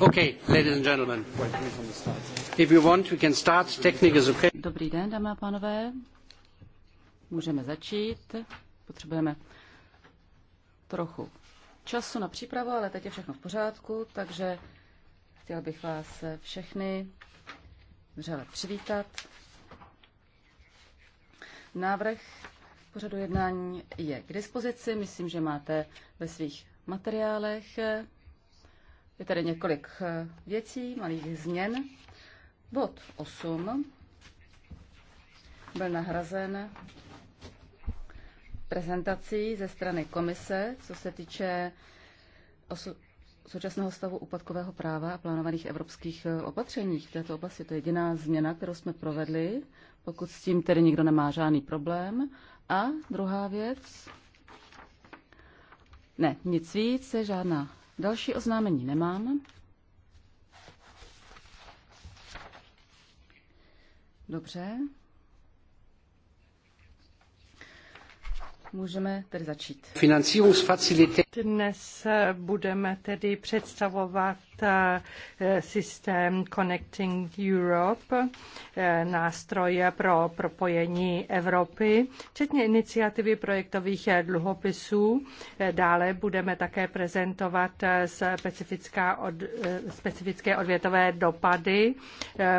Okay, ladies and gentlemen. If you want, we can start. Technique is okay. Dobrý den, dámy a pánové. Můžeme začít. Potřebujeme trochu času na přípravu, ale teď je všechno v pořádku, takže chtěl bych vás všechny vřele přivítat. Návrh pořadu jednání je k dispozici. Myslím, že máte ve svých materiálech je tady několik eh, věcí, malých změn. Bod 8 byl nahrazen prezentací ze strany komise, co se týče současného stavu úpadkového práva a plánovaných evropských eh, opatření v této oblasti. To je jediná změna, kterou jsme provedli, pokud s tím tedy nikdo nemá žádný problém. A druhá věc, ne, nic víc, žádná Další oznámení nemám. Dobře. Můžeme tedy začít. Financierungsfazilität. Dnes budeme tedy představovat eh, systém Connecting Europe, eh, nástroj pro propojení Evropy, včetně iniciativy projektových eh, dluhopisů. Dále budeme také prezentovat specifická od, specifické odvětové dopady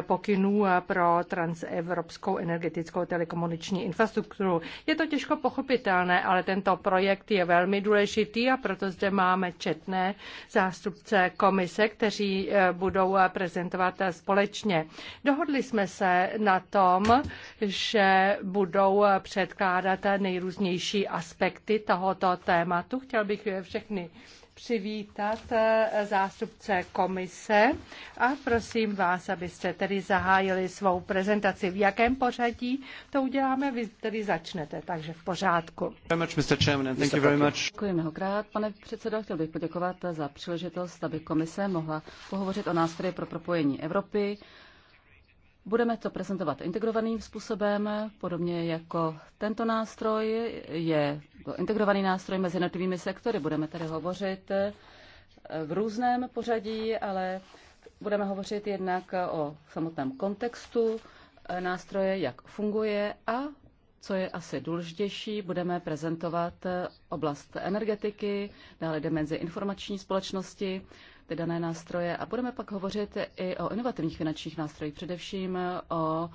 pokynů pro transevropskou energetickou telekomuniční infrastrukturu. Je to těžko pochopitelné, ale tento projekt je velmi důležitý a pro proto zde máme četné zástupce komise, kteří eh, budou eh, prezentovat eh, společně. Dohodli jsme se na tom, že budou předkládat nejrůznější aspekty tohoto tématu. Chtěl bych všechny přivítat eh, zástupce komise a prosím vás, abyste tedy zahájili svou prezentaci. V jakém pořadí to uděláme? Vy tedy začnete, takže v pořádku. Děkuji mnohokrát, pane předsedo. Chtěl bych poděkovat za příležitost, aby komise mohla pohovořit o nástroji pro propojení Evropy Budeme to prezentovat integrovaným způsobem, podobně jako tento nástroj. Je to integrovaný nástroj mezi jednotlivými sektory. Budeme tady hovořit eh, v různém pořadí, ale budeme hovořit jednak o samotném kontextu eh, nástroje, jak funguje a co je asi důležitější, budeme prezentovat eh, oblast energetiky, dále dimenzi informační společnosti, ty dané nástroje a budeme pak hovořit i o inovativních finančních nástrojích, především o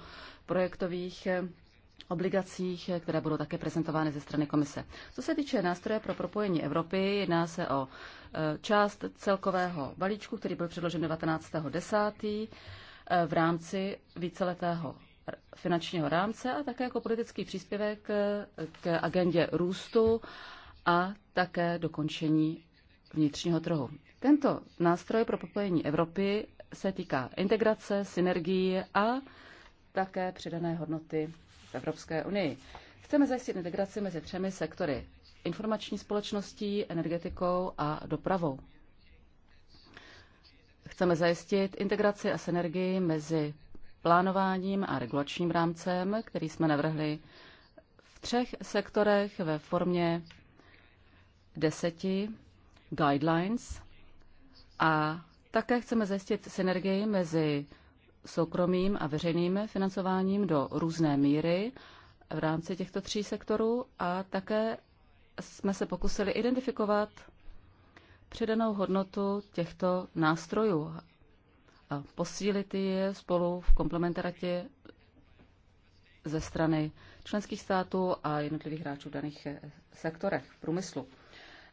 projektových obligacích, které budou také prezentovány ze strany komise. Co se týče nástroje pro propojení Evropy, jedná se o e, část celkového balíčku, který byl předložen 19.10. E, v rámci víceletého finančního rámce a také jako politický příspěvek e, k agendě růstu a také dokončení vnitřního trhu. Tento nástroj pro propojení Evropy se týká integrace, synergii a také přidané hodnoty v Evropské unii. Chceme zajistit integraci mezi třemi sektory informační společností, energetikou a dopravou. Chceme zajistit integraci a synergii mezi plánováním a regulačním rámcem, který jsme navrhli v třech sektorech ve formě deseti guidelines, a také chceme zjistit synergii mezi soukromým a veřejným financováním do různé míry v rámci těchto tří sektorů a také jsme se pokusili identifikovat přidanou hodnotu těchto nástrojů a posílit je spolu v komplementaratě ze strany členských států a jednotlivých hráčů v daných sektorech v průmyslu.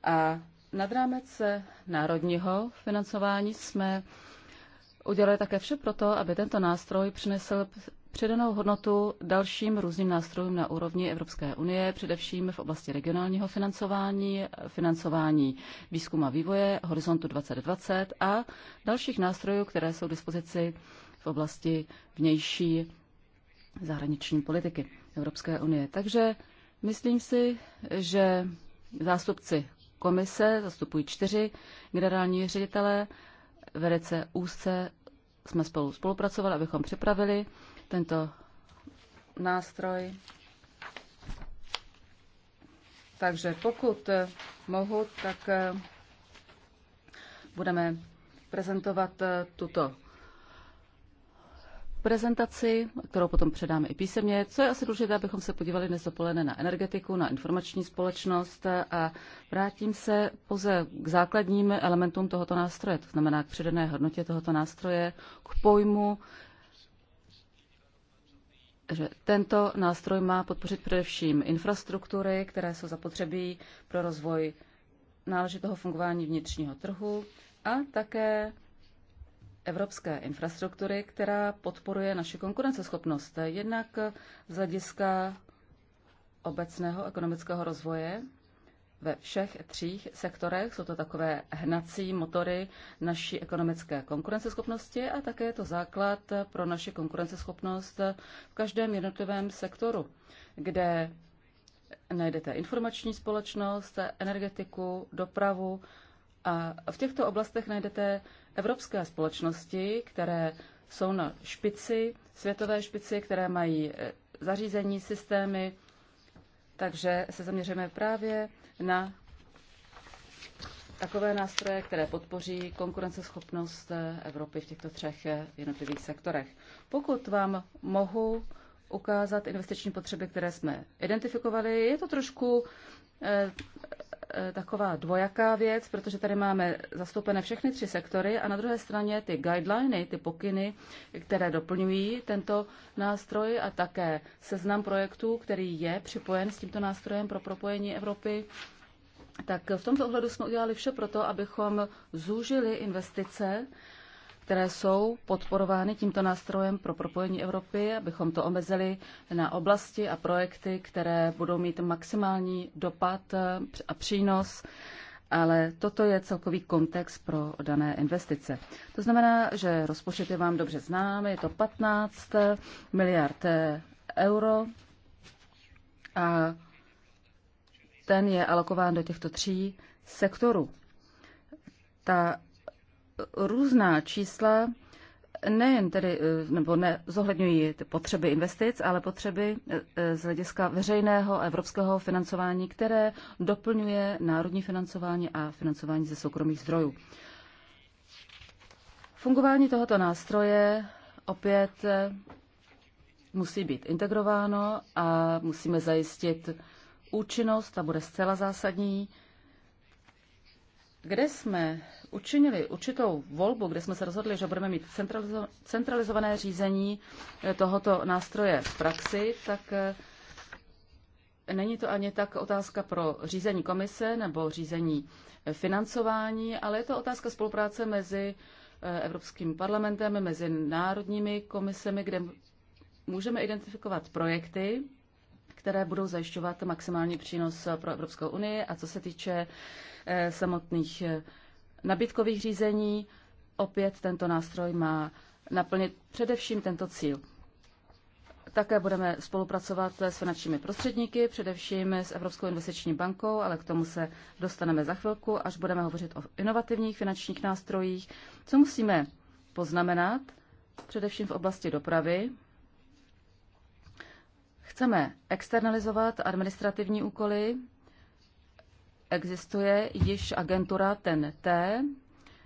A nad rámec národního financování jsme udělali také vše proto, aby tento nástroj přinesl přidanou hodnotu dalším různým nástrojům na úrovni Evropské unie, především v oblasti regionálního financování, financování výzkumu a vývoje, horizontu 2020 a dalších nástrojů, které jsou k dispozici v oblasti vnější zahraniční politiky Evropské unie. Takže myslím si, že zástupci komise, zastupují čtyři generální ředitele. Velice úzce jsme spolu spolupracovali, abychom připravili tento nástroj. Takže pokud mohu, tak budeme prezentovat tuto prezentaci, kterou potom předáme i písemně. Co je asi důležité, abychom se podívali dnes dopoledne na energetiku, na informační společnost a vrátím se pouze k základním elementům tohoto nástroje, to znamená k přidané hodnotě tohoto nástroje, k pojmu, že tento nástroj má podpořit především infrastruktury, které jsou zapotřebí pro rozvoj náležitého fungování vnitřního trhu a také evropské infrastruktury, která podporuje naši konkurenceschopnost. Jednak z hlediska obecného ekonomického rozvoje ve všech třích sektorech. Jsou to takové hnací motory naší ekonomické konkurenceschopnosti a také je to základ pro naši konkurenceschopnost v každém jednotlivém sektoru, kde najdete informační společnost, energetiku, dopravu a v těchto oblastech najdete evropské společnosti, které jsou na špici, světové špici, které mají eh, zařízení, systémy, takže se zaměříme právě na takové nástroje, které podpoří konkurenceschopnost eh, Evropy v těchto třech eh, jednotlivých sektorech. Pokud vám mohu ukázat investiční potřeby, které jsme identifikovali, je to trošku Eh, taková dvojaká věc, protože tady máme zastoupené všechny tři sektory a na druhé straně ty guideliny, ty pokyny, které doplňují tento nástroj a také seznam projektů, který je připojen s tímto nástrojem pro propojení Evropy. Tak v tomto ohledu jsme udělali vše pro to, abychom zúžili investice které jsou podporovány tímto nástrojem pro propojení Evropy, abychom to omezili na oblasti a projekty, které budou mít maximální dopad eh, a přínos, ale toto je celkový kontext pro dané investice. To znamená, že rozpočet je vám dobře znám, je to 15 miliard eh, euro a ten je alokován do těchto tří sektorů. Ta různá čísla nejen tedy, eh, nebo ne, zohledňují ty potřeby investic, ale potřeby eh, eh, z hlediska veřejného a evropského financování, které doplňuje národní financování a financování ze soukromých zdrojů. Fungování tohoto nástroje opět musí být integrováno a musíme zajistit účinnost, ta bude zcela zásadní kde jsme učinili určitou volbu, kde jsme se rozhodli, že budeme mít centralizo- centralizované řízení eh, tohoto nástroje v praxi, tak eh, není to ani tak otázka pro řízení komise nebo řízení eh, financování, ale je to otázka spolupráce mezi Evropským parlamentem, mezi národními komisemi, kde můžeme identifikovat projekty, které budou zajišťovat maximální přínos pro Evropskou unii. A co se týče eh, samotných eh, nabídkových řízení, opět tento nástroj má naplnit především tento cíl. Také budeme spolupracovat s finančními prostředníky, především s Evropskou investiční bankou, ale k tomu se dostaneme za chvilku, až budeme hovořit o inovativních finančních nástrojích. Co musíme poznamenat, především v oblasti dopravy, Chceme externalizovat administrativní úkoly. Existuje již agentura TNT,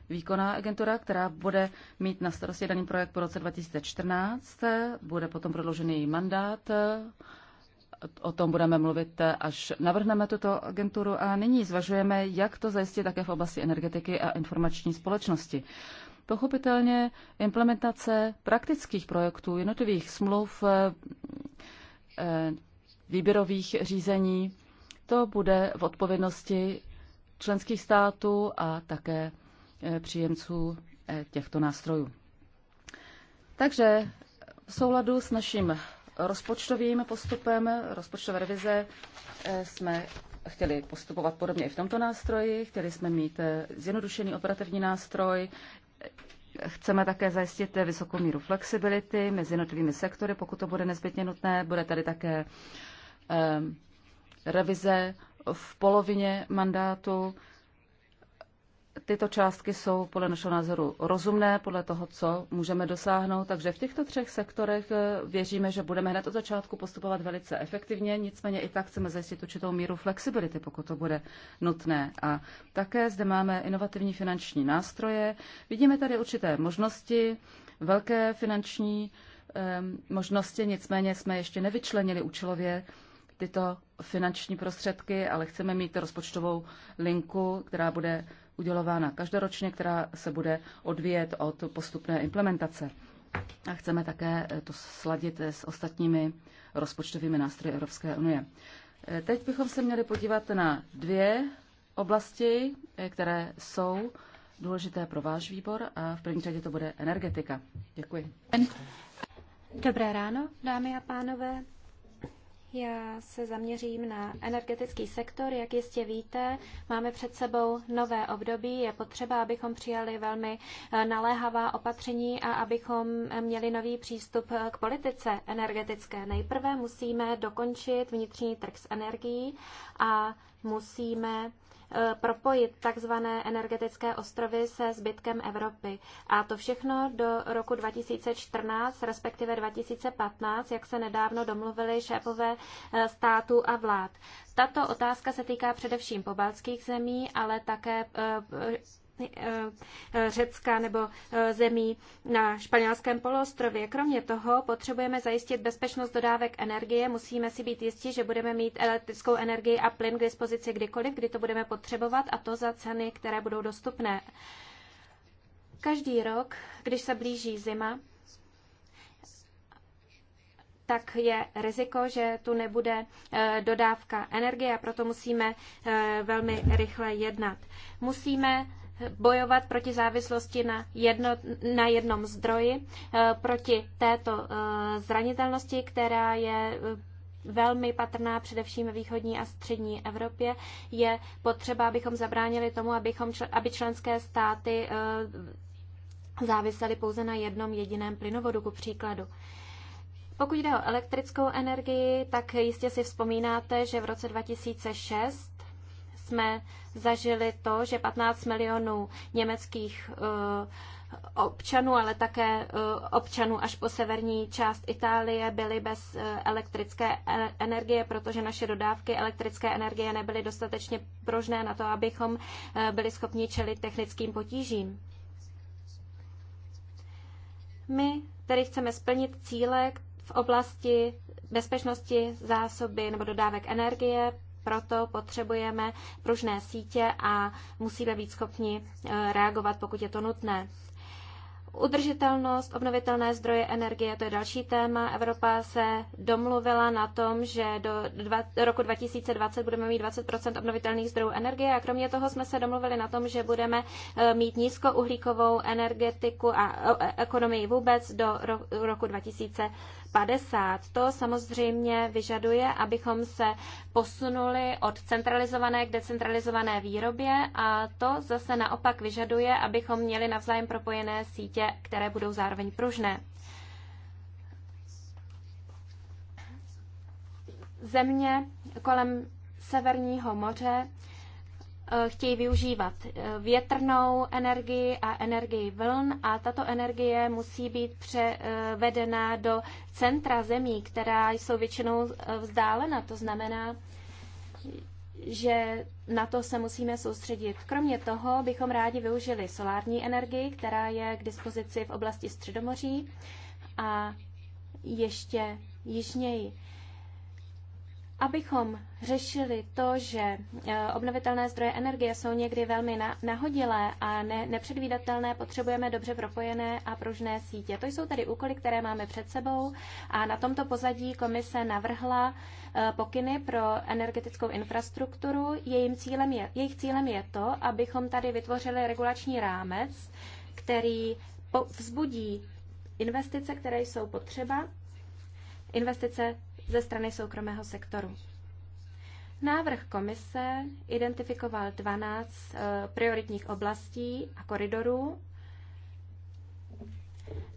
výkonná agentura, která bude mít na starosti daný projekt po roce 2014. Bude potom prodloužený její mandát. O tom budeme mluvit, až navrhneme tuto agenturu a nyní zvažujeme, jak to zajistit také v oblasti energetiky a informační společnosti. Pochopitelně implementace praktických projektů, jednotlivých smluv Eh, výběrových řízení. To bude v odpovědnosti členských států a také eh, příjemců eh, těchto nástrojů. Takže v souladu s naším rozpočtovým postupem, rozpočtové revize, jsme chtěli postupovat podobně i v tomto nástroji. Chtěli jsme mít zjednodušený operativní nástroj, Chceme také zajistit vysokou míru flexibility mezi jednotlivými sektory, pokud to bude nezbytně nutné. Bude tady také eh, revize v polovině mandátu. Tyto částky jsou podle našeho názoru rozumné, podle toho, co můžeme dosáhnout. Takže v těchto třech sektorech eh, věříme, že budeme hned od začátku postupovat velice efektivně, nicméně i tak chceme zajistit určitou míru flexibility, pokud to bude nutné. A také zde máme inovativní finanční nástroje. Vidíme tady určité možnosti, velké finanční možnosti, nicméně jsme ještě nevyčlenili účelově tyto finanční prostředky, ale chceme mít rozpočtovou linku, která bude udělována každoročně, která se bude odvíjet od postupné implementace. A chceme také to sladit s ostatními rozpočtovými nástroji Evropské unie. Teď bychom se měli podívat na dvě oblasti, které jsou důležité pro váš výbor a v první řadě to bude energetika. Děkuji. Dobré ráno, dámy a pánové. Já se zaměřím na energetický sektor. Jak jistě víte, máme před sebou nové období. Je potřeba, abychom přijali velmi eh, naléhavá opatření a abychom eh, měli nový přístup eh, k politice energetické. Nejprve musíme dokončit vnitřní trh s energií a musíme Eh, propojit takzvané energetické ostrovy se zbytkem Evropy. A to všechno do roku 2014, respektive 2015, jak se nedávno domluvili šéfové eh, států a vlád. Tato otázka se týká především pobaltských zemí, ale také eh, Eh, Řecka nebo eh, zemí na španělském poloostrově. Kromě toho potřebujeme zajistit bezpečnost dodávek energie. Musíme si být jistí, že budeme mít elektrickou energii a plyn k dispozici kdykoliv, kdy to budeme potřebovat a to za ceny, které budou dostupné. Každý rok, když se blíží zima, tak je riziko, že tu nebude eh, dodávka energie a proto musíme velmi rychle jednat. Musíme bojovat proti závislosti na, jedno, na jednom zdroji, eh, proti této eh, zranitelnosti, která je eh, velmi patrná především ve východní a střední Evropě. Je potřeba, abychom zabránili tomu, abychom, aby členské státy závisely pouze na jednom jediném plynovodu, ku příkladu. Pokud jde o elektrickou energii, tak jistě si vzpomínáte, že v roce 2006 jsme zažili to, že 15 milionů německých eh, občanů, ale také eh, občanů až po severní část Itálie byly bez eh, elektrické e, energie, protože naše dodávky elektrické energie nebyly dostatečně prožné na to, abychom byli schopni čelit technickým potížím. My tedy chceme splnit cíle v oblasti bezpečnosti zásoby nebo dodávek energie proto potřebujeme pružné sítě a musíme být schopni eh, reagovat, pokud je to nutné. Udržitelnost, obnovitelné zdroje energie, to je další téma. Evropa se domluvila na tom, že do dva, roku 2020 budeme mít 20 obnovitelných zdrojů energie a kromě toho jsme se domluvili na tom, že budeme eh, mít nízkouhlíkovou energetiku a e, ekonomii vůbec do roku 2020. 50. To samozřejmě vyžaduje, abychom se posunuli od centralizované k decentralizované výrobě a to zase naopak vyžaduje, abychom měli navzájem propojené sítě, které budou zároveň pružné. Země kolem Severního moře Eh, chtějí využívat eh, větrnou energii a energii vln a tato energie musí být převedena do centra zemí, která jsou většinou eh, vzdálena. To znamená, že na to se musíme soustředit. Kromě toho bychom rádi využili solární energii, která je k dispozici v oblasti Středomoří a ještě jižněji abychom řešili to, že eh, obnovitelné zdroje energie jsou někdy velmi nahodilé a ne, nepředvídatelné, potřebujeme dobře propojené a pružné sítě. To jsou tedy úkoly, které máme před sebou a na tomto pozadí komise navrhla eh, pokyny pro energetickou infrastrukturu. Jejím cílem je, jejich cílem je to, abychom tady vytvořili regulační rámec, který vzbudí investice, které jsou potřeba, investice ze strany soukromého sektoru. Návrh komise identifikoval 12 eh, prioritních oblastí a koridorů,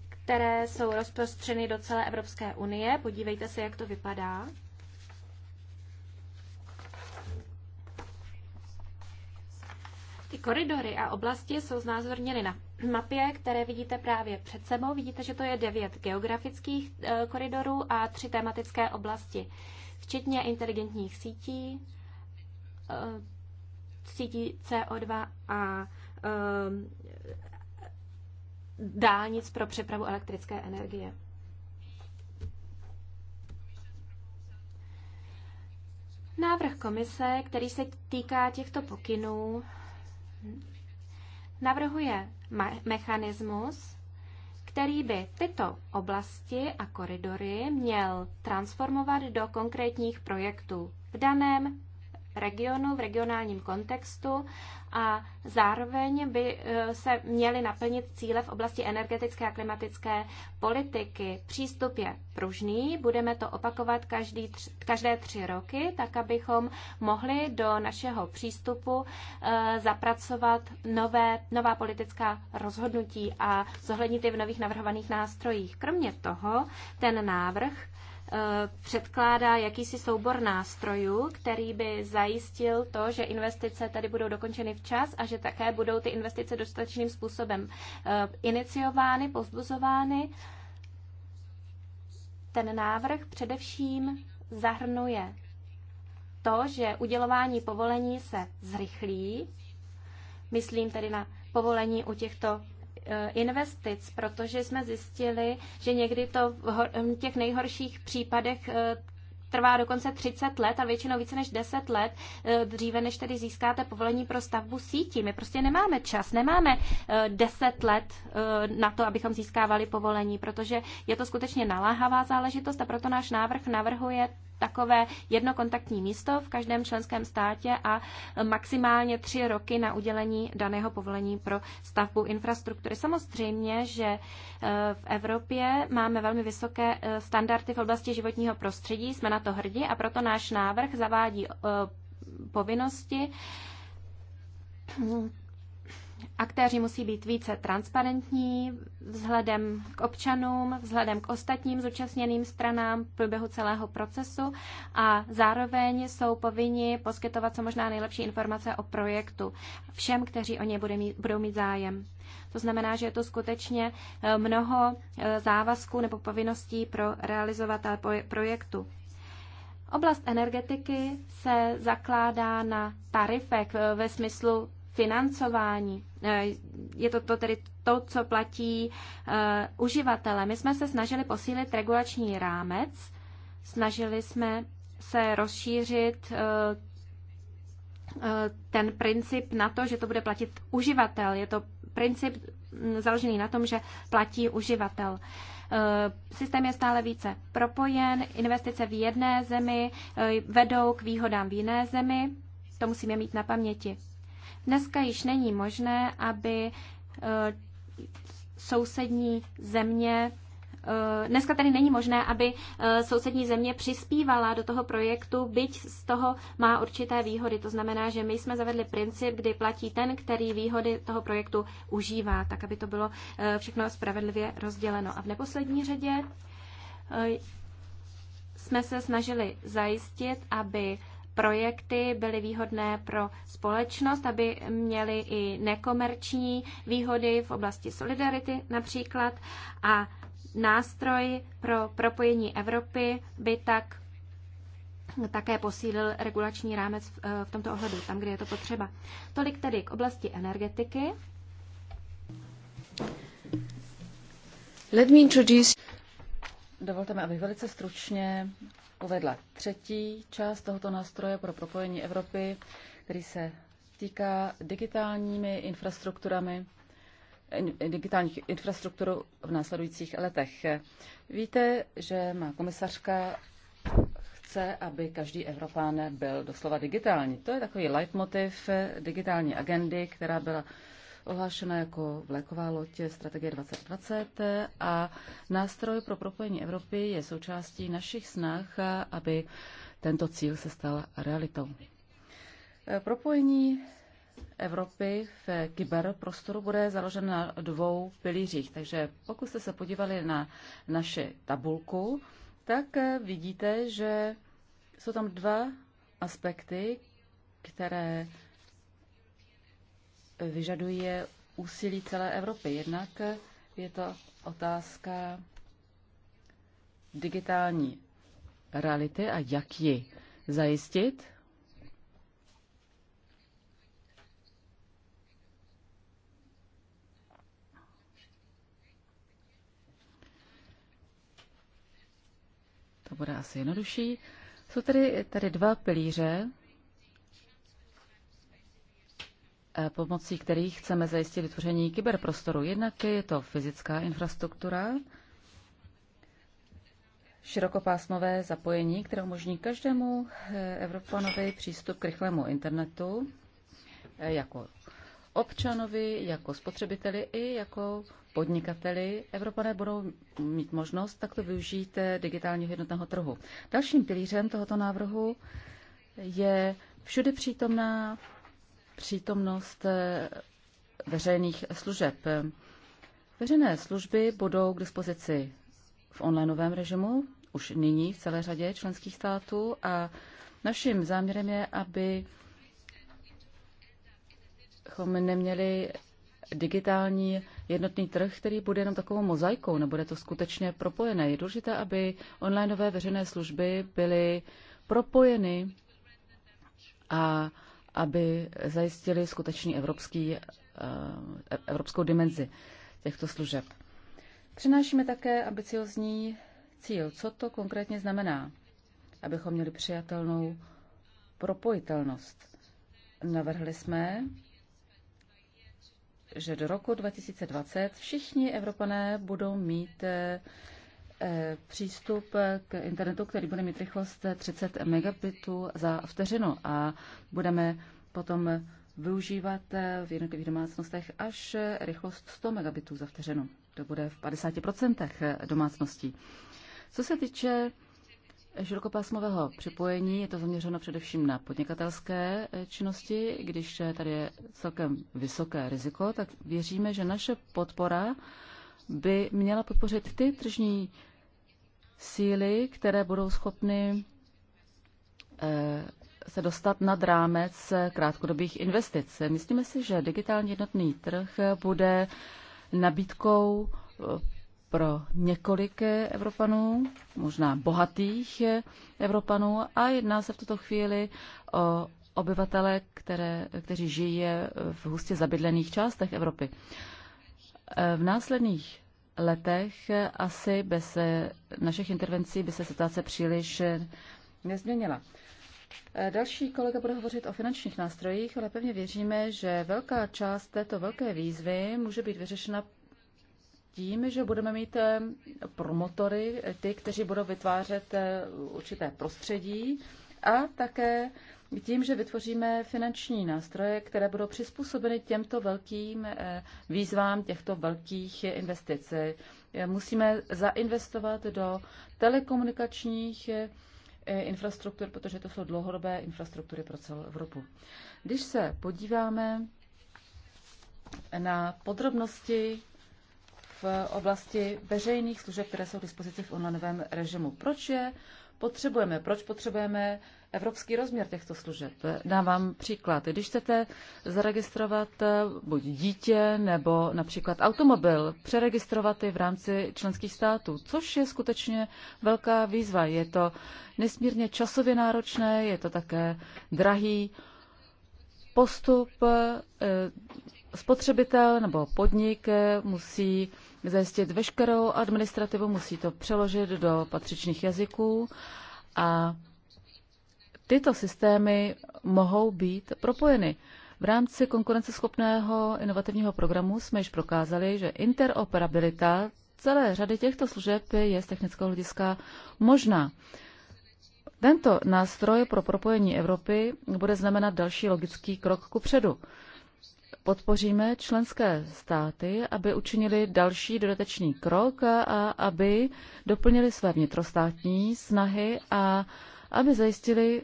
které jsou rozprostřeny do celé Evropské unie. Podívejte se, jak to vypadá. Ty koridory a oblasti jsou znázorněny na mapě, které vidíte právě před sebou, vidíte, že to je devět geografických e, koridorů a tři tematické oblasti, včetně inteligentních sítí, e, sítí CO2 a e, dálnic pro přepravu elektrické energie. Návrh komise, který se týká těchto pokynů, navrhuje mechanismus, který by tyto oblasti a koridory měl transformovat do konkrétních projektů v daném regionu, v regionálním kontextu a zároveň by e, se měly naplnit cíle v oblasti energetické a klimatické politiky. Přístup je pružný, budeme to opakovat každý, každé tři roky, tak abychom mohli do našeho přístupu e, zapracovat nové, nová politická rozhodnutí a zohlednit je v nových navrhovaných nástrojích. Kromě toho ten návrh Eh, předkládá jakýsi soubor nástrojů, který by zajistil to, že investice tady budou dokončeny včas a že také budou ty investice dostatečným způsobem eh, iniciovány, pozbuzovány. Ten návrh především zahrnuje to, že udělování povolení se zrychlí, myslím tedy na povolení u těchto Eh, investic, protože jsme zjistili, že někdy to v těch nejhorších případech eh, trvá dokonce 30 let a většinou více než 10 let eh, dříve, než tedy získáte povolení pro stavbu sítí. My prostě nemáme čas, nemáme 10 let na to, abychom získávali povolení, protože je to skutečně naláhavá záležitost a proto náš návrh navrhuje takové jednokontaktní místo v každém členském státě a maximálně tři roky na udělení daného povolení pro stavbu infrastruktury. Samozřejmě, že e, v Evropě máme velmi vysoké e, standardy v oblasti životního prostředí, jsme na to hrdí a proto náš návrh zavádí e, povinnosti Aktéři musí být více transparentní vzhledem k občanům, vzhledem k ostatním zúčastněným stranám v průběhu celého procesu a zároveň jsou povinni poskytovat co možná nejlepší informace o projektu všem, kteří o ně budou mít zájem. To znamená, že je to skutečně eh, mnoho eh, závazků nebo povinností pro realizovatele projektu. Oblast energetiky se zakládá na tarifech eh, ve smyslu financování. Eh, je to, to tedy to, co platí uh, eh, uživatele. My jsme se snažili posílit regulační rámec, snažili jsme se rozšířit uh, ten princip na to, že to bude platit uživatel. Je to princip mm, založený na tom, že platí uživatel. Systém je stále více propojen, investice v jedné zemi vedou k výhodám v jiné zemi, to musíme mít na paměti. Dneska již není možné, aby e, sousední země e, Dneska tady není možné, aby e, sousední země přispívala do toho projektu, byť z toho má určité výhody. To znamená, že my jsme zavedli princip, kdy platí ten, který výhody toho projektu užívá, tak aby to bylo všechno spravedlivě rozděleno. A v neposlední řadě jsme se snažili zajistit, aby projekty byly výhodné pro společnost, aby měly i nekomerční výhody v oblasti solidarity například a nástroj pro propojení Evropy by tak také posílil regulační rámec v eh, tomto ohledu, tam, kde je to potřeba. Tolik tedy k oblasti energetiky. Let me introduce... Dovolte mi, abych velice stručně uvedla třetí část tohoto nástroje pro propojení Evropy, který se týká digitálními infrastrukturami, eh, digitálních infrastruktur v následujících letech. Víte, že má komisařka chce, aby každý Evropán byl doslova digitální. To je takový leitmotiv digitální agendy, která byla ohlášena jako vleková loď Strategie 2020 a nástroj pro propojení Evropy je součástí našich snah, aby tento cíl se stal realitou. Propojení Evropy v kyberprostoru bude založen na dvou pilířích. Takže pokud jste se podívali na naši tabulku, tak vidíte, že jsou tam dva aspekty, které vyžaduje úsilí celé Evropy. Jednak je to otázka digitální reality a jak ji zajistit. To bude asi jednodušší. Jsou tady, tady dva pilíře Eh, pomocí kterých chceme zajistit vytvoření kyberprostoru. Jednak je to fyzická infrastruktura, širokopásmové zapojení, které umožní každému eh, Evropanovi přístup k rychlému internetu eh, jako občanovi, jako spotřebiteli i jako podnikateli. Evropané budou mít možnost takto využít digitálního jednotného trhu. Dalším pilířem tohoto návrhu je všude přítomná přítomnost eh, veřejných služeb. Veřejné služby budou k dispozici v onlineovém režimu už nyní v celé řadě členských států a naším záměrem je, aby neměli digitální jednotný trh, který bude jenom takovou mozaikou, nebude to skutečně propojené. Je důležité, aby onlineové veřejné služby byly propojeny a aby zajistili skutečný evropský, eh, evropskou dimenzi těchto služeb. Přinášíme také ambiciozní cíl. Co to konkrétně znamená, abychom měli přijatelnou propojitelnost? Navrhli jsme, že do roku 2020 všichni Evropané budou mít eh, Eh, přístup k internetu, který bude mít rychlost 30 megabitů za vteřinu a budeme potom využívat eh, v jednotlivých domácnostech až eh, rychlost 100 megabitů za vteřinu. To bude v 50% domácností. Co se týče širokopásmového připojení, je to zaměřeno především na podnikatelské činnosti. Když tady je celkem vysoké riziko, tak věříme, že naše podpora by měla podpořit ty tržní síly, které budou schopny eh, se dostat nad rámec eh, krátkodobých investic. Myslíme si, že digitální jednotný trh bude nabídkou eh, pro několik Evropanů, možná bohatých Evropanů a jedná se v tuto chvíli o obyvatele, které, kteří žijí v hustě zabydlených částech Evropy. V následných letech asi bez eh, našich intervencí by se situace příliš eh, nezměnila. Eh, další kolega bude hovořit o finančních nástrojích, ale pevně věříme, že velká část této velké výzvy může být vyřešena tím, že budeme mít promotory, ty, kteří budou vytvářet určité prostředí a také tím, že vytvoříme finanční nástroje, které budou přizpůsobeny těmto velkým eh, výzvám těchto velkých investic. Eh, musíme zainvestovat do telekomunikačních eh, infrastruktur, protože to jsou dlouhodobé infrastruktury pro celou Evropu. Když se podíváme na podrobnosti v oblasti veřejných služeb, které jsou k dispozici v onlineovém režimu. Proč je potřebujeme? Proč potřebujeme evropský rozměr těchto služeb. Dám vám příklad. Když chcete zaregistrovat eh, buď dítě nebo například automobil, přeregistrovat je v rámci členských států, což je skutečně velká výzva. Je to nesmírně časově náročné, je to také drahý postup. Eh, spotřebitel nebo podnik eh, musí zajistit veškerou administrativu, musí to přeložit do patřičných jazyků a tyto systémy mohou být propojeny. V rámci konkurenceschopného inovativního programu jsme již prokázali, že interoperabilita celé řady těchto služeb je z technického hlediska možná. Tento nástroj pro propojení Evropy bude znamenat další logický krok ku předu. Podpoříme členské státy, aby učinili další dodatečný krok a aby doplnili své vnitrostátní snahy a aby zajistili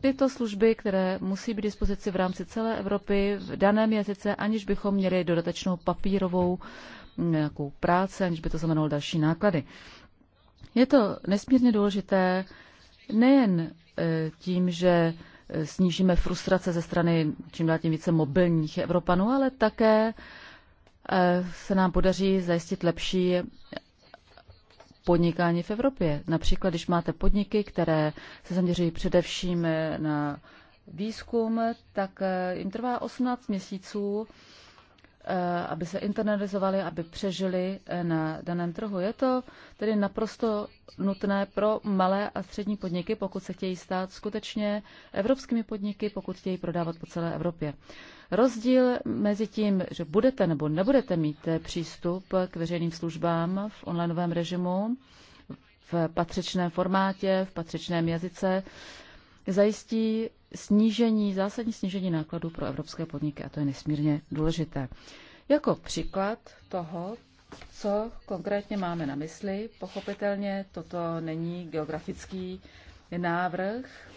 tyto služby, které musí být dispozici v rámci celé Evropy v daném jazyce, aniž bychom měli dodatečnou papírovou mm, nějakou práci, aniž by to znamenalo další náklady. Je to nesmírně důležité nejen e, tím, že e, snížíme frustrace ze strany čím dál tím více mobilních Evropanů, ale také e, se nám podaří zajistit lepší podnikání v Evropě. Například, když máte podniky, které se zaměřují především na výzkum, tak eh, jim trvá 18 měsíců, Eh, aby se internalizovali, aby přežili eh, na daném trhu. Je to tedy naprosto nutné pro malé a střední podniky, pokud se chtějí stát skutečně evropskými podniky, pokud chtějí prodávat po celé Evropě. Rozdíl mezi tím, že budete nebo nebudete mít eh, přístup k veřejným službám v onlineovém režimu, v patřičném formátě, v patřičném jazyce, zajistí snížení, zásadní snížení nákladů pro evropské podniky a to je nesmírně důležité. Jako příklad toho, co konkrétně máme na mysli, pochopitelně toto není geografický návrh,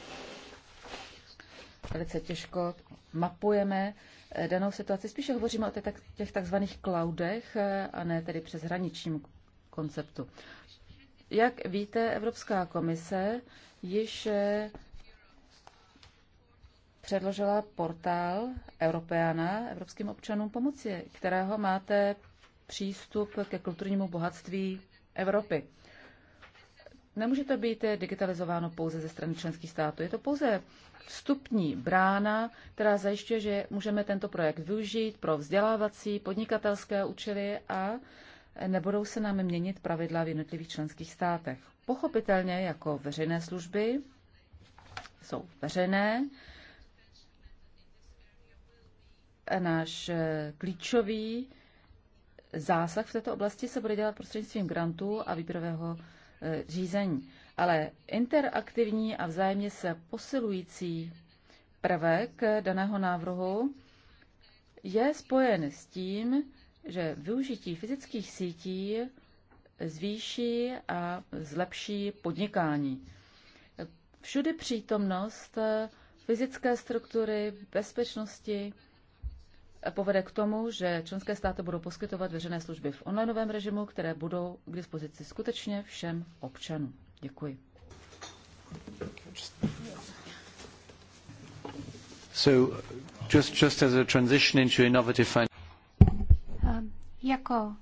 velice těžko mapujeme eh, danou situaci. Spíše hovoříme o těch takzvaných cloudech eh, a ne tedy přeshraničním konceptu. Jak víte, Evropská komise již eh, předložila portál Europeana evropským občanům pomoci, kterého máte přístup ke kulturnímu bohatství Evropy. Nemůže to být digitalizováno pouze ze strany členských států. Je to pouze vstupní brána, která zajišťuje, že můžeme tento projekt využít pro vzdělávací, podnikatelské účely a nebudou se nám měnit pravidla v jednotlivých členských státech. Pochopitelně jako veřejné služby jsou veřejné, náš eh, klíčový zásah v této oblasti se bude dělat prostřednictvím grantů a výběrového eh, řízení. Ale interaktivní a vzájemně se posilující prvek eh, daného návrhu je spojen s tím, že využití fyzických sítí zvýší a zlepší podnikání. Všude přítomnost fyzické struktury, bezpečnosti, povede k tomu, že členské státy budou poskytovat veřejné služby v onlineovém režimu, které budou k dispozici skutečně všem občanům. Děkuji. So, just, just as a transition into innovative finance. Jako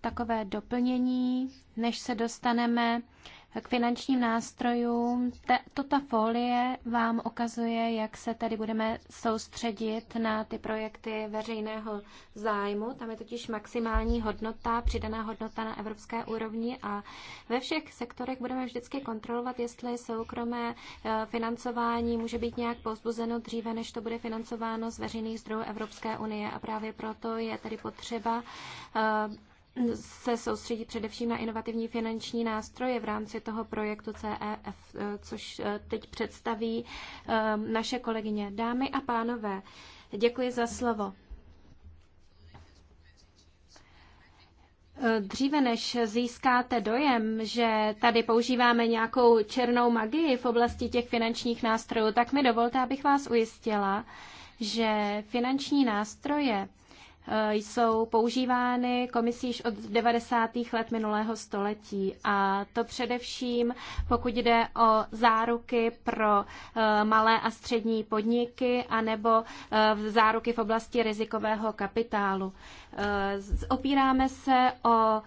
takové doplnění, než se dostaneme k finančním nástrojům. To ta folie vám ukazuje, jak se tady budeme soustředit na ty projekty veřejného zájmu. Tam je totiž maximální hodnota, přidaná hodnota na evropské úrovni a ve všech sektorech budeme vždycky kontrolovat, jestli soukromé eh, financování může být nějak pozbuzeno dříve, než to bude financováno z veřejných zdrojů Evropské unie. A právě proto je tady potřeba eh, se soustředí především na inovativní finanční nástroje v rámci toho projektu CEF, eh, což eh, teď představí eh, naše kolegyně. Dámy a pánové, děkuji za slovo. Dříve než získáte dojem, že tady používáme nějakou černou magii v oblasti těch finančních nástrojů, tak mi dovolte, abych vás ujistila, že finanční nástroje Eh, jsou používány komisí již od 90. let minulého století a to především pokud jde o záruky pro eh, malé a střední podniky anebo eh, záruky v oblasti rizikového kapitálu. Opíráme se o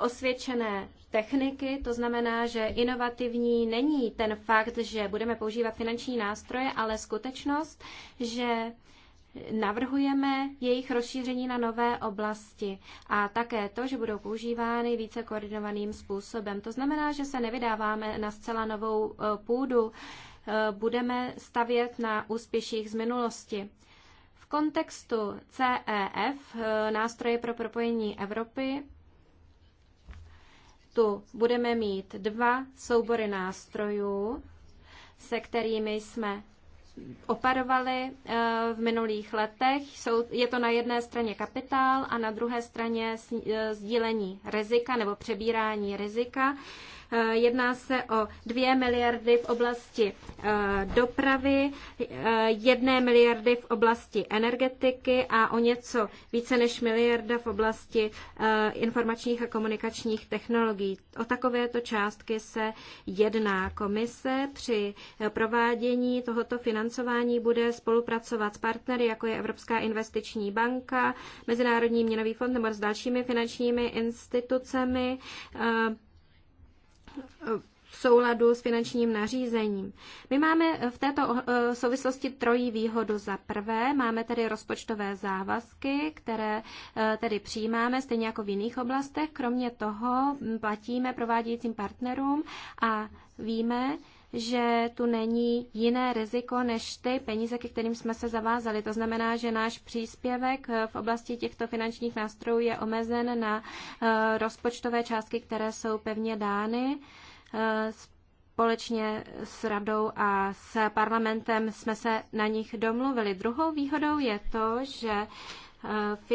osvědčené techniky, to znamená, že inovativní není ten fakt, že budeme používat finanční nástroje, ale skutečnost, že Navrhujeme jejich rozšíření na nové oblasti a také to, že budou používány více koordinovaným způsobem. To znamená, že se nevydáváme na zcela novou eh, půdu, eh, budeme stavět na úspěších z minulosti. V kontextu CEF, eh, nástroje pro propojení Evropy, tu budeme mít dva soubory nástrojů, se kterými jsme operovali eh, v minulých letech. je to na jedné straně kapitál a na druhé straně eh, sdílení rizika nebo přebírání rizika. Eh, jedná se o 2 miliardy v oblasti eh, dopravy, 1 eh, miliardy v oblasti energetiky a o něco více než miliarda v oblasti informačních a komunikačních technologií. O takovéto částky se jedná komise. Při provádění tohoto financování bude spolupracovat s partnery, jako je Evropská investiční banka, Mezinárodní měnový fond nebo s dalšími finančními institucemi v souladu s finančním nařízením. My máme v této eh, souvislosti trojí výhodu. Za prvé máme tedy rozpočtové závazky, které eh, tedy přijímáme, stejně jako v jiných oblastech. Kromě toho platíme provádějícím partnerům a víme, že tu není jiné riziko než ty peníze, ke kterým jsme se zavázali. To znamená, že náš příspěvek v oblasti těchto finančních nástrojů je omezen na eh, rozpočtové částky, které jsou pevně dány eh, společně s radou a s parlamentem jsme se na nich domluvili. Druhou výhodou je to, že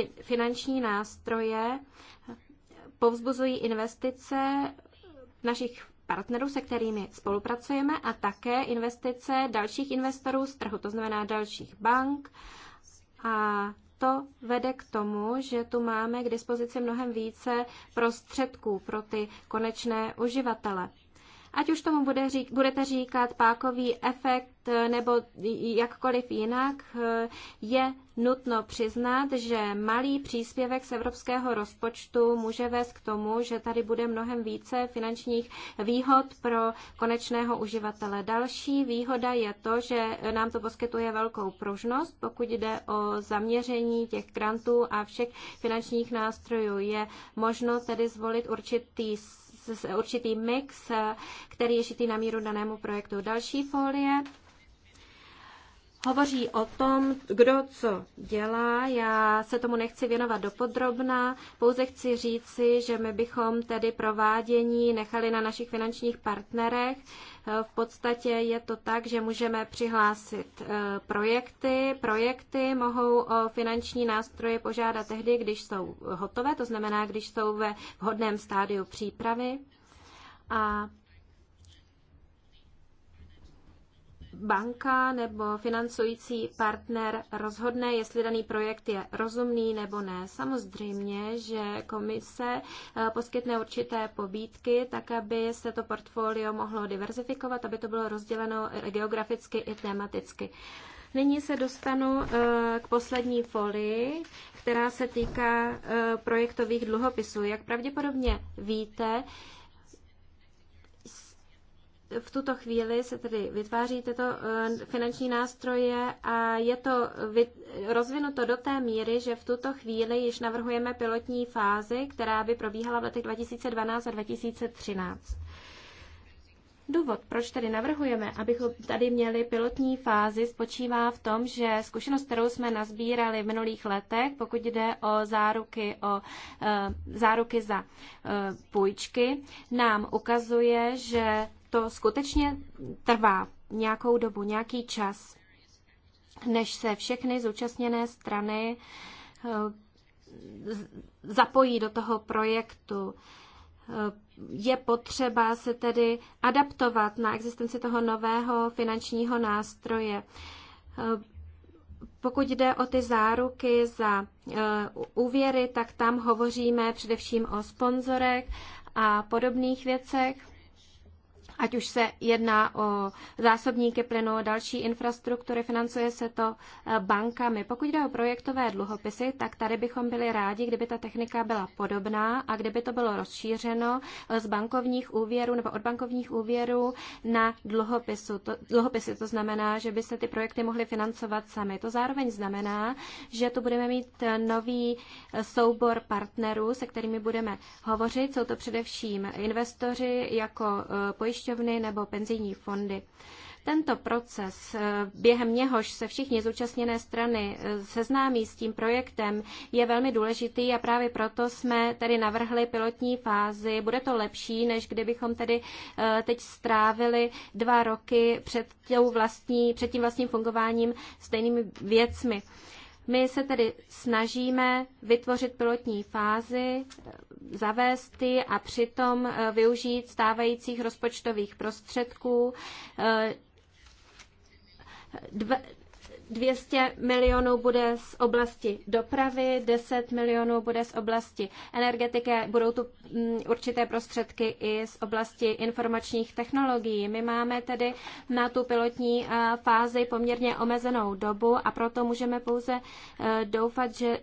eh, finanční nástroje povzbuzují investice našich partnerů, se kterými spolupracujeme, a také investice dalších investorů z trhu, to znamená dalších bank. A to vede k tomu, že tu máme k dispozici mnohem více prostředků pro ty konečné uživatele. Ať už tomu bude řík, budete říkat pákový efekt eh, nebo jakkoliv jinak, eh, je nutno přiznat, že malý příspěvek z evropského rozpočtu může vést k tomu, že tady bude mnohem více finančních výhod pro konečného uživatele. Další výhoda je to, že nám to poskytuje velkou pružnost, pokud jde o zaměření těch grantů a všech finančních nástrojů. Je možno tedy zvolit určitý určitý mix, který je šitý na míru danému projektu. Další folie hovoří o tom, kdo co dělá. Já se tomu nechci věnovat dopodrobna, pouze chci říci, že my bychom tedy provádění nechali na našich finančních partnerech. V podstatě je to tak, že můžeme přihlásit eh, projekty. Projekty mohou o eh, finanční nástroje požádat tehdy, když jsou hotové, to znamená, když jsou ve vhodném stádiu přípravy. A banka nebo financující partner rozhodne, jestli daný projekt je rozumný nebo ne. Samozřejmě, že komise eh, poskytne určité pobídky, tak aby se to portfolio mohlo diverzifikovat, aby to bylo rozděleno geograficky i tematicky. Nyní se dostanu eh, k poslední folii, která se týká eh, projektových dluhopisů. Jak pravděpodobně víte, v tuto chvíli se tedy vytváří tyto eh, finanční nástroje a je to rozvinuto do té míry, že v tuto chvíli již navrhujeme pilotní fázi, která by probíhala v letech 2012 a 2013. Důvod, proč tedy navrhujeme, abychom tady měli pilotní fázi, spočívá v tom, že zkušenost, kterou jsme nazbírali v minulých letech, pokud jde o záruky, o eh, záruky za eh, půjčky, nám ukazuje, že to skutečně trvá nějakou dobu, nějaký čas, než se všechny zúčastněné strany eh, zapojí do toho projektu. Eh, je potřeba se tedy adaptovat na existenci toho nového finančního nástroje. Eh, pokud jde o ty záruky za úvěry, tak tam hovoříme především o sponzorech a podobných věcech ať už se jedná o zásobníky plynu, další infrastruktury, financuje se to eh, bankami. Pokud jde o projektové dluhopisy, tak tady bychom byli rádi, kdyby ta technika byla podobná a kdyby to bylo rozšířeno eh, z bankovních úvěrů nebo od bankovních úvěrů na dluhopisu. To, dluhopisy to znamená, že by se ty projekty mohly financovat sami. To zároveň znamená, že tu budeme mít eh, nový soubor partnerů, se kterými budeme hovořit. Jsou to především investoři jako pojišťovatelé pojišťovny nebo penzijní fondy. Tento proces, eh, během něhož se všichni zúčastněné strany eh, seznámí s tím projektem, je velmi důležitý a právě proto jsme tedy navrhli pilotní fázi. Bude to lepší, než kdybychom tedy eh, teď strávili dva roky před, vlastní, před tím vlastním fungováním stejnými věcmi. My se tedy snažíme vytvořit pilotní fázi, zavést ji a přitom eh, využít stávajících rozpočtových prostředků. Eh, 200 milionů bude z oblasti dopravy, 10 milionů bude z oblasti energetiky, budou tu mm, určité prostředky i z oblasti informačních technologií. My máme tedy na tu pilotní eh, fázi poměrně omezenou dobu a proto můžeme pouze eh, doufat, že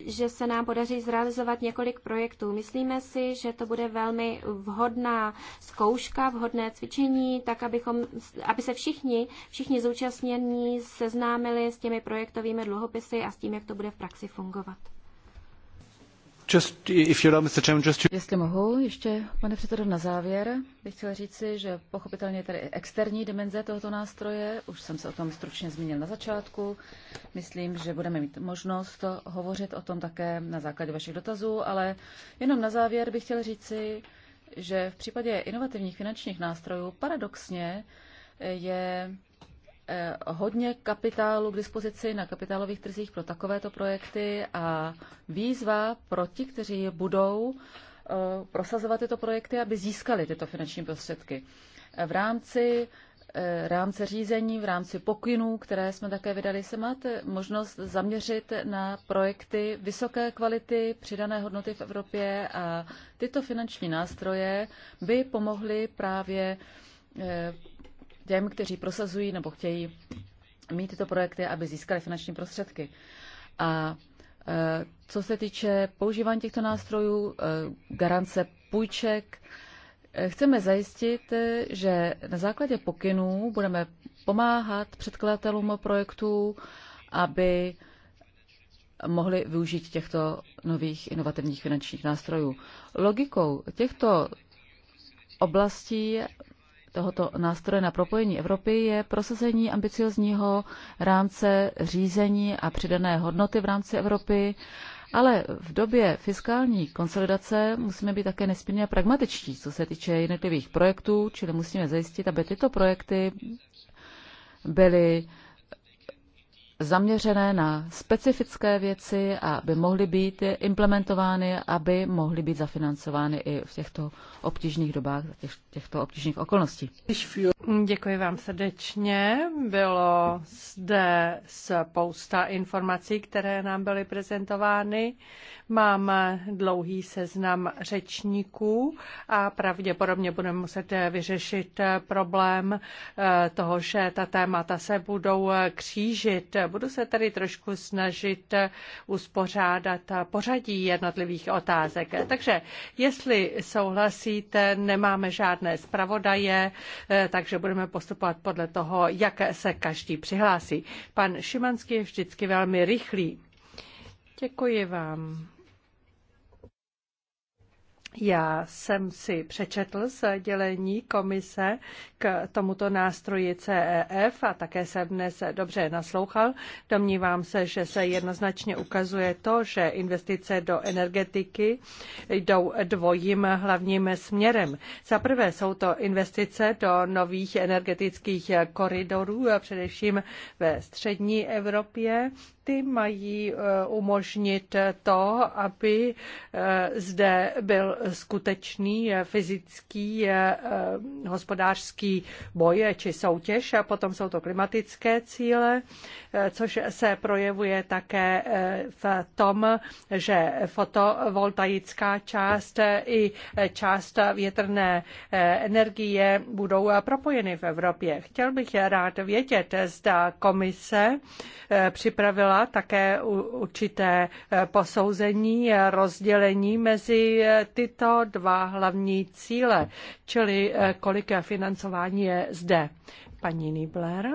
že se nám podaří zrealizovat několik projektů. Myslíme si, že to bude velmi vhodná zkouška, vhodné cvičení, tak abychom, aby se všichni, všichni zúčastnění seznámili s těmi projektovými dluhopisy a s tím, jak to bude v praxi fungovat. Just, if you Mr. Chairman, just to... Jestli mohu, ještě, pane předsedo, na závěr bych chtěl říci, že pochopitelně tady externí dimenze tohoto nástroje, už jsem se o tom stručně zmínil na začátku, myslím, že budeme mít možnost hovořit o tom také na základě vašich dotazů, ale jenom na závěr bych chtěl říci, že v případě inovativních finančních nástrojů paradoxně je Eh, hodně kapitálu k dispozici na kapitálových trzích pro takovéto projekty a výzva pro ti, kteří budou eh, prosazovat tyto projekty, aby získali tyto finanční prostředky. V rámci eh, rámce řízení, v rámci pokynů, které jsme také vydali, se máte možnost zaměřit na projekty vysoké kvality, přidané hodnoty v Evropě a tyto finanční nástroje by pomohly právě těm, kteří prosazují nebo chtějí mít tyto projekty, aby získali finanční prostředky. A e, co se týče používání těchto nástrojů, e, garance půjček, e, chceme zajistit, že na základě pokynů budeme pomáhat předkladatelům projektů, aby mohli využít těchto nových inovativních finančních nástrojů. Logikou těchto oblastí tohoto nástroje na propojení Evropy je prosazení ambiciozního rámce řízení a přidané hodnoty v rámci Evropy, ale v době fiskální konsolidace musíme být také nesmírně pragmatičtí, co se týče jednotlivých projektů, čili musíme zajistit, aby tyto projekty byly zaměřené na specifické věci a aby mohly být implementovány, aby mohly být zafinancovány i v těchto obtížných dobách, těchto obtížných okolností. Děkuji vám srdečně. Bylo zde spousta informací, které nám byly prezentovány. Mám dlouhý seznam řečníků a pravděpodobně budeme muset vyřešit problém eh, toho, že ta témata se budou křížit. Budu se tady trošku snažit uspořádat pořadí jednotlivých otázek. Takže jestli souhlasí víte, nemáme žádné zpravodaje, eh, takže budeme postupovat podle toho, jak se každý přihlásí. Pan Šimanský je vždycky velmi rychlý. Děkuji vám. Já jsem si přečetl sdělení komise k tomuto nástroji CEF a také jsem dnes dobře naslouchal. Domnívám se, že se jednoznačně ukazuje to, že investice do energetiky jdou dvojím hlavním směrem. Za prvé jsou to investice do nových energetických koridorů, především ve střední Evropě ty mají eh, umožnit to, aby eh, zde byl skutečný eh, fyzický hospodářský boj či soutěž. A potom jsou to klimatické cíle, což se projevuje také v tom, že fotovoltaická část i část větrné energie budou propojeny v Evropě. Chtěl bych rád vědět, zda komise připravila také určité eh, posouzení eh, rozdělení mezi eh, tyto dva hlavní cíle, čili kolik financování je zde. Paní Nibler.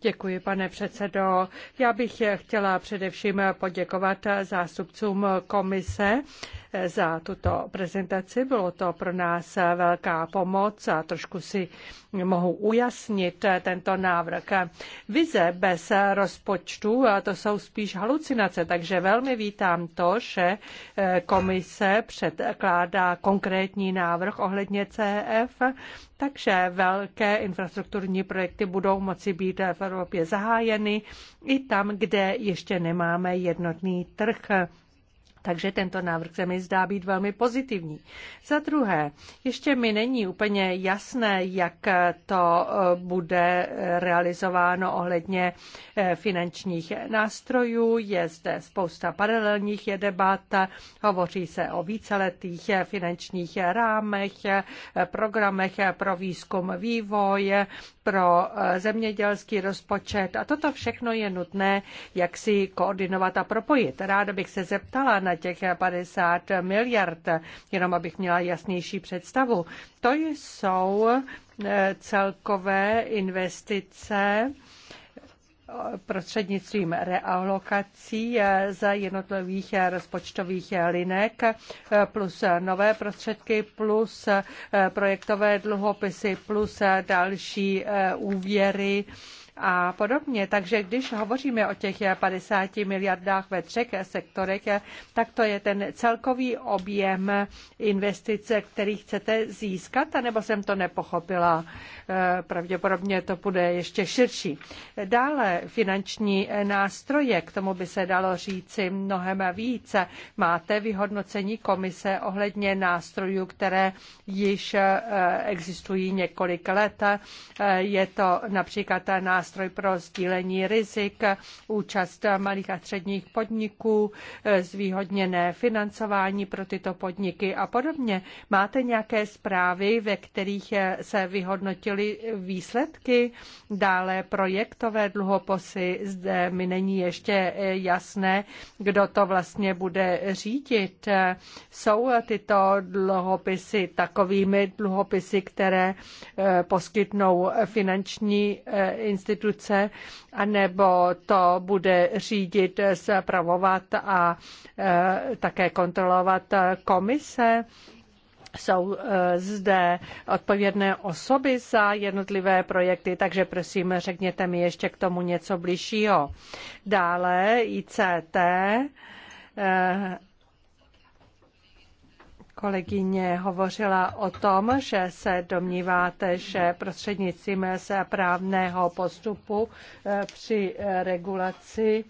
Děkuji, pane předsedo. Já bych chtěla především poděkovat zástupcům komise za tuto prezentaci. Bylo to pro nás velká pomoc a trošku si mohu ujasnit tento návrh. Vize bez rozpočtu, to jsou spíš halucinace, takže velmi vítám to, že komise předkládá konkrétní návrh ohledně CF, e takže velké infrastrukturní projekty budou moci být v Evropě zahájeny i tam, kde ještě nemáme jednotný trh takže tento návrh se mi zdá být velmi pozitivní. Za druhé, ještě mi není úplně jasné, jak to eh, bude eh, realizováno ohledně eh, finančních nástrojů. Je zde spousta paralelních debat, hovoří se o víceletých finančních rámech, programech pro výzkum vývoj, pro zemědělský rozpočet a toto všechno je nutné jak si koordinovat a propojit. Ráda bych se zeptala na těch 50 miliard, jenom abych měla jasnější představu. To jsou eh, celkové investice eh, prostřednictvím realokací eh, za jednotlivých rozpočtových linek plus nové prostředky plus projektové dluhopisy plus další úvěry a podobně. Takže když hovoříme o těch 50 miliardách ve třech sektorech, tak to je ten celkový objem investice, který chcete získat, anebo jsem to nepochopila. Eh, pravděpodobně to bude ještě širší. Dále finanční nástroje, k tomu by se dalo říci mnohem více. Máte vyhodnocení komise ohledně nástrojů, které již eh, existují několik let. Eh, je to například nástroj nástroj pro sdílení rizik, účast malých a středních podniků, zvýhodněné financování pro tyto podniky a podobně. Máte nějaké zprávy, ve kterých se vyhodnotily výsledky? Dále projektové dluhopisy, zde mi není ještě jasné, kdo to vlastně bude řídit. Jsou tyto dluhopisy takovými dluhopisy, které eh, poskytnou finanční eh, instituce instituce, anebo to bude řídit, zpravovat a e, také kontrolovat komise? jsou e, zde odpovědné osoby za jednotlivé projekty, takže prosím, řekněte mi ještě k tomu něco bližšího. Dále ICT e, Kolegyně hovořila o tom, že se domníváte, že prostřednictvím se právného postupu eh, při regulaci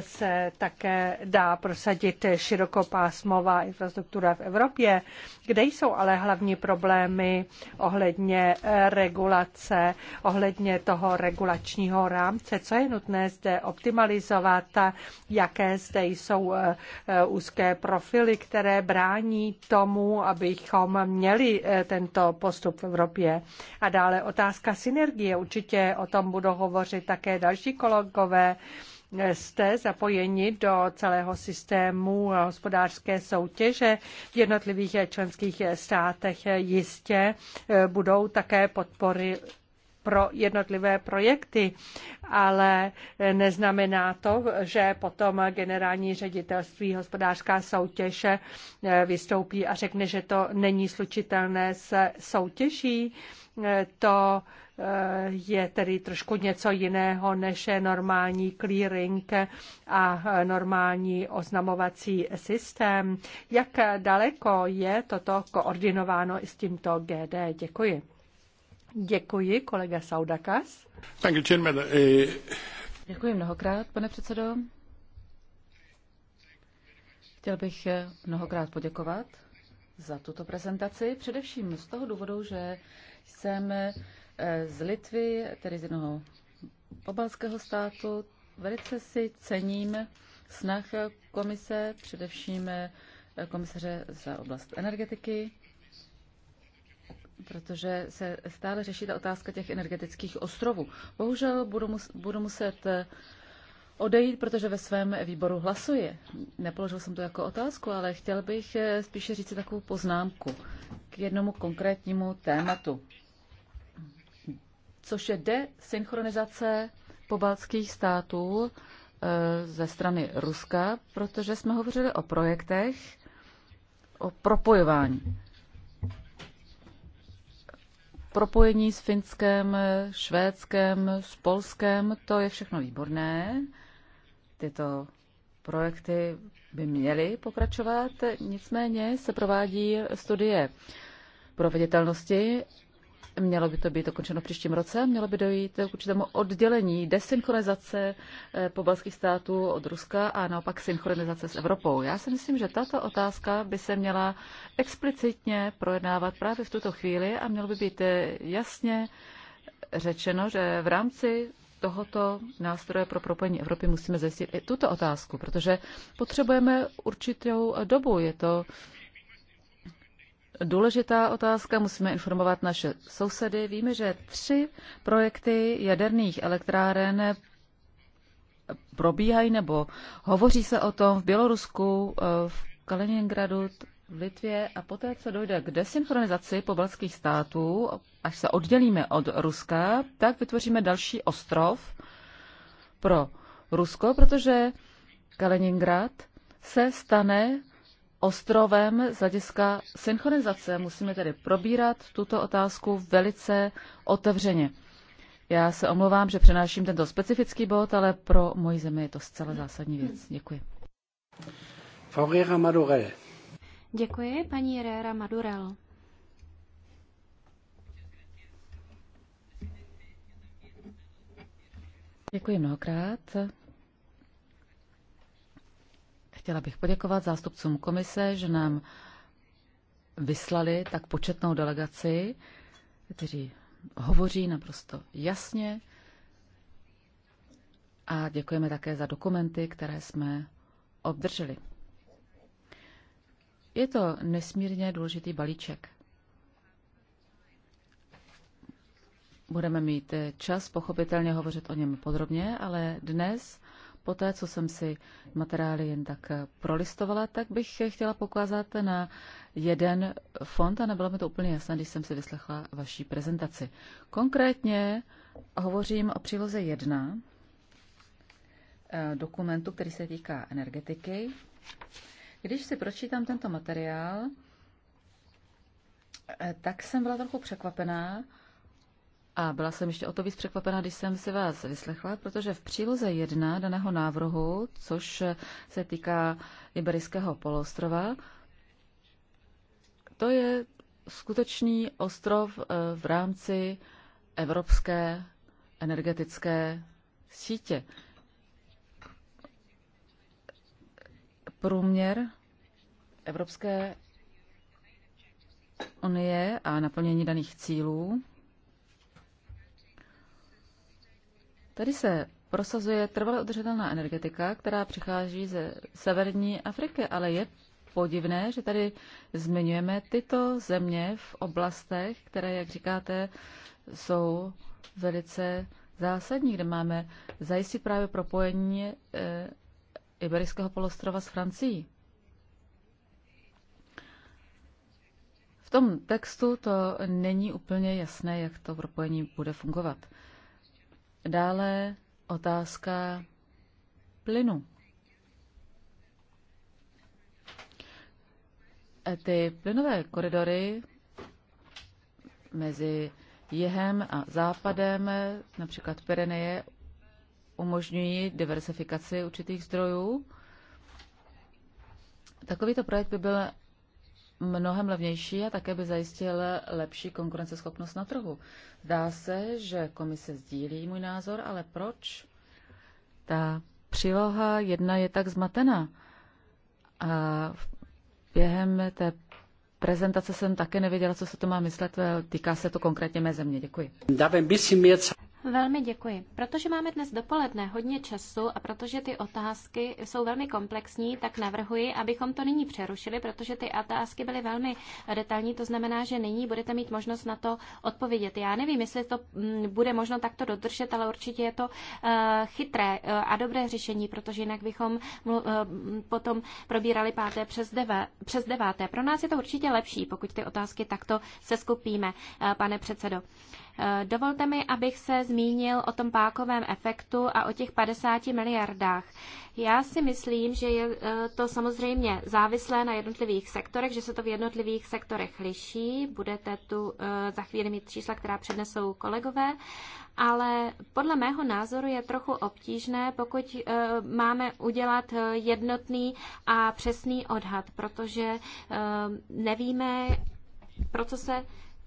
se také dá prosadit širokopásmová infrastruktura v Evropě. Kde jsou ale hlavní problémy ohledně eh, regulace, ohledně toho regulačního rámce? Co je nutné zde optimalizovat? Jaké zde jsou eh, eh, úzké profily, které brání tomu, abychom měli tento postup v Evropě? A dále otázka synergie. Určitě o tom budou hovořit také další kolegové jste zapojeni do celého systému hospodářské soutěže v jednotlivých členských státech. Jistě eh, budou také podpory pro jednotlivé projekty, ale eh, neznamená to, že potom generální ředitelství hospodářská soutěž eh, vystoupí a řekne, že to není slučitelné s soutěží. To Eh, je tedy trošku něco jiného než normální clearing a normální oznamovací systém. Jak daleko je toto koordinováno i s tímto GD? Děkuji. Děkuji, kolega Saudakas. Eh, Děkuji mnohokrát, pane předsedo. Chtěl bych mnohokrát poděkovat za tuto prezentaci, především z toho důvodu, že jsem Eh, z Litvy, tedy z jednoho pobalského státu. Velice si cením snah komise, především eh, komisaře za oblast energetiky, protože se stále řeší ta otázka těch energetických ostrovů. Bohužel budu, mus, budu muset eh, odejít, protože ve svém výboru hlasuje. Nepoložil jsem to jako otázku, ale chtěl bych spíše říct takovou poznámku k jednomu konkrétnímu tématu což je desynchronizace pobaltských států e, ze strany Ruska, protože jsme hovořili o projektech, o propojování. Propojení s Finskem, Švédskem, s Polskem, to je všechno výborné. Tyto projekty by měly pokračovat, nicméně se provádí studie proveditelnosti Mělo by to být dokončeno příštím roce mělo by dojít k určitému oddělení desynchronizace eh, pobalských států od Ruska a naopak synchronizace s Evropou. Já si myslím, že tato otázka by se měla explicitně projednávat právě v tuto chvíli a mělo by být eh, jasně řečeno, že v rámci tohoto nástroje pro propojení Evropy musíme zjistit i tuto otázku, protože potřebujeme určitou dobu. Je to důležitá otázka. Musíme informovat naše sousedy. Víme, že tři projekty jaderných elektráren probíhají nebo hovoří se o tom v Bělorusku, eh, v Kaliningradu, v Litvě a poté, co dojde k desynchronizaci pobalských států, až se oddělíme od Ruska, tak vytvoříme další ostrov pro Rusko, protože Kaliningrad se stane ostrovem z hlediska synchronizace. Musíme tedy probírat tuto otázku velice otevřeně. Já se omlouvám, že přenáším tento specifický bod, ale pro moji zemi je to zcela zásadní věc. Děkuji. Madurel. Děkuji, paní Herrera Madurel. Děkuji mnohokrát. Chtěla bych poděkovat zástupcům komise, že nám vyslali tak početnou delegaci, kteří hovoří naprosto jasně. A děkujeme také za dokumenty, které jsme obdrželi. Je to nesmírně důležitý balíček. Budeme mít čas pochopitelně hovořit o něm podrobně, ale dnes Poté, co jsem si materiály jen tak eh, prolistovala, tak bych chtěla pokázat na jeden fond a nebylo mi to úplně jasné, když jsem si vyslechla vaší prezentaci. Konkrétně hovořím o příloze 1 eh, dokumentu, který se týká energetiky. Když si pročítám tento materiál, eh, tak jsem byla trochu překvapená, a byla jsem ještě o to víc překvapená, když jsem si vás vyslechla, protože v příloze 1 daného návrhu, což se týká Iberijského poloostrova, to je skutečný ostrov eh, v rámci evropské energetické sítě. Průměr Evropské unie a naplnění daných cílů Tady se prosazuje trvalé udržitelná energetika, která přichází ze severní Afriky, ale je podivné, že tady zmiňujeme tyto země v oblastech, které, jak říkáte, jsou velice zásadní, kde máme zajistit právě propojení e, eh, Iberického polostrova s Francií. V tom textu to není úplně jasné, jak to propojení bude fungovat. Dále otázka plynu. Ty plynové koridory mezi jihem a západem, například Pyreneje, umožňují diversifikaci určitých zdrojů. Takovýto projekt by byl mnohem levnější a také by zajistil lepší konkurenceschopnost na trhu. Zdá se, že komise sdílí můj názor, ale proč ta příloha jedna je tak zmatená? A během té prezentace jsem také nevěděla, co se to má myslet. Týká se to konkrétně mé země. Děkuji. Velmi děkuji. Protože máme dnes dopoledne hodně času a protože ty otázky jsou velmi komplexní, tak navrhuji, abychom to nyní přerušili, protože ty otázky byly velmi detailní, to znamená, že nyní budete mít možnost na to odpovědět. Já nevím, jestli to mm, bude možno takto dodržet, ale určitě je to eh, chytré eh, a dobré řešení, protože jinak bychom eh, potom probírali páté přes, deva, přes deváté. Pro nás je to určitě lepší, pokud ty otázky takto seskupíme, pane předsedo. Eh, dovolte mi, abych se zmínil o tom pákovém efektu a o těch 50 miliardách. Já si myslím, že je eh, to samozřejmě závislé na jednotlivých sektorech, že se to v jednotlivých sektorech liší. Budete tu eh, za chvíli mít čísla, která přednesou kolegové, ale podle mého názoru je trochu obtížné, pokud máme udělat jednotný a přesný odhad, protože nevíme, pro co se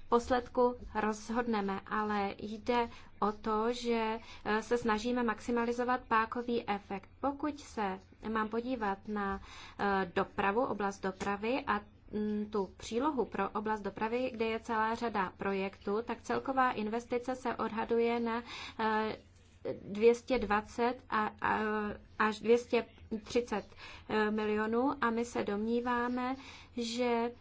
posledku rozhodneme, ale jde o to, že eh, se snažíme maximalizovat pákový efekt. Pokud se mám podívat na eh, dopravu, oblast dopravy a mm, tu přílohu pro oblast dopravy, kde je celá řada projektů, tak celková investice se odhaduje na 220 eh, a, a, až 230 milionů a my se domníváme, že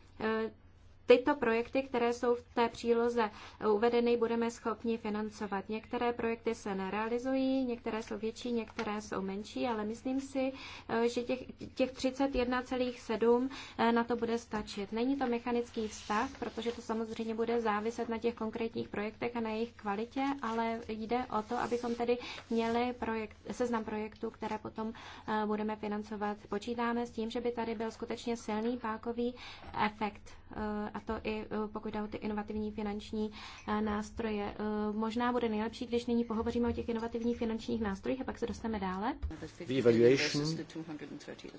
tyto projekty, které jsou v té příloze uvedeny, budeme schopni financovat. Některé projekty se nerealizují, některé jsou větší, některé jsou menší, ale myslím si, eh, že těch, těch 31,7 eh, na to bude stačit. Není to mechanický vztah, protože to samozřejmě bude záviset na těch konkrétních projektech a na jejich kvalitě, ale jde o to, abychom tedy měli projekt, seznam projektů, které potom eh, budeme financovat. Počítáme s tím, že by tady byl skutečně silný pákový efekt. Eh, a to i eh, pokud jde o ty inovativní finanční eh, nástroje. Možná bude nejlepší, když nyní pohovoříme o těch inovativních finančních nástrojích a pak se dostaneme dále. The evaluation,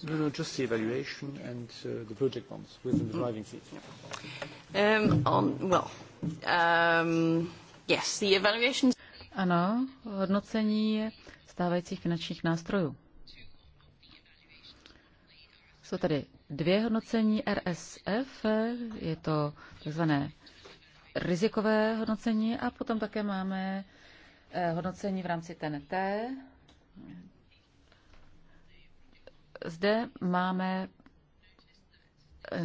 no, no, just the evaluation and uh, the project bonds within the driving seat. Um, on, well, um, yes, the evaluation. Ano, hodnocení stávajících finančních nástrojů. Jsou tady dvě hodnocení RSF, je to takzvané rizikové hodnocení a potom také máme eh, hodnocení v rámci TNT. Zde máme eh,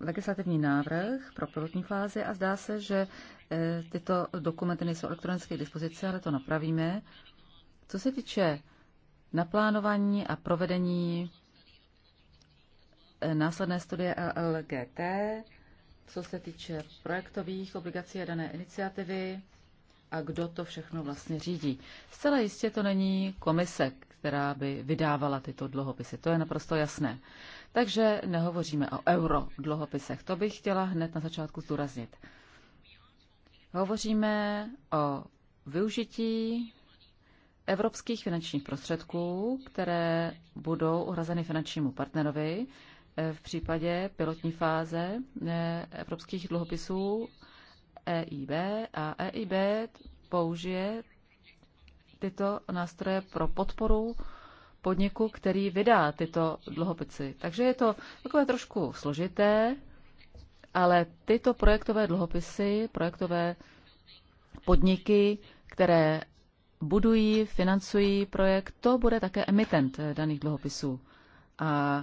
legislativní návrh pro pilotní fázi a zdá se, že eh, tyto dokumenty nejsou elektronické k dispozici, ale to napravíme. Co se týče naplánování a provedení následné studie LLGT, co se týče projektových obligací a dané iniciativy a kdo to všechno vlastně řídí. Zcela jistě to není komise, která by vydávala tyto dluhopisy. To je naprosto jasné. Takže nehovoříme o euro dluhopisech. To bych chtěla hned na začátku zdůraznit. Hovoříme o využití evropských finančních prostředků, které budou uhrazeny finančnímu partnerovi Eh, v případě pilotní fáze eh, evropských dluhopisů EIB a EIB použije tyto nástroje pro podporu podniku, který vydá tyto dluhopisy. Takže je to takové trošku složité, ale tyto projektové dluhopisy, projektové podniky, které budují, financují projekt, to bude také emitent eh, daných dluhopisů. A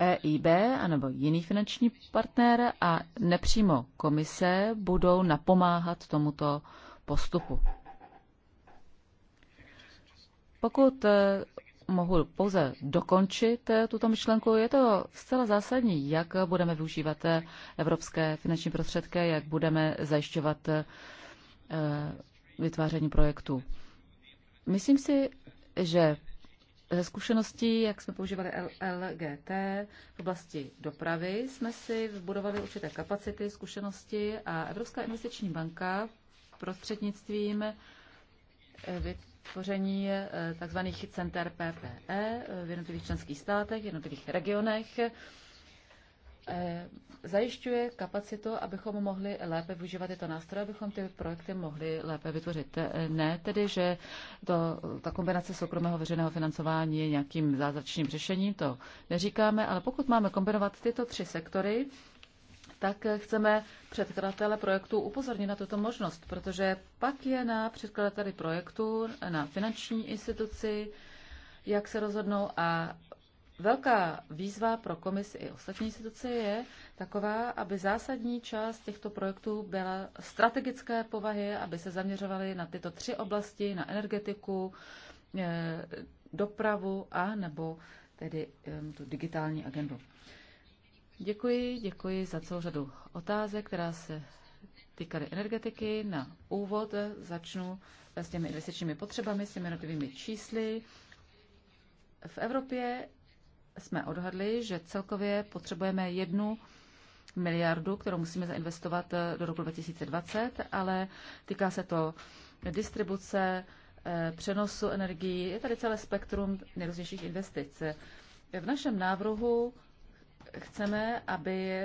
EIB anebo jiný finanční partner a nepřímo komise budou napomáhat tomuto postupu. Pokud eh, mohu pouze dokončit eh, tuto myšlenku, je to zcela zásadní, jak budeme využívat eh, evropské finanční prostředky, jak budeme zajišťovat vytváření projektů. Myslím si, že ze zkušeností, jak jsme používali LGT v oblasti dopravy, jsme si vybudovali určité kapacity, zkušenosti a Evropská investiční banka prostřednictvím eh, vytvoření eh, tzv. center PPE v jednotlivých členských státech, v jednotlivých regionech Eh, zajišťuje kapacitu, abychom mohli lépe využívat tyto nástroje, abychom ty projekty mohli lépe vytvořit. Eh, ne tedy, že to, ta kombinace soukromého veřejného financování je nějakým zázračným řešením, to neříkáme, ale pokud máme kombinovat tyto tři sektory, tak eh, chceme předkladatele projektu upozornit na tuto možnost, protože pak je na předkladateli projektu, na finanční instituci, jak se rozhodnou a Velká výzva pro komisi i ostatní instituce je taková, aby zásadní část těchto projektů byla strategické povahy, aby se zaměřovaly na tyto tři oblasti, na energetiku, eh, dopravu a nebo tedy tu digitální agendu. Děkuji, děkuji za celou řadu otázek, která se týkaly energetiky. Na úvod začnu eh, s těmi investičními potřebami, s těmi jednotlivými čísly. V Evropě jsme odhadli, že celkově potřebujeme jednu miliardu, kterou musíme zainvestovat eh, do roku 2020, ale týká se to distribuce, eh, přenosu energií, je tady celé spektrum nejrůznějších investic. V našem návrhu chceme, aby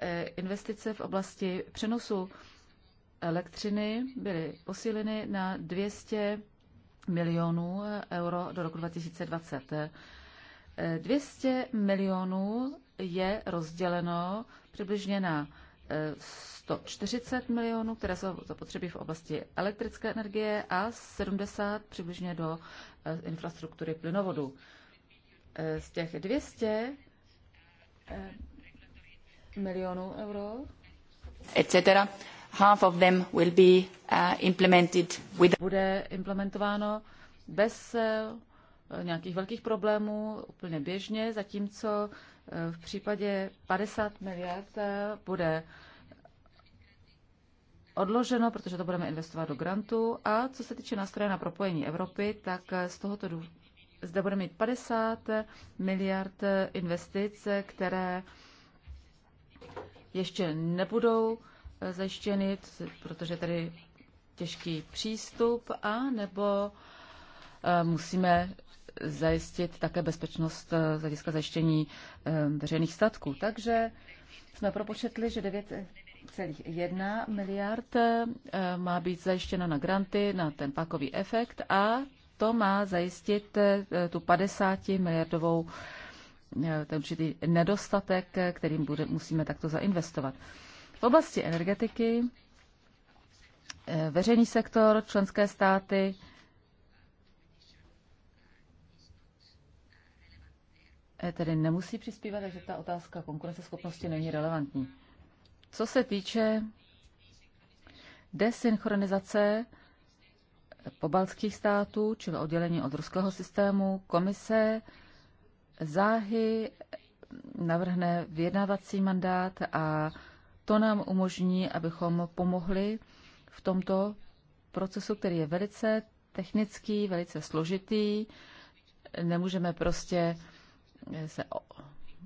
eh, investice v oblasti přenosu elektřiny byly posíleny na 200 milionů euro do roku 2020. 200 milionů je rozděleno přibližně na 140 e, milionů, které jsou zapotřebí v oblasti elektrické energie a 70 přibližně do e, infrastruktury plynovodu. E, z těch 200 milionů euro etc. Half of them will be uh, implemented with... bude implementováno bez nějakých velkých problémů úplně běžně, zatímco eh, v případě 50 miliard eh, bude odloženo, protože to budeme investovat do grantu. A co se týče nástroje na propojení Evropy, tak eh, z tohoto důvodu zde budeme mít 50 miliard investic, které ještě nebudou zajištěny, protože tady těžký přístup a nebo musíme zajistit také bezpečnost eh, z hlediska zajištění eh, veřejných statků. Takže jsme propočetli, že 9,1 miliard eh, má být zajištěna na granty, na ten pakový efekt a to má zajistit tu 50 miliardovou ten určitý nedostatek, kterým bude, musíme takto zainvestovat. V oblasti energetiky veřejný sektor, členské státy, E, tedy nemusí přispívat, takže ta otázka konkurenceschopnosti není relevantní. Co se týče desynchronizace pobaltských států, čili oddělení od ruského systému, komise záhy navrhne vyjednávací mandát a to nám umožní, abychom pomohli v tomto procesu, který je velice technický, velice složitý. Nemůžeme prostě se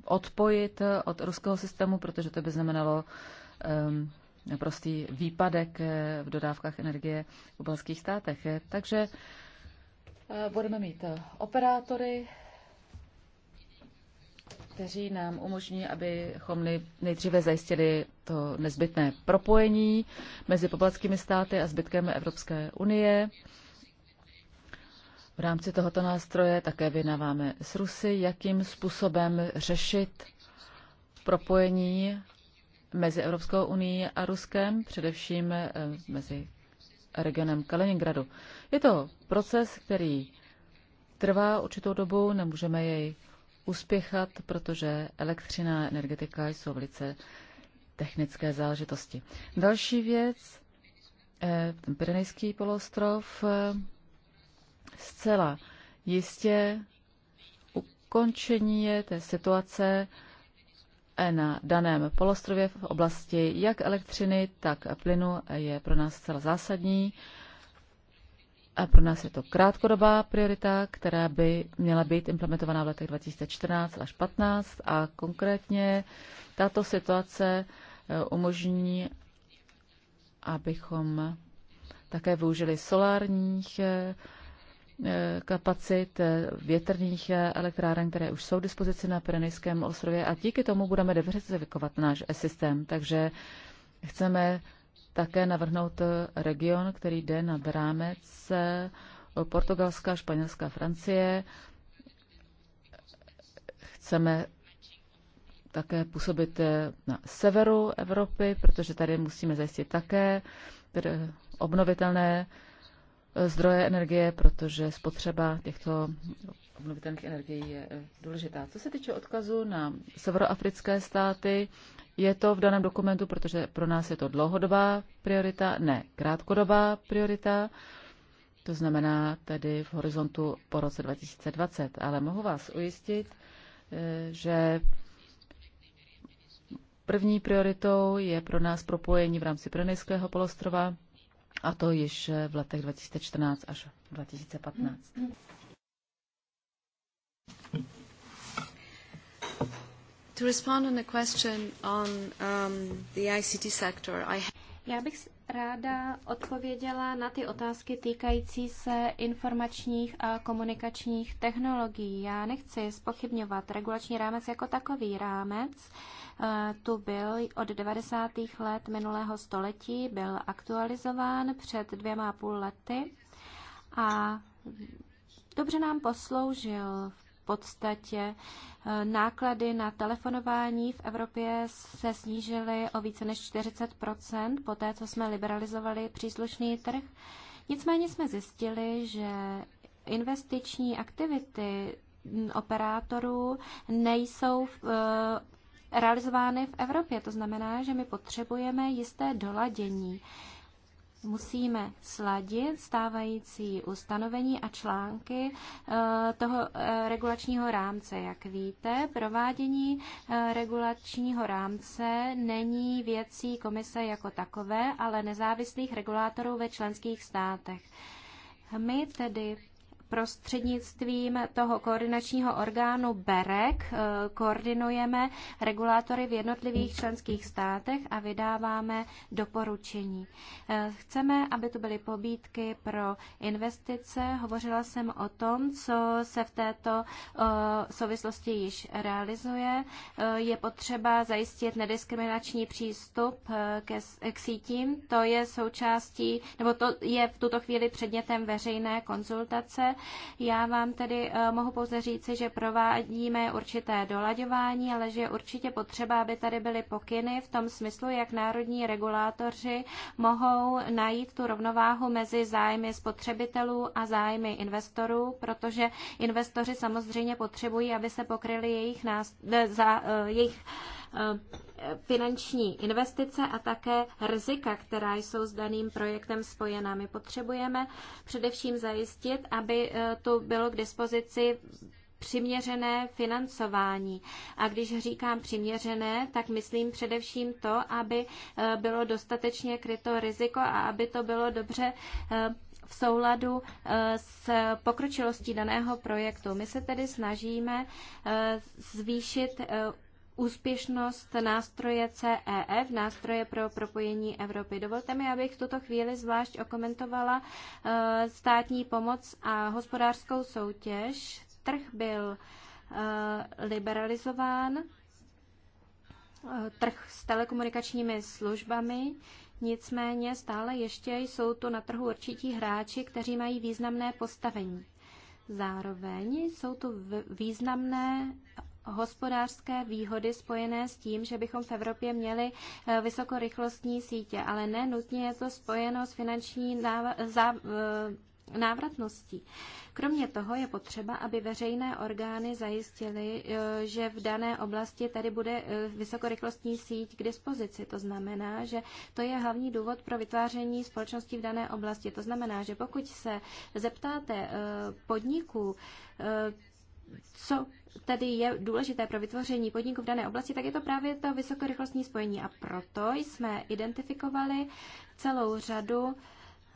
odpojit od ruského systému, protože to by znamenalo prostý výpadek eh, v dodávkách energie v obalských státech. Eh, takže eh, budeme mít operátory, kteří nám umožní, abychom nejdříve zajistili to nezbytné propojení mezi pobaltskými státy a zbytkem Evropské unie. V rámci tohoto nástroje také vynáváme s Rusy, jakým způsobem řešit propojení mezi Evropskou unii a Ruskem, především eh, mezi regionem Kaliningradu. Je to proces, který trvá určitou dobu, nemůžeme jej uspěchat, protože elektřina a energetika jsou velice technické záležitosti. Další věc, eh, ten Pirenejský polostrov, eh, Zcela jistě ukončení té situace na daném polostrově v oblasti jak elektřiny, tak plynu je pro nás zcela zásadní. A pro nás je to krátkodobá priorita, která by měla být implementovaná v letech 2014 až 15 a konkrétně tato situace eh, umožní, abychom také využili solárních eh, kapacit eh, větrných eh, elektráren, které už jsou dispozici na Pirenejském ostrově a díky tomu budeme diverzifikovat náš systém. Takže chceme také navrhnout eh, region, který jde na rámec Portugalská, Španělská, Francie. Chceme také působit na severu Evropy, protože tady musíme zajistit také obnovitelné zdroje energie, protože spotřeba těchto obnovitelných energií je eh, důležitá. Co se týče odkazu na severoafrické státy, je to v daném dokumentu, protože pro nás je to dlouhodobá priorita, ne krátkodobá priorita, to znamená tedy v horizontu po roce 2020. Ale mohu vás ujistit, eh, že první prioritou je pro nás propojení v rámci Prenejského polostrova a to již eh, v letech 2014 až 2015. To respond on the question on um, the ICT sector, I já bych ráda odpověděla na ty otázky týkající se informačních a komunikačních technologií. Já nechci spochybňovat regulační rámec jako takový rámec Eh, tu byl od 90. let minulého století, byl aktualizován před dvěma půl lety a dobře nám posloužil v podstatě eh, náklady na telefonování v Evropě se snížily o více než 40 po té, co jsme liberalizovali příslušný trh. Nicméně jsme zjistili, že investiční aktivity operátorů nejsou v eh, realizovány v Evropě. To znamená, že my potřebujeme jisté doladění. Musíme sladit stávající ustanovení a články eh, toho eh, regulačního rámce. Jak víte, provádění eh, regulačního rámce není věcí komise jako takové, ale nezávislých regulátorů ve členských státech. My tedy prostřednictvím toho koordinačního orgánu BEREK eh, koordinujeme regulátory v jednotlivých členských státech a vydáváme doporučení. Eh, chceme, aby tu byly pobídky pro investice. Hovořila jsem o tom, co se v této eh, souvislosti již realizuje. Je potřeba zajistit nediskriminační přístup k sítím. To je součástí, nebo to je v tuto chvíli předmětem veřejné konzultace já vám tedy eh, mohu pouze říci, že provádíme určité dolaďování, ale že je určitě potřeba, aby tady byly pokyny v tom smyslu, jak národní regulátoři mohou najít tu rovnováhu mezi zájmy spotřebitelů a zájmy investorů, protože investoři samozřejmě potřebují, aby se pokryly jejich, nást- eh, za, eh, jejich Eh, finanční investice a také rizika, která jsou s daným projektem spojená. My potřebujeme především zajistit, aby eh, to bylo k dispozici přiměřené financování. A když říkám přiměřené, tak myslím především to, aby eh, bylo dostatečně kryto riziko a aby to bylo dobře v souladu s pokročilostí daného projektu. My se tedy snažíme zvýšit úspěšnost nástroje CEF, nástroje pro propojení Evropy. Dovolte mi, abych v tuto chvíli zvlášť okomentovala eh, státní pomoc a hospodářskou soutěž. Trh byl eh, liberalizován, eh, trh s telekomunikačními službami, nicméně stále ještě jsou tu na trhu určití hráči, kteří mají významné postavení. Zároveň jsou tu významné hospodářské výhody spojené s tím, že bychom v Evropě měli eh, vysokorychlostní sítě, ale ne nutně je to spojeno s finanční eh, návratností. Kromě toho je potřeba, aby veřejné orgány zajistily, eh, že v dané oblasti tady bude vysokorychlostní síť k dispozici. To znamená, že to je hlavní důvod pro vytváření společnosti v dané oblasti. To znamená, že pokud se zeptáte podniků, co tedy je důležité pro vytvoření podniku v dané oblasti, tak je to právě to vysokorychlostní spojení. A proto jsme identifikovali celou řadu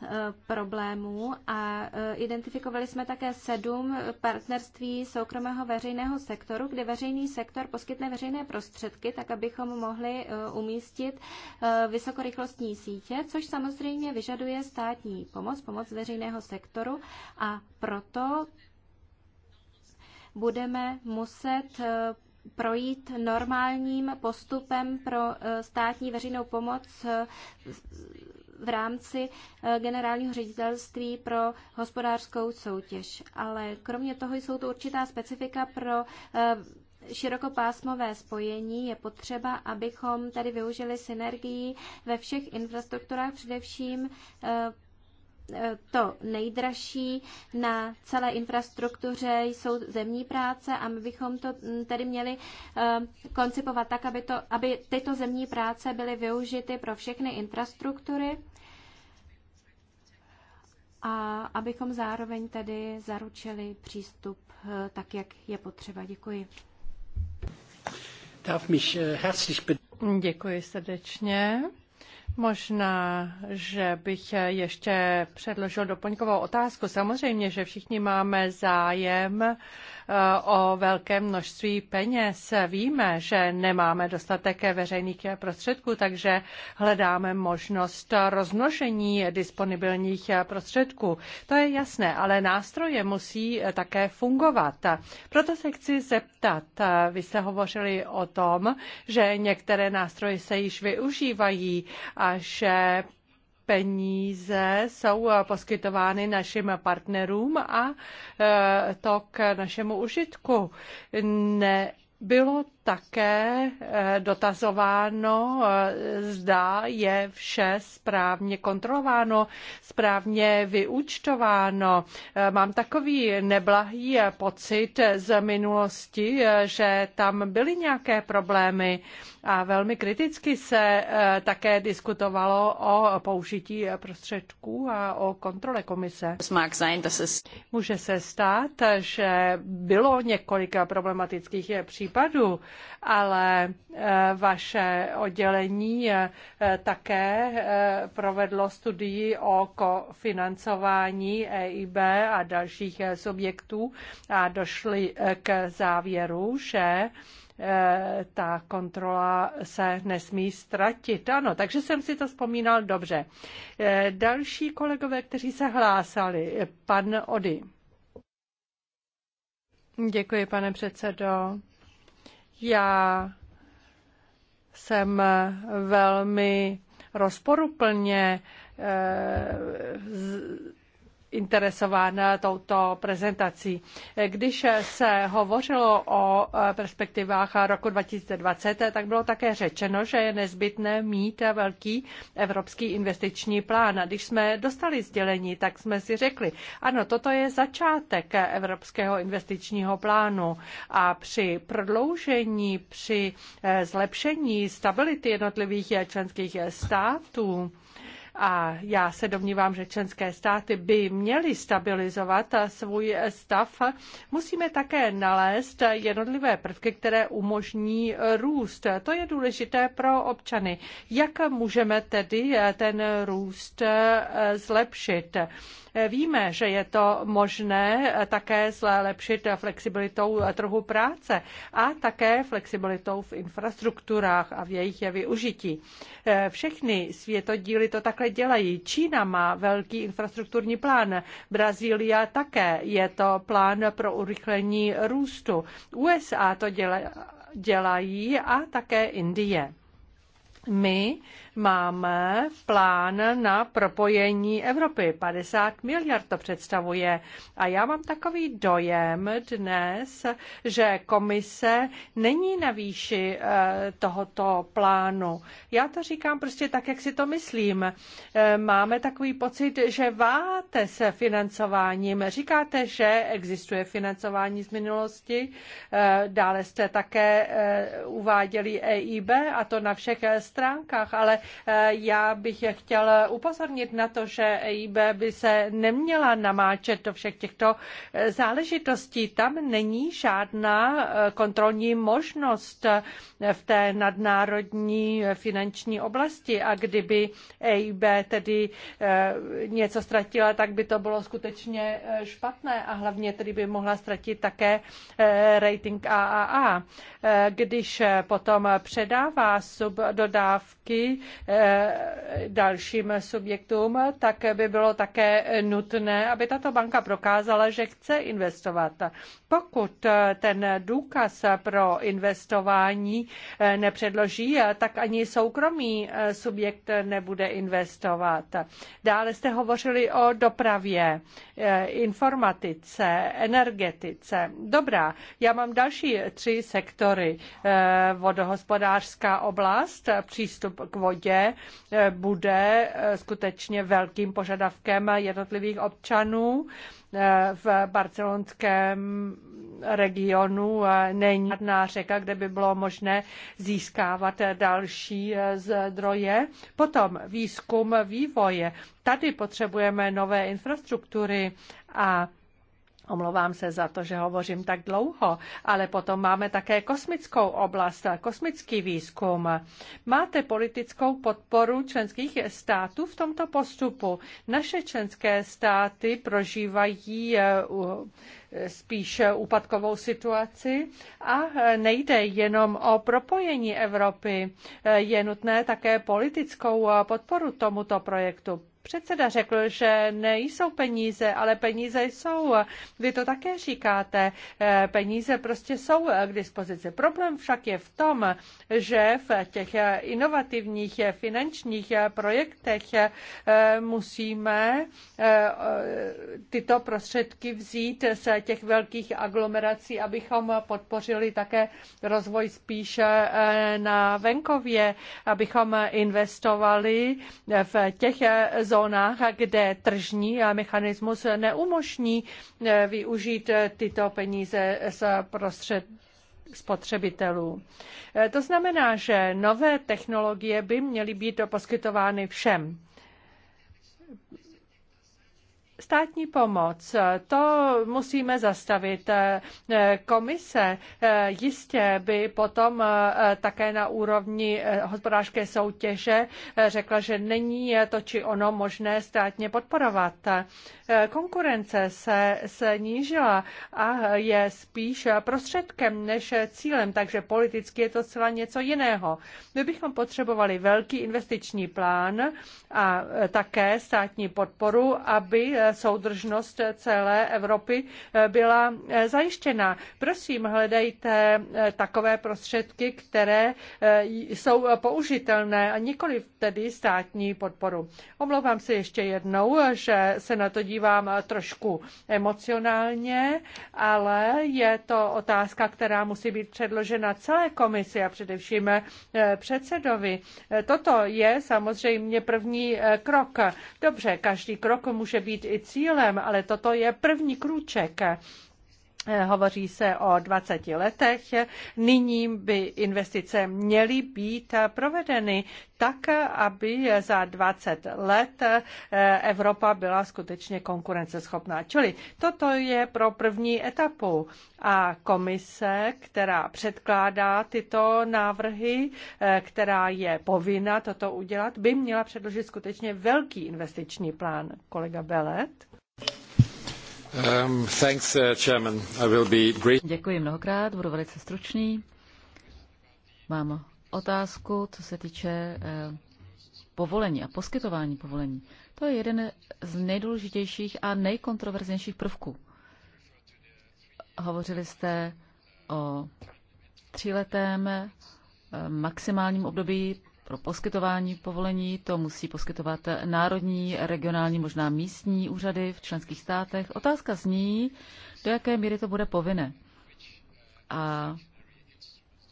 e, problémů a e, identifikovali jsme také sedm partnerství soukromého veřejného sektoru, kde veřejný sektor poskytne veřejné prostředky, tak abychom mohli e, umístit vysokorychlostní sítě, což samozřejmě vyžaduje státní pomoc, pomoc veřejného sektoru a proto budeme muset eh, projít normálním postupem pro eh, státní veřejnou pomoc eh, v rámci generálního ředitelství pro hospodářskou soutěž. Ale kromě toho jsou tu určitá specifika pro širokopásmové spojení je potřeba, abychom tady využili synergii ve všech infrastrukturách, především Eh, to nejdražší na celé infrastruktuře jsou zemní práce a my bychom to mm, tedy měli eh, koncipovat tak, aby, to, aby tyto zemní práce byly využity pro všechny infrastruktury a abychom zároveň tedy zaručili přístup eh, tak, jak je potřeba. Děkuji. Děkuji srdečně. Možná, že bych ještě předložil doplňkovou otázku. Samozřejmě, že všichni máme zájem o velké množství peněz. Víme, že nemáme dostatek veřejných prostředků, takže hledáme možnost rozmnožení disponibilních prostředků. To je jasné, ale nástroje musí také fungovat. Proto se chci zeptat, vy jste hovořili o tom, že některé nástroje se již využívají a že peníze jsou eh, poskytovány našim partnerům a eh, to k našemu užitku. Ne, bylo také eh, dotazováno, eh, zda je vše správně kontrolováno, správně vyúčtováno. Eh, mám takový neblahý pocit z minulosti, že tam byly nějaké problémy a velmi kriticky se také diskutovalo o použití prostředků a o kontrole komise. Může se stát, že bylo několik problematických případů, ale eh, vaše oddělení eh, také eh, provedlo studii o kofinancování EIB a dalších subjektů a došli k závěru, že ta kontrola se nesmí ztratit. Ano, takže jsem si to vzpomínal dobře. Další kolegové, kteří se hlásali, pan Ody. Děkuji, pane předsedo. Já jsem velmi rozporuplně eh, interesován eh, touto prezentací. Eh, když se hovořilo o eh, perspektivách roku 2020, tak bylo také řečeno, že je nezbytné mít velký evropský investiční plán. Když jsme dostali sdělení, tak jsme si řekli, ano, toto je začátek evropského investičního plánu a při prodloužení, při zlepšení stability jednotlivých členských států, a já se domnívám, že členské státy by měly stabilizovat svůj stav. Musíme také nalézt jednotlivé prvky, které umožní růst. To je důležité pro občany. Jak můžeme tedy ten růst zlepšit? Víme, že je to možné také zlepšit flexibilitou trhu práce a také flexibilitou v infrastrukturách a v jejich využití. Všechny světodíly to takhle dělají. Čína má velký infrastrukturní plán, Brazília také. Je to plán pro urychlení růstu. USA to dělají a také Indie. My máme plán na propojení Evropy. 50 miliard to představuje. A já mám takový dojem dnes, že komise není na výši eh, tohoto plánu. Já to říkám prostě tak, jak si to myslím. Eh, máme takový pocit, že váte se financováním. Říkáte, že existuje financování z minulosti. Eh, dále jste také uváděli EIB a to na všech stránkách, ale Eh, já bych chtěl upozornit na to, že EIB by se neměla namáčet do všech těchto eh, záležitostí. Tam není žádná eh, kontrolní možnost v té nadnárodní finanční oblasti a kdyby EIB tedy něco ztratila, tak by to bylo skutečně špatné a hlavně tedy by mohla ztratit také rating AAA. Když potom předává subdodávky Eh, dalším subjektům, tak by bylo také nutné, aby tato banka prokázala, že chce investovat. Pokud eh, ten důkaz pro investování eh, nepředloží, eh, tak ani soukromý subjekt nebude investovat. Dále jste hovořili o dopravě, informatice, energetice. Dobrá, já mám další tři sektory. Vodohospodářská oblast, přístup k vodě bude skutečně velkým požadavkem jednotlivých občanů. Eh, v barcelonském regionu není žádná řeka, kde by bylo možné získávat další eh, zdroje. Potom výzkum, vývoj. Tady potřebujeme nové infrastruktury a Omlouvám se za to, že hovořím tak dlouho, ale potom máme také kosmickou oblast, kosmický výzkum. Máte politickou podporu členských států v tomto postupu. Naše členské státy prožívají eh, spíš úpadkovou situaci a nejde jenom o propojení Evropy. Eh, je nutné také politickou eh, podporu tomuto projektu. Předseda řekl, že nejsou peníze, ale peníze jsou. Vy to také říkáte. Eh, peníze prostě jsou k dispozici. Problém však je v tom, že v těch inovativních finančních projektech eh, musíme eh, tyto prostředky vzít z těch velkých aglomerací, abychom podpořili také rozvoj spíše na venkově, abychom investovali v těch zónách, kde tržní mechanismus neumožní eh, využít eh, tyto peníze z prostřed spotřebitelů. Eh, to znamená, že nové technologie by měly být poskytovány všem. Státní pomoc, to musíme zastavit. Komise jistě by potom také na úrovni hospodářské soutěže řekla, že není to či ono možné státně podporovat. Konkurence se snížila a je spíš prostředkem než cílem, takže politicky je to zcela něco jiného. My bychom potřebovali velký investiční plán a také státní podporu, aby soudržnost celé Evropy eh, byla eh, zajištěna. Prosím, hledejte eh, takové prostředky, které jsou použitelné a nikoli tedy státní podporu. Omlouvám se ještě jednou, že se na to dívám trošku emocionálně, ale je to otázka, která musí být předložena celé komisi a především předsedovi. Toto je samozřejmě první krok. Dobře, každý krok může být i cílem, ale toto je první krůček. Eh, hovoří se o 20 letech. Nyní by investice měly být provedeny tak, aby za 20 let eh, Evropa byla skutečně konkurenceschopná. Čili toto je pro první etapu. A komise, která předkládá tyto návrhy, eh, která je povinna toto udělat, by měla předložit skutečně velký investiční plán. Kolega Belet. Um, thanks, uh, chairman. I will be brief. Děkuji mnohokrát, budu velice stručný. Mám otázku, co se týče eh, povolení a poskytování povolení. To je jeden z nejdůležitějších a nejkontroverznějších prvků. Hovořili jste o tříletém eh, maximálním období pro poskytování povolení. To musí poskytovat národní, regionální, možná místní úřady v členských státech. Otázka zní, do jaké míry to bude povinné a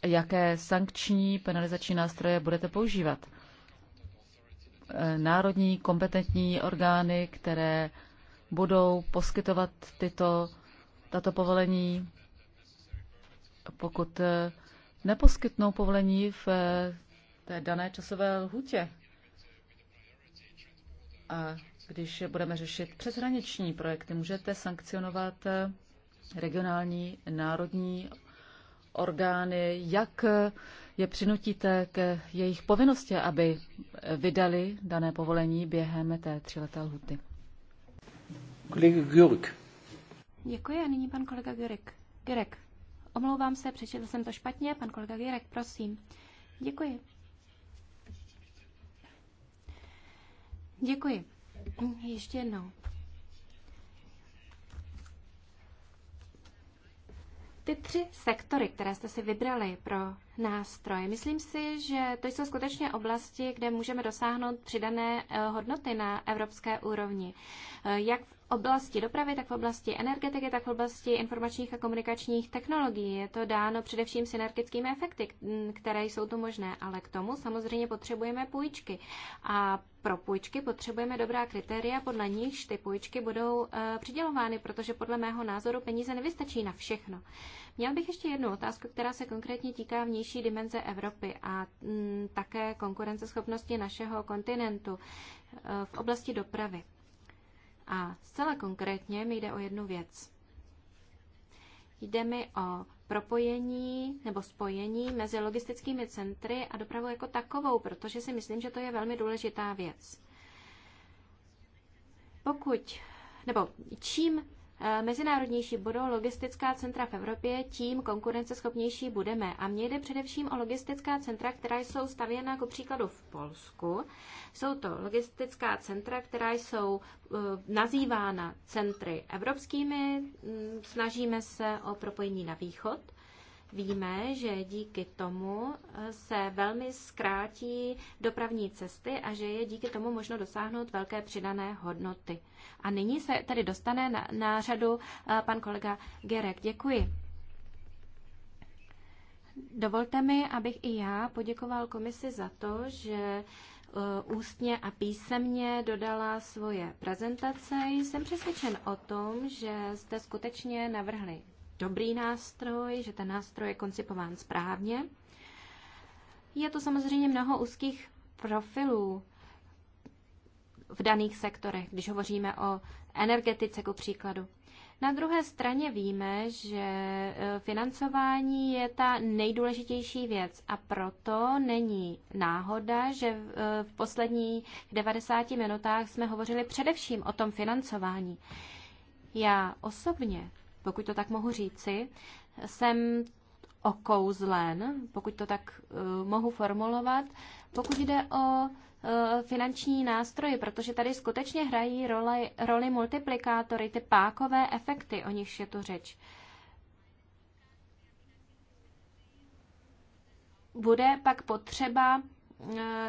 jaké sankční penalizační nástroje budete používat. Národní kompetentní orgány, které budou poskytovat tyto, tato povolení, pokud neposkytnou povolení v té dané časové lhutě. A když budeme řešit přeshraniční projekty, můžete sankcionovat regionální, národní orgány, jak je přinutíte k jejich povinnosti, aby vydali dané povolení během té třileté lhuty. Kolega Gürk. Děkuji a nyní pan kolega Gürek. Gürek. Omlouvám se, přečetl jsem to špatně. Pan kolega Gürek, prosím. Děkuji. Děkuji. Ještě jednou. Ty tři sektory, které jste si vybrali pro nástroje, myslím si, že to jsou skutečně oblasti, kde můžeme dosáhnout přidané eh, hodnoty na evropské úrovni. Eh, jak v oblasti dopravy, tak v oblasti energetiky, tak v oblasti informačních a komunikačních technologií. Je to dáno především synergickými efekty, které jsou tu možné, ale k tomu samozřejmě potřebujeme půjčky. A pro půjčky potřebujeme dobrá kritéria, podle nichž ty půjčky budou eh, přidělovány, protože podle mého názoru peníze nevystačí na všechno. Měl bych ještě jednu otázku, která se konkrétně týká vnější dimenze Evropy a m, mm, také konkurenceschopnosti našeho kontinentu eh, v oblasti dopravy. A zcela konkrétně mi jde o jednu věc. Jde mi o propojení nebo spojení mezi logistickými centry a dopravou jako takovou, protože si myslím, že to je velmi důležitá věc. Pokud, nebo čím Eh, mezinárodnější budou logistická centra v Evropě, tím konkurenceschopnější budeme. A mně jde především o logistická centra, která jsou stavěna jako příkladu v Polsku. Jsou to logistická centra, která jsou eh, nazývána centry evropskými. Mm, snažíme se o propojení na východ. Víme, že díky tomu eh, se velmi zkrátí dopravní cesty a že je díky tomu možno dosáhnout velké přidané hodnoty. A nyní se tady dostane na, na řadu eh, pan kolega Gerek. Děkuji. Dovolte mi, abych i já poděkoval komisi za to, že eh, ústně a písemně dodala svoje prezentace. Jsem přesvědčen o tom, že jste skutečně navrhli dobrý nástroj, že ten nástroj je koncipován správně. Je to samozřejmě mnoho úzkých profilů v daných sektorech, když hovoříme o energetice ku příkladu. Na druhé straně víme, že e, financování je ta nejdůležitější věc a proto není náhoda, že v e, posledních 90 minutách jsme hovořili především o tom financování. Já osobně pokud to tak mohu říci, jsem okouzlen, pokud to tak uh, mohu formulovat, pokud jde o uh, finanční nástroje, protože tady skutečně hrají roli, roli multiplikátory, ty pákové efekty, o nichž je tu řeč. Bude pak potřeba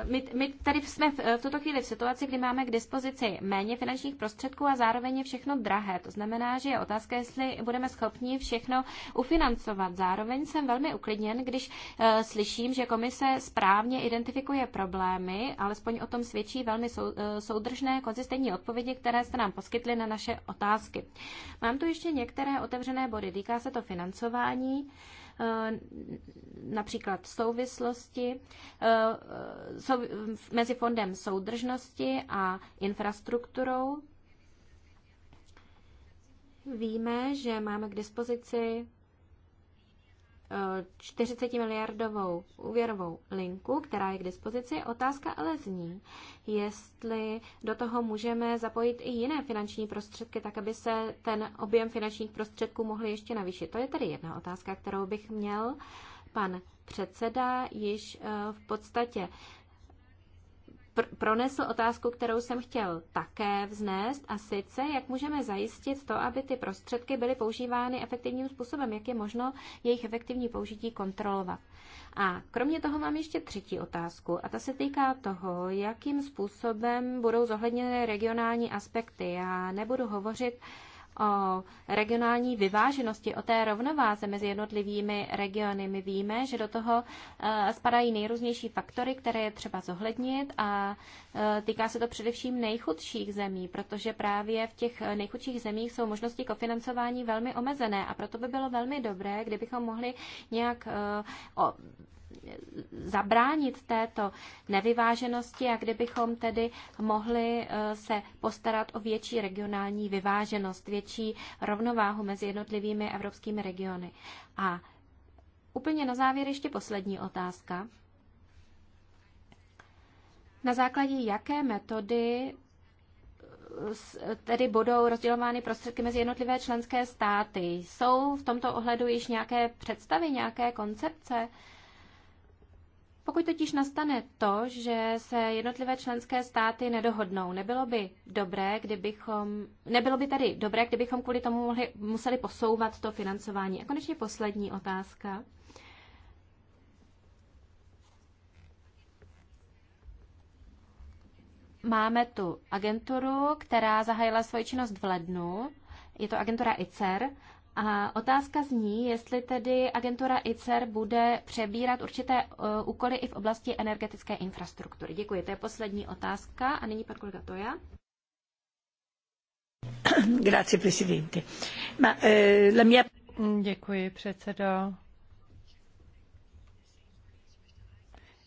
my, my tady jsme v, v tuto chvíli v situaci, kdy máme k dispozici méně finančních prostředků a zároveň je všechno drahé. To znamená, že je otázka, jestli budeme schopni všechno ufinancovat. Zároveň jsem velmi uklidněn, když uh, slyším, že komise správně identifikuje problémy, alespoň o tom svědčí velmi sou, uh, soudržné, konzistentní odpovědi, které jste nám poskytli na naše otázky. Mám tu ještě některé otevřené body. Týká se to financování. Uh, Eh, například souvislosti eh, mezi fondem soudržnosti a infrastrukturou. Víme, že máme k dispozici 40 miliardovou úvěrovou linku, která je k dispozici. Otázka ale zní, jestli do toho můžeme zapojit i jiné finanční prostředky, tak aby se ten objem finančních prostředků mohl ještě navýšit. To je tedy jedna otázka, kterou bych měl. Pan předseda již eh, v podstatě pr- pronesl otázku, kterou jsem chtěl také vznést, a sice, jak můžeme zajistit to, aby ty prostředky byly používány efektivním způsobem, jak je možno jejich efektivní použití kontrolovat. A kromě toho mám ještě třetí otázku, a ta se týká toho, jakým způsobem budou zohledněny regionální aspekty. Já nebudu hovořit o regionální vyváženosti, o té rovnováze mezi jednotlivými regiony. My víme, že do toho eh, spadají nejrůznější faktory, které je třeba zohlednit a eh, týká se to především nejchudších zemí, protože právě v těch nejchudších zemích jsou možnosti kofinancování velmi omezené a proto by bylo velmi dobré, kdybychom mohli nějak eh, zabránit této nevyváženosti a kdybychom tedy mohli eh, se postarat o větší regionální vyváženost, větší rovnováhu mezi jednotlivými evropskými regiony. A úplně na závěr ještě poslední otázka. Na základě jaké metody eh, tedy budou rozdělovány prostředky mezi jednotlivé členské státy. Jsou v tomto ohledu již nějaké představy, nějaké koncepce? Pokud totiž nastane to, že se jednotlivé členské státy nedohodnou, nebylo by dobré, kdybychom, nebylo by tady dobré, kdybychom kvůli tomu mohli, museli posouvat to financování. A konečně poslední otázka. Máme tu agenturu, která zahájila svoji činnost v lednu. Je to agentura ICER a otázka zní, jestli tedy agentura ICER bude přebírat určité e, úkoly i v oblasti energetické infrastruktury. Děkuji, to je poslední otázka. A nyní pan kolega Toja. Grazie, presidente. Ma, eh, la mia... Děkuji, předsedo.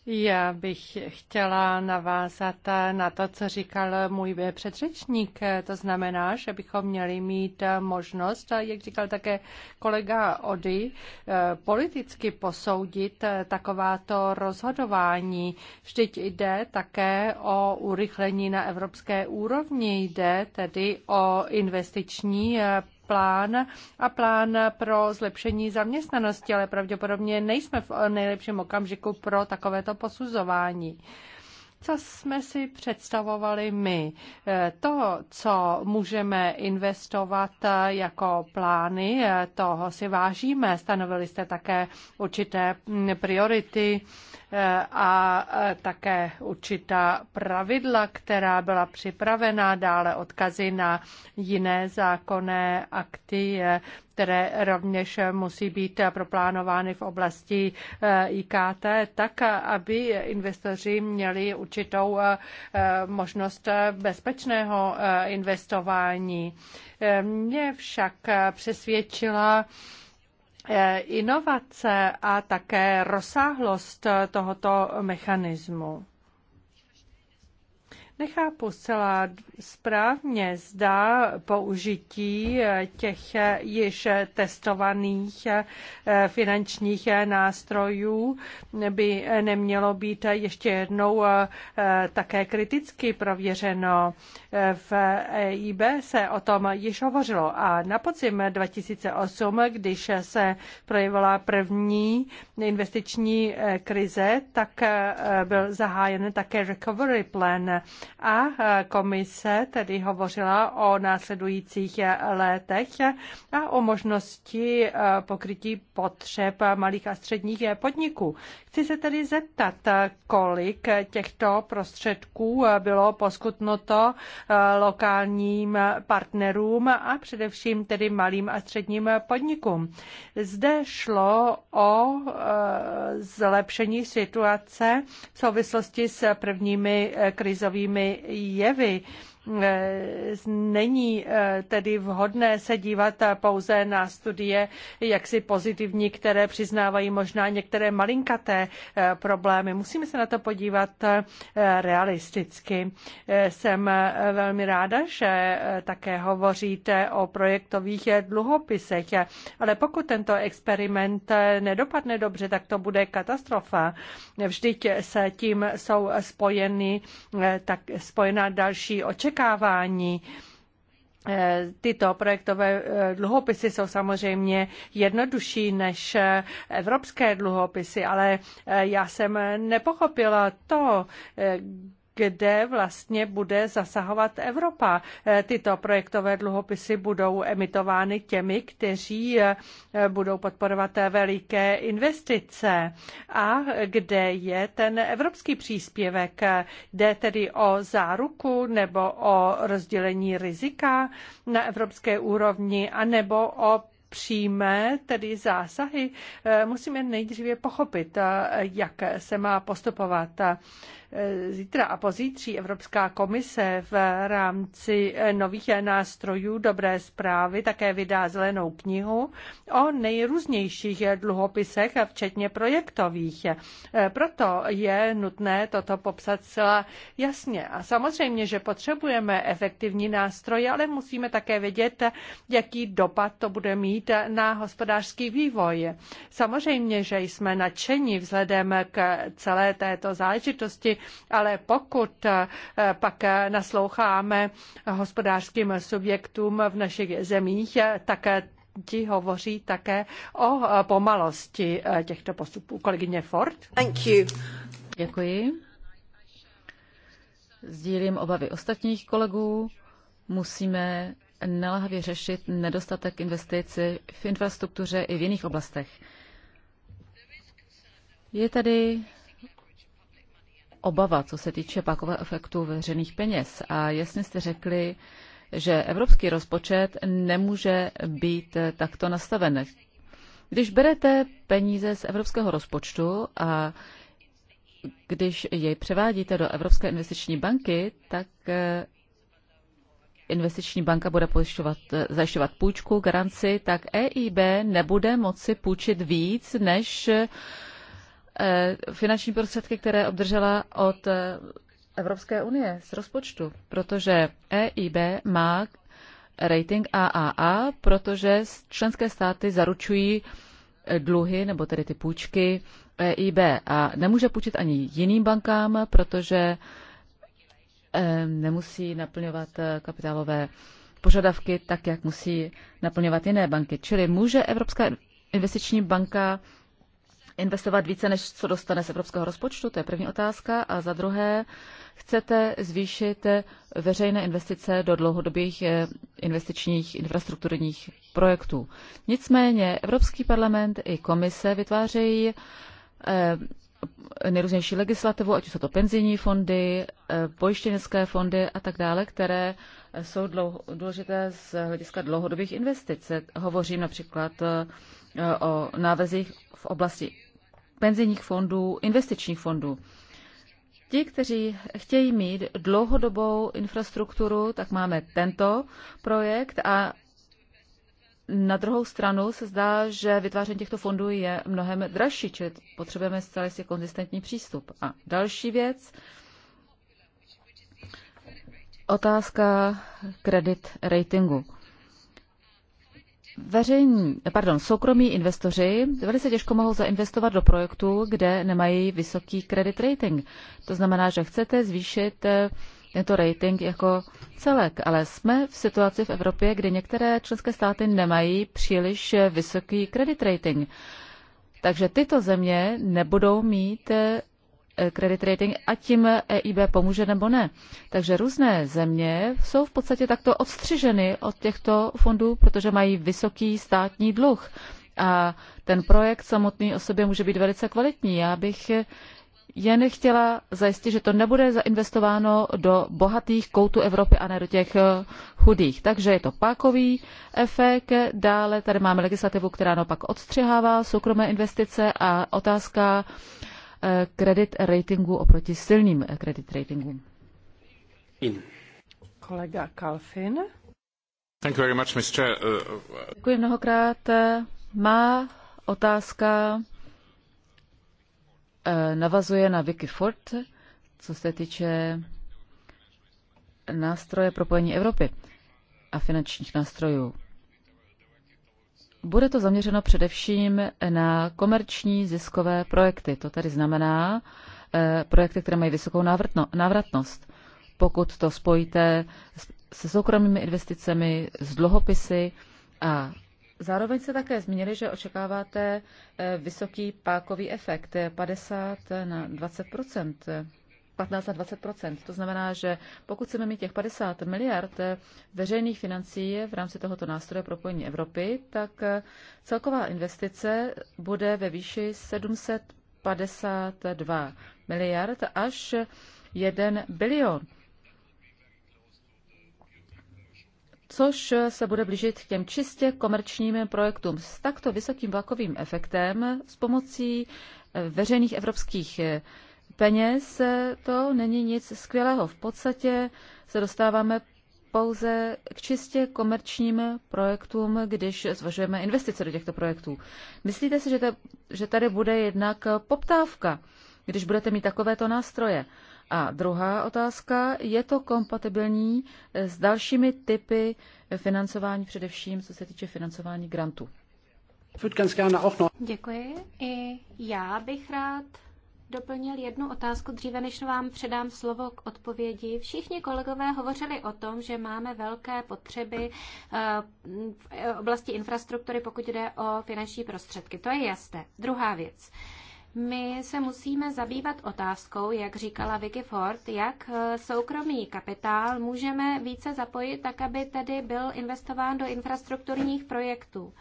Já bych chtěla navázat na to, co říkal můj předřečník. To znamená, že bychom měli mít možnost, jak říkal také kolega Ody, eh, politicky posoudit eh, takováto rozhodování. Vždyť jde také o urychlení na evropské úrovni, jde tedy o investiční eh, plán a plán pro zlepšení zaměstnanosti, ale pravděpodobně nejsme v nejlepším okamžiku pro takovéto posuzování co jsme si představovali my. Eh, to, co můžeme investovat eh, jako plány, eh, toho si vážíme. Stanovili jste také určité mm, priority a také určitá pravidla, která byla připravená, dále odkazy na jiné zákonné akty které rovněž musí být proplánovány v oblasti eh, IKT, tak aby investoři měli určitou eh, eh, možnost bezpečného investování. Mě však přesvědčila inovace a také rozsáhlost tohoto mechanismu. Nechápu zcela správně, zda použití eh, těch eh, již testovaných eh, finančních nástrojů by nemělo být ještě jednou také kriticky prověřeno. V EIB se o tom již hovořilo a na podzim 2008, když se projevila první investiční krize, tak byl zahájen také recovery plan a e, komise tedy hovořila o následujících e, letech a o možnosti e, pokrytí potřeb malých a středních podniků. Chci se tedy zeptat, kolik těchto prostředků bylo poskutnuto lokálním partnerům a především tedy malým a středním podnikům. Zde šlo o zlepšení situace v souvislosti s prvními krizovými těmi jevy. Eh, není eh, tedy vhodné se dívat eh, pouze na studie jaksi pozitivní, které přiznávají možná některé malinkaté problémy. Musíme se na to podívat realisticky. Jsem velmi ráda, že také hovoříte o projektových dluhopisech, ale pokud tento experiment nedopadne dobře, tak to bude katastrofa. Vždyť se tím jsou spojeny, tak spojená další očekávání očekávání. Eh, tyto projektové eh, dluhopisy jsou samozřejmě jednodušší než eh, evropské dluhopisy, ale já jsem nepochopila to, kde vlastně bude zasahovat Evropa. Eh, tyto projektové dluhopisy budou emitovány těmi, kteří eh, budou podporovat veliké investice. A kde je ten evropský příspěvek? Jde tedy o záruku nebo o rozdělení rizika na evropské úrovni, anebo o přímé, tedy zásahy, eh, musíme nejdříve pochopit, jak se má postupovat. Zítra a pozítří Evropská komise v rámci nových nástrojů dobré zprávy také vydá zelenou knihu o nejrůznějších dluhopisech, včetně projektových. Proto je nutné toto popsat zcela jasně. A samozřejmě, že potřebujeme efektivní nástroje, ale musíme také vědět, jaký dopad to bude mít na hospodářský vývoj. Samozřejmě, že jsme nadšení vzhledem k celé této záležitosti, ale pokud eh, pak nasloucháme hospodářským subjektům v našich zemích, eh, tak eh, ti hovoří také o pomalosti těchto postupů. Kolegyně Ford. Thank you. Děkuji. Sdílím obavy ostatních kolegů. Musíme naléhavě řešit nedostatek investic v infrastruktuře i v jiných oblastech. Je tady obava, co se týče pakového efektu veřejných peněz. A jasně jste řekli, že evropský rozpočet nemůže být takto nastaven. Když berete peníze z evropského rozpočtu a když jej převádíte do Evropské investiční banky, tak eh, investiční banka bude eh, zajišťovat půjčku, garanci, tak EIB nebude moci půjčit víc, než Eh, finanční prostředky, které obdržela od eh, Evropské unie z rozpočtu, protože EIB má rating AAA, protože členské státy zaručují eh, dluhy, nebo tedy ty půjčky EIB a nemůže půjčit ani jiným bankám, protože nemusí naplňovat kapitálové požadavky tak, jak musí naplňovat jiné banky. Čili může Evropská investiční banka investovat více, než co dostane z evropského rozpočtu? To je první otázka. A za druhé, chcete zvýšit veřejné investice do dlouhodobých eh, investičních infrastrukturních projektů. Nicméně Evropský parlament i komise vytvářejí eh, nejrůznější legislativu, ať už jsou to penzijní fondy, eh, pojištěnické fondy a tak dále, které jsou důležité z hlediska dlouhodobých investic. Hovořím například o návrzích v oblasti penzijních fondů, investičních fondů. Ti, kteří chtějí mít dlouhodobou infrastrukturu, tak máme tento projekt a na druhou stranu se zdá, že vytváření těchto fondů je mnohem dražší, či potřebujeme zcela jistě konzistentní přístup. A další věc, otázka kredit ratingu. Veřejní, pardon, soukromí investoři velice těžko mohou zainvestovat do projektů, kde nemají vysoký kredit rating. To znamená, že chcete zvýšit eh, tento rating jako celek, ale jsme v situaci v Evropě, kdy některé členské státy nemají příliš eh, vysoký kredit rating. Takže tyto země nebudou mít eh, Eh, credit rating a tím EIB pomůže nebo ne. Takže různé země jsou v podstatě takto odstřiženy od těchto fondů, protože mají vysoký státní dluh. A ten projekt samotný o sobě může být velice kvalitní. Já bych jen chtěla zajistit, že to nebude zainvestováno do bohatých koutů Evropy a ne do těch eh, chudých. Takže je to pákový efekt. Dále tady máme legislativu, která naopak odstřihává soukromé investice a otázka kredit ratingu oproti silným kredit ratingům. In. Kolega Kalfin. Thank you very much, Mr. Uh, uh, Děkuji mnohokrát. Má otázka eh, navazuje na Vicky Ford, co se týče nástroje propojení Evropy a finančních nástrojů bude to zaměřeno především na komerční ziskové projekty. To tedy znamená eh, projekty, které mají vysokou návratnost. Pokud to spojíte se soukromými investicemi, s dluhopisy a Zároveň se také zmínili, že očekáváte eh, vysoký pákový efekt 50 eh, na 20 15 a 20 To znamená, že pokud chceme mít těch 50 miliard veřejných financí v rámci tohoto nástroje propojení Evropy, tak eh, celková investice bude ve výši 752 miliard až 1 bilion. což se bude blížit k těm čistě komerčním projektům s takto vysokým vlakovým efektem s pomocí eh, veřejných evropských eh, peněz, eh, to není nic skvělého. V podstatě se dostáváme pouze k čistě komerčním projektům, když zvažujeme investice do těchto projektů. Myslíte si, že, že tady bude jednak poptávka, když budete mít takovéto nástroje? A druhá otázka, je to kompatibilní eh, s dalšími typy financování, především co se týče financování grantů? Děkuji. I já bych rád doplnil jednu otázku dříve, než vám předám slovo k odpovědi. Všichni kolegové hovořili o tom, že máme velké potřeby eh, v oblasti infrastruktury, pokud jde o finanční prostředky. To je jasné. Druhá věc. My se musíme zabývat otázkou, jak říkala Vicky Ford, jak eh, soukromý kapitál můžeme více zapojit, tak aby tedy byl investován do infrastrukturních projektů.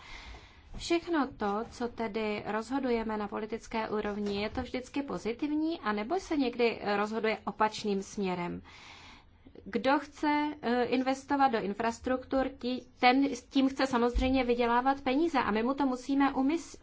Všechno to, co tedy rozhodujeme na politické úrovni, je to vždycky pozitivní, anebo se někdy rozhoduje opačným směrem? Kdo chce eh, investovat do infrastruktur, ten s tím chce samozřejmě vydělávat peníze a my mu to musíme umys,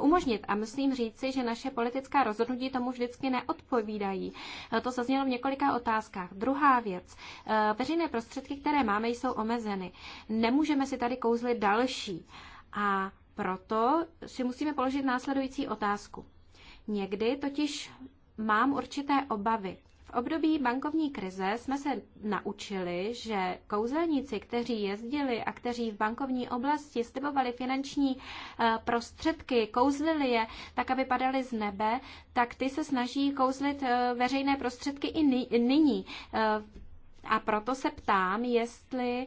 umožnit. A musím říci, že naše politická rozhodnutí tomu vždycky neodpovídají. Eh, to zaznělo v několika otázkách. Druhá věc. Eh, veřejné prostředky, které máme, jsou omezeny. Nemůžeme si tady kouzlit další. A proto si musíme položit následující otázku. Někdy totiž mám určité obavy. V období bankovní krize jsme se naučili, že kouzelníci, kteří jezdili a kteří v bankovní oblasti stebovali finanční eh, prostředky, kouzlili je tak, aby padaly z nebe, tak ty se snaží kouzlit eh, veřejné prostředky i nyní. Eh, a proto se ptám, jestli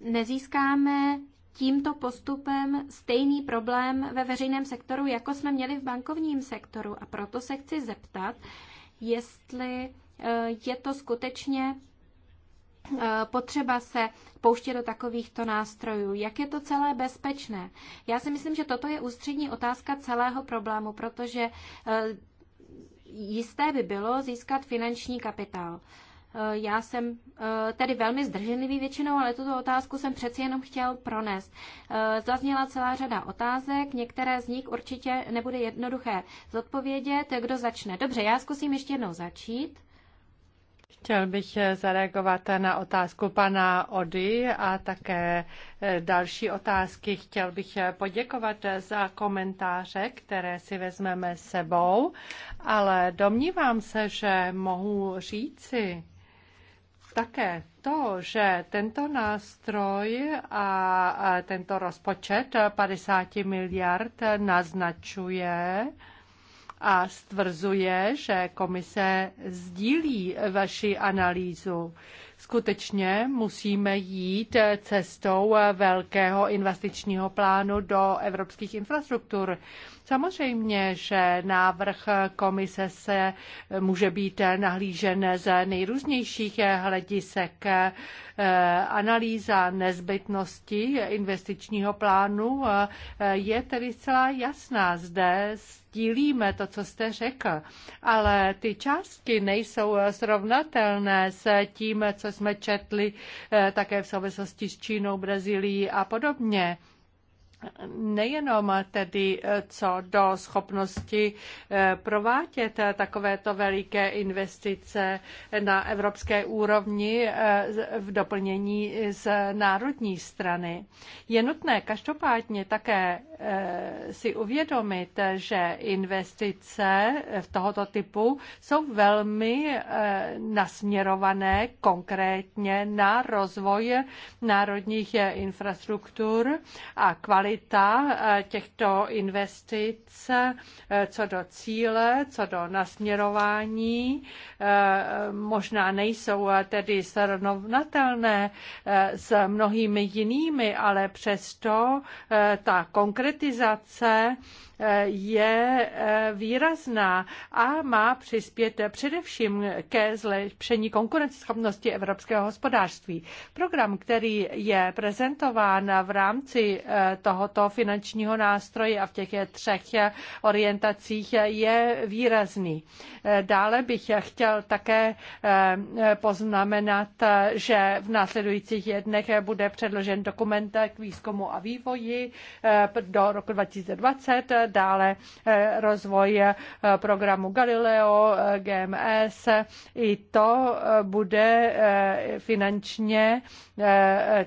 nezískáme tímto postupem stejný problém ve veřejném sektoru, jako jsme měli v bankovním sektoru. A proto se chci zeptat, jestli e, je to skutečně e, potřeba se pouštět do takovýchto nástrojů. Jak je to celé bezpečné? Já si myslím, že toto je ústřední otázka celého problému, protože e, jisté by bylo získat finanční kapitál. Eh, já jsem eh, tedy velmi zdrženlivý většinou, ale tuto otázku jsem přeci jenom chtěl pronést. Eh, zazněla celá řada otázek, některé z nich určitě nebude jednoduché zodpovědět. Kdo začne? Dobře, já zkusím ještě jednou začít. Chtěl bych zareagovat na otázku pana Ody a také další otázky. Chtěl bych poděkovat za komentáře, které si vezmeme sebou, ale domnívám se, že mohu říci, také to, že tento nástroj a tento rozpočet 50 miliard naznačuje a stvrzuje, že komise sdílí vaši analýzu. Skutečně musíme jít cestou velkého investičního plánu do evropských infrastruktur. Samozřejmě, že návrh komise se může být nahlížen z nejrůznějších hledisek. Eh, analýza nezbytnosti investičního plánu eh, je tedy zcela jasná. Zde sdílíme to, co jste řekl, ale ty částky nejsou srovnatelné s tím, co jsme četli eh, také v souvislosti s Čínou, Brazílií a podobně. Nejenom tedy eh, co do schopnosti eh, provádět eh, takovéto veliké investice na evropské úrovni v doplnění z národní strany. Je nutné každopádně také si uvědomit, že investice v tohoto typu jsou velmi nasměrované konkrétně na rozvoj národních infrastruktur a kvality kvalita eh, těchto investic eh, co do cíle, co do nasměrování eh, možná nejsou tedy srovnatelné s mnohými jinými, ale přesto ta konkretizace je eh, výrazná a má přispět především ke zlepšení konkurenceschopnosti evropského hospodářství. Program, který je prezentován v rámci eh, tohoto finančního nástroje a v těch třech eh, orientacích, je výrazný. Dále bych chtěl také poznamenat, že v následujících dnech bude předložen dokument k výzkumu a vývoji do roku 2020 dále eh, rozvoj eh, programu Galileo, eh, GMS. I to bude finančně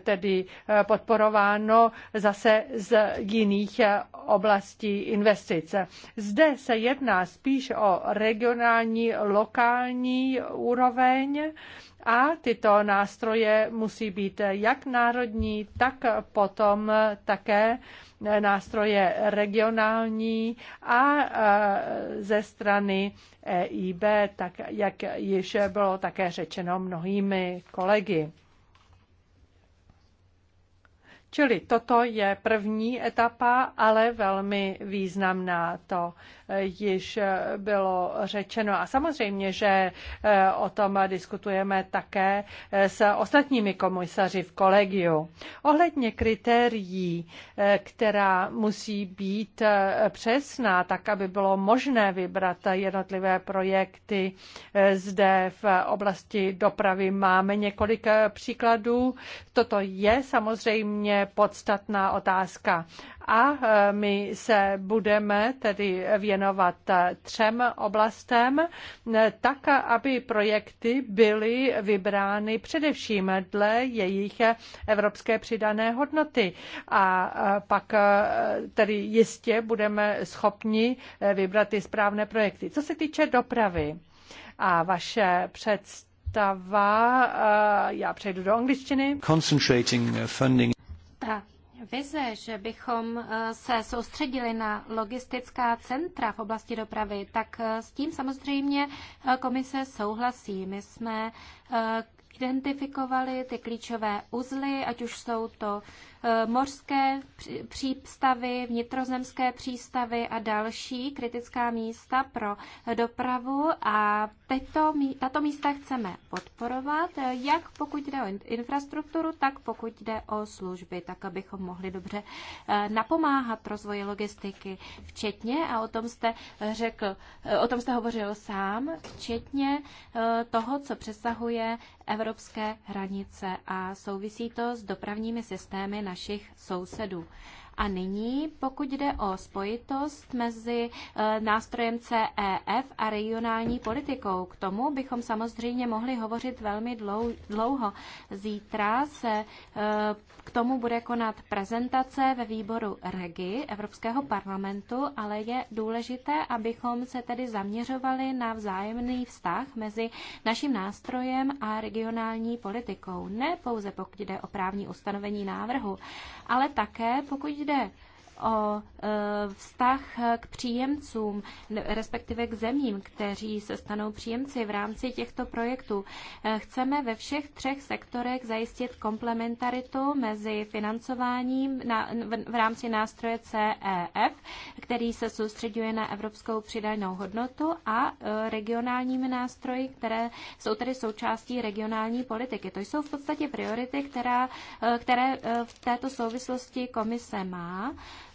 tedy podporováno zase z jiných oblastí investice. Zde se jedná spíš o regionální, lokální úroveň, a tyto nástroje musí být jak národní, tak potom také nástroje regionální a ze strany EIB, tak jak již bylo také řečeno mnohými kolegy. Čili toto je první etapa, ale velmi významná to již bylo řečeno. A samozřejmě, že eh, o tom diskutujeme také eh, s ostatními komisaři v kolegiu. Ohledně kritérií, eh, která musí být přesná, tak aby bylo možné vybrat jednotlivé projekty zde v oblasti dopravy, máme několik příkladů. Toto je samozřejmě podstatná otázka a e, my se budeme tedy věnovat e, třem oblastem, e, tak, aby projekty byly vybrány především dle jejich evropské přidané hodnoty. A pak tedy jistě budeme schopni vybrat ty správné projekty. Co se týče dopravy a vaše představa, já přejdu do angličtiny. Concentrating uh, funding. Ta vize, že bychom eh, se soustředili na logistická centra v oblasti dopravy, tak eh, s tím samozřejmě eh, komise souhlasí. My jsme identifikovali ty klíčové uzly, ať už jsou to Eh, mořské přístavy, vnitrozemské přístavy a další kritická místa pro dopravu a tyto, tato místa chceme podporovat, eh, jak pokud jde o infrastrukturu, tak pokud jde o služby, tak abychom mohli dobře eh, napomáhat rozvoji logistiky, včetně, a o tom jste řekl, o tom jste hovořil sám, včetně toho, co přesahuje evropské hranice a souvisí to s dopravními systémy na našich sousedů. A nyní, pokud jde o spojitost mezi eh, nástrojem CEF a regionální politikou, k tomu bychom samozřejmě mohli hovořit velmi dlouho. Zítra se eh, k tomu bude konat prezentace ve výboru REGI Evropského parlamentu, ale je důležité, abychom se tedy zaměřovali na vzájemný vztah mezi naším nástrojem a regionální politikou. Ne pouze pokud jde o právní ustanovení návrhu, ale také pokud jde jde o e, vztah k příjemcům, respektive k zemím, kteří se stanou příjemci v rámci těchto projektů. E, chceme ve všech třech sektorech zajistit komplementaritu mezi financováním v rámci nástroje CEF, který se soustředuje na evropskou přidanou hodnotu a e, regionálními nástroji, které jsou tedy součástí regionální politiky. To jsou v podstatě priority, která, které v této souvislosti komise má.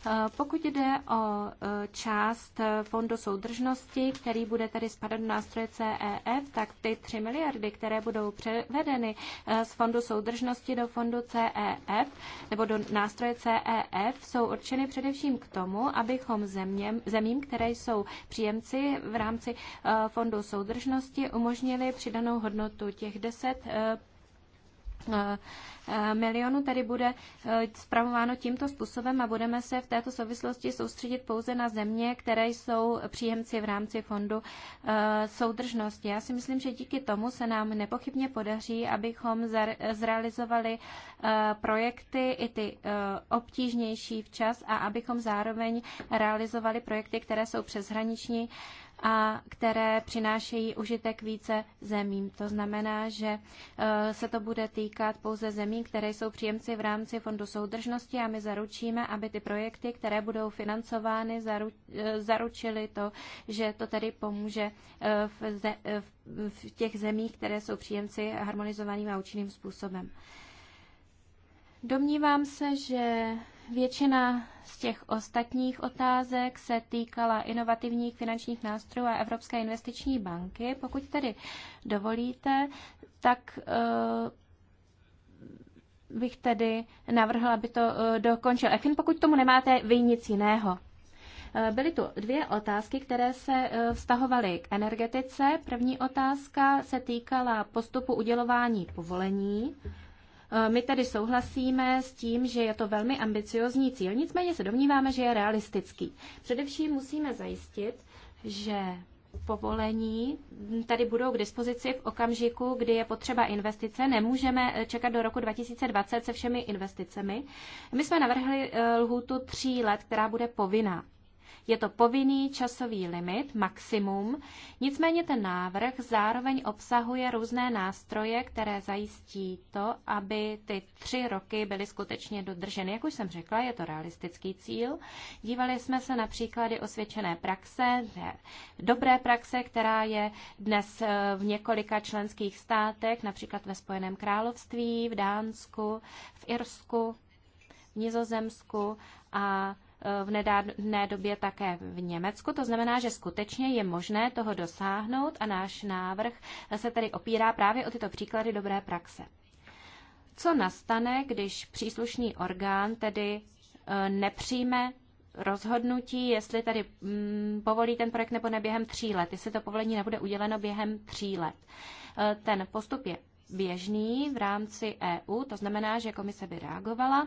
Eh, pokud jde o eh, část fondu soudržnosti, který bude tady spadat do nástroje CEF, tak ty 3 miliardy, které budou převedeny eh, z fondu soudržnosti do fondu CEF nebo do nástroje CEF, jsou určeny především k tomu, abychom zeměm, zemím, které jsou příjemci v rámci fondu soudržnosti, umožnili přidanou hodnotu těch 10 Eh, eh, milionů tedy bude eh, spravováno tímto způsobem a budeme se v této souvislosti soustředit pouze na země, které jsou příjemci v rámci fondu soudržnosti. Já si myslím, že díky tomu se nám nepochybně podaří, abychom zrealizovali projekty i ty obtížnější včas a abychom zároveň realizovali projekty, které jsou přeshraniční a které přinášejí užitek více zemím. To znamená, že eh, se to bude týkat pouze zemí, které jsou příjemci v rámci Fondu soudržnosti a my zaručíme, aby ty projekty, které budou financovány, eh, zaručily to, že to tedy pomůže eh, v těch zemích, které jsou příjemci harmonizovaným a účinným způsobem. Domnívám se, že většina z těch ostatních otázek se týkala inovativních finančních nástrojů a Evropské investiční banky. Pokud tedy dovolíte, tak eh, bych tedy navrhla, aby to eh, dokončil EFIN, pokud tomu nemáte vy nic jiného. Eh, byly tu dvě otázky, které se vztahovaly k energetice. První otázka se týkala postupu udělování povolení. Eh, my tedy souhlasíme s tím, že je to velmi ambiciozní cíl, nicméně se domníváme, že je realistický. Především musíme zajistit, že povolení tady budou k dispozici v okamžiku, kdy je potřeba investice. Nemůžeme eh, čekat do roku 2020 se všemi investicemi. My jsme navrhli eh, lhůtu tří let, která bude povinná. Je to povinný časový limit, maximum, nicméně ten návrh zároveň obsahuje různé nástroje, které zajistí to, aby ty tři roky byly skutečně dodrženy. Jak už jsem řekla, je to realistický cíl. Dívali jsme se na příklady osvědčené praxe, dobré praxe, která je dnes eh, v několika členských státech, například ve Spojeném království, v Dánsku, v Irsku, v Nizozemsku a v nedávné době také v Německu. To znamená, že skutečně je možné toho dosáhnout a náš návrh se tedy opírá právě o tyto příklady dobré praxe. Co nastane, když příslušný orgán tedy e, nepřijme rozhodnutí, jestli tady mm, povolí ten projekt nebo ne během tří let, jestli to povolení nebude uděleno během tří let. E, ten postup je běžný v rámci EU, to znamená, že komise by reagovala.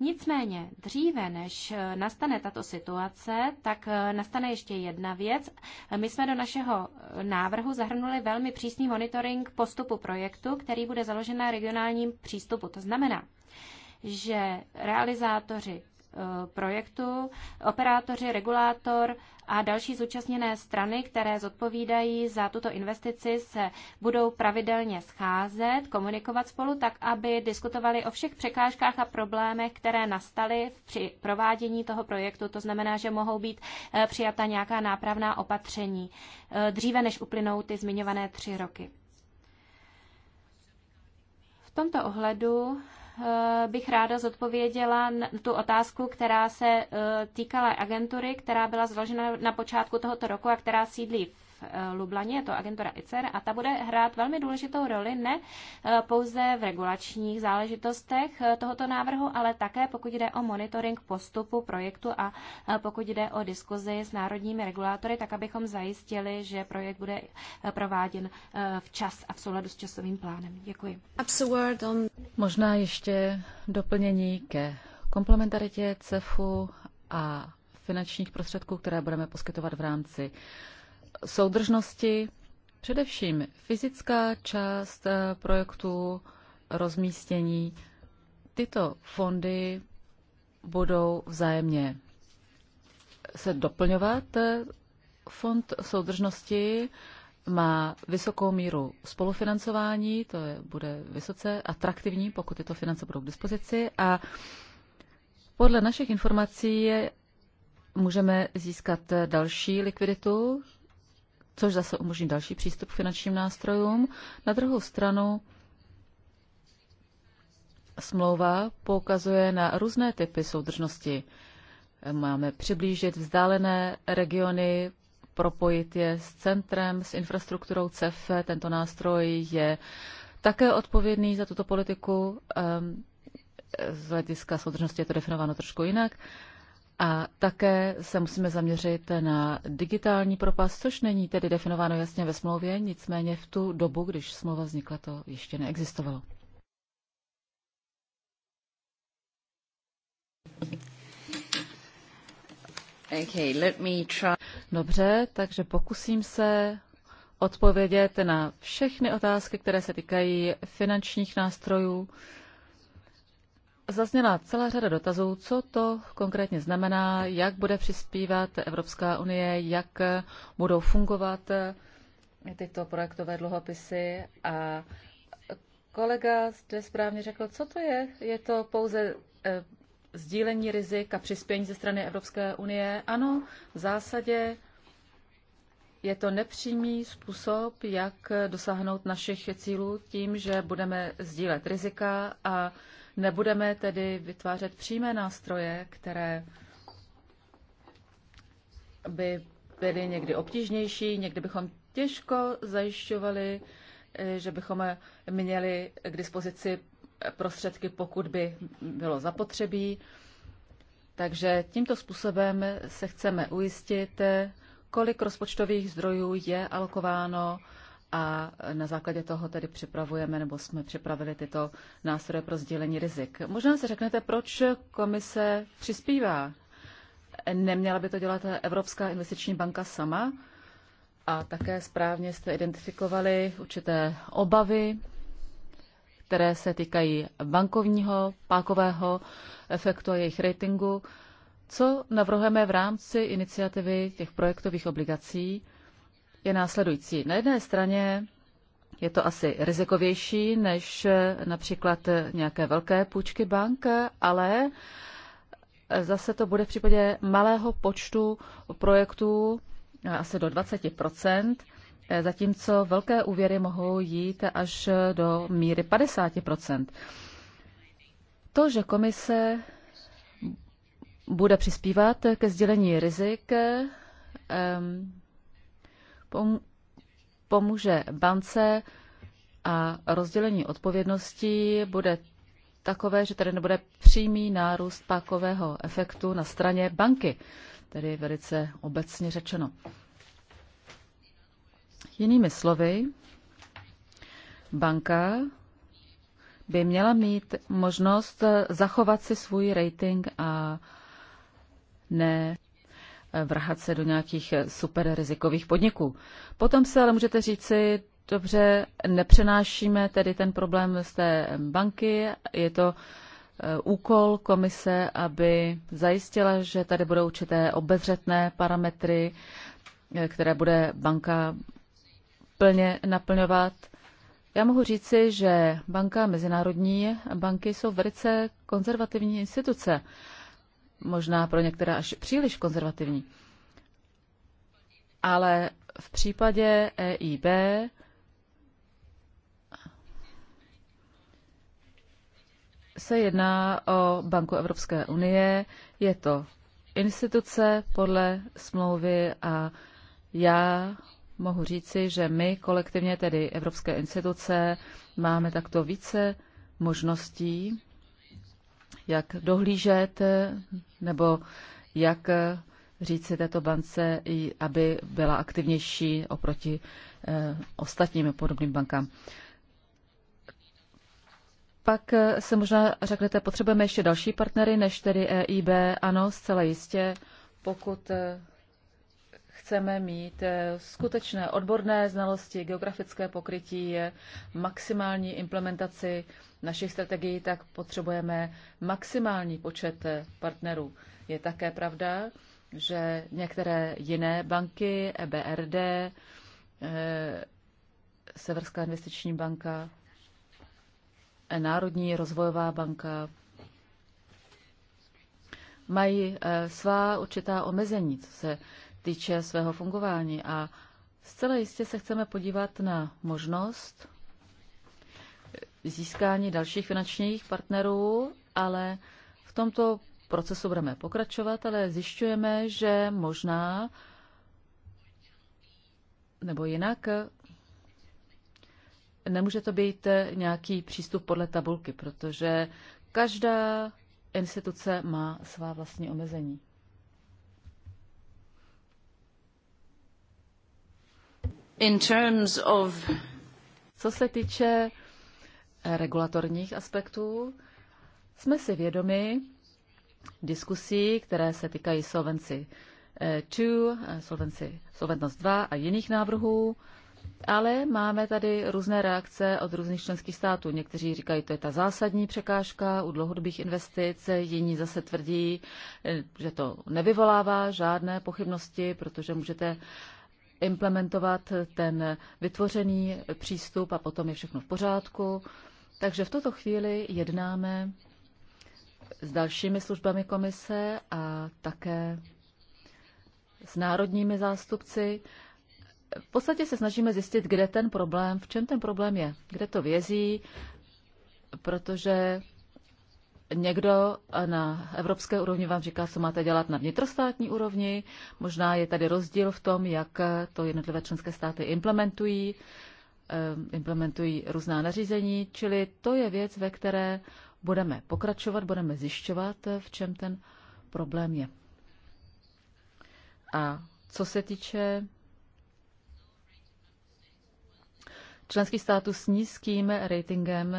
Nicméně dříve, než eh, nastane tato situace, tak eh, nastane ještě jedna věc. My jsme do našeho eh, návrhu zahrnuli velmi přísný monitoring postupu projektu, který bude založen na regionálním přístupu. To znamená, že realizátoři projektu, operátoři, regulátor a další zúčastněné strany, které zodpovídají za tuto investici, se budou pravidelně scházet, komunikovat spolu tak, aby diskutovali o všech překážkách a problémech, které nastaly při provádění toho projektu. To znamená, že mohou být eh, přijata nějaká nápravná opatření eh, dříve, než uplynou ty zmiňované tři roky. V tomto ohledu Eh, bych ráda zodpověděla tu otázku, která se eh, týkala agentury, která byla založena na počátku tohoto roku a která sídlí v v Lublaně, je to agentura ICER, a ta bude hrát velmi důležitou roli ne eh, pouze v regulačních záležitostech eh, tohoto návrhu, ale také pokud jde o monitoring postupu projektu a eh, pokud jde o diskuzi s národními regulátory, tak abychom zajistili, že projekt bude prováděn včas a v souladu s časovým plánem. Děkuji. Možná ještě doplnění ke komplementaritě CEFu a finančních prostředků, které budeme poskytovat v rámci soudržnosti. Především fyzická část eh, projektu rozmístění. Tyto fondy budou vzájemně se doplňovat. Fond soudržnosti má vysokou míru spolufinancování, to je, bude vysoce atraktivní, pokud tyto finance budou k dispozici. A podle našich informací můžeme získat další likviditu což zase umožní další přístup k finančním nástrojům. Na druhou stranu smlouva poukazuje na různé typy soudržnosti. Máme přiblížit vzdálené regiony, propojit je s centrem, s infrastrukturou CEF. Tento nástroj je také odpovědný za tuto politiku. Ehm, z hlediska soudržnosti je to definováno trošku jinak. A také se musíme zaměřit na digitální propast, což není tedy definováno jasně ve smlouvě, nicméně v tu dobu, když smlouva vznikla, to ještě neexistovalo. Okay, let me try. Dobře, takže pokusím se odpovědět na všechny otázky, které se týkají finančních nástrojů zazněla celá řada dotazů, co to konkrétně znamená, jak bude přispívat Evropská unie, jak budou fungovat tyto projektové dluhopisy a kolega zde správně řekl, co to je. Je to pouze eh, sdílení rizik a přispění ze strany Evropské unie. Ano, v zásadě je to nepřímý způsob, jak dosáhnout našich cílů tím, že budeme sdílet rizika a Nebudeme tedy vytvářet přímé nástroje, které by byly někdy obtížnější, někdy bychom těžko zajišťovali, eh, že bychom měli k dispozici prostředky, pokud by bylo zapotřebí. Takže tímto způsobem se chceme ujistit, kolik rozpočtových zdrojů je alokováno a na základě toho tedy připravujeme nebo jsme připravili tyto nástroje pro sdílení rizik. Možná se řeknete, proč komise přispívá. Neměla by to dělat Evropská investiční banka sama? A také správně jste identifikovali určité obavy, které se týkají bankovního, pákového efektu a jejich ratingu. Co navrhujeme v rámci iniciativy těch projektových obligací? je následující. Na jedné straně je to asi rizikovější než eh, například eh, nějaké velké půjčky bank, ale eh, zase to bude v případě malého počtu projektů asi do 20 zatímco velké úvěry mohou jít až do míry 50 To, že komise bude přispívat ke sdělení rizik, pomůže bance a rozdělení odpovědností bude takové, že tady nebude přímý nárůst pákového efektu na straně banky, tedy velice obecně řečeno. Jinými slovy, banka by měla mít možnost zachovat si svůj rating a ne vrhat se do nějakých super rizikových podniků. Potom se ale můžete říci, dobře, nepřenášíme tedy ten problém z té banky, je to eh, úkol komise, aby zajistila, že tady budou určité obezřetné parametry, eh, které bude banka plně naplňovat. Já mohu říci, že banka, mezinárodní banky jsou velice konzervativní instituce možná pro některé až příliš konzervativní. Ale v případě EIB se jedná o Banku Evropské unie. Je to instituce podle smlouvy a já mohu říci, že my kolektivně, tedy evropské instituce, máme takto více možností jak dohlížet eh, nebo jak eh, říci této bance, aby byla aktivnější oproti eh, ostatním podobným bankám. Pak se možná řeknete, potřebujeme ještě další partnery než tedy EIB. Ano, zcela jistě, pokud chceme mít skutečné odborné znalosti, geografické pokrytí, maximální implementaci našich strategií, tak potřebujeme maximální počet partnerů. Je také pravda, že některé jiné banky, EBRD, eh, Severská investiční banka, eh, Národní rozvojová banka, mají eh, svá určitá omezení, co se týče svého fungování. A zcela jistě se chceme podívat na možnost získání dalších finančních partnerů, ale v tomto procesu budeme pokračovat, ale zjišťujeme, že možná nebo jinak nemůže to být nějaký přístup podle tabulky, protože každá instituce má svá vlastní omezení. In terms of... Co se týče regulatorních aspektů. Jsme si vědomi diskusí, které se týkají Solvency 2, eh, eh, Solvency, Solventnost 2 a jiných návrhů, ale máme tady různé reakce od různých členských států. Někteří říkají, to je ta zásadní překážka u dlouhodobých investic, jiní zase tvrdí, eh, že to nevyvolává žádné pochybnosti, protože můžete implementovat ten vytvořený přístup a potom je všechno v pořádku. Takže v tuto chvíli jednáme s dalšími službami komise a také s národními zástupci. V podstatě se snažíme zjistit, kde ten problém, v čem ten problém je, kde to vězí, protože někdo na evropské úrovni vám říká, co máte dělat na vnitrostátní úrovni. Možná je tady rozdíl v tom, jak to jednotlivé členské státy implementují. Eh, implementují různá nařízení, čili to je věc, ve které budeme pokračovat, budeme zjišťovat, eh, v čem ten problém je. A co se týče členských států s nízkým ratingem,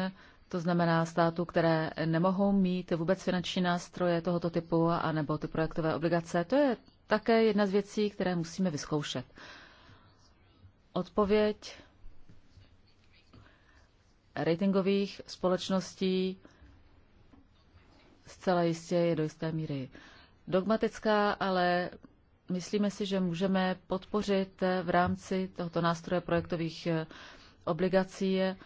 to znamená států, které nemohou mít vůbec finanční nástroje tohoto typu a nebo ty projektové obligace, to je také jedna z věcí, které musíme vyzkoušet. Odpověď ratingových společností zcela jistě je do jisté míry dogmatická, ale myslíme si, že můžeme podpořit v rámci tohoto nástroje projektových eh, obligací eh,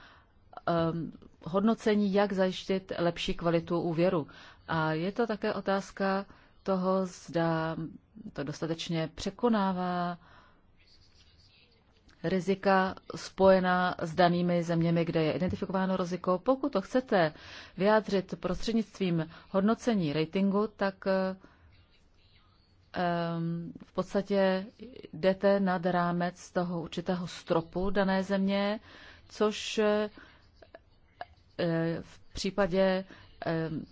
ehm, hodnocení, jak zajištit lepší kvalitu úvěru. A je to také otázka toho, zda to dostatečně překonává rizika spojená s danými zeměmi, kde je identifikováno riziko. Pokud to chcete vyjádřit prostřednictvím hodnocení ratingu, tak ehm, v podstatě jdete nad rámec toho určitého stropu dané země, což eh, v případě ehm,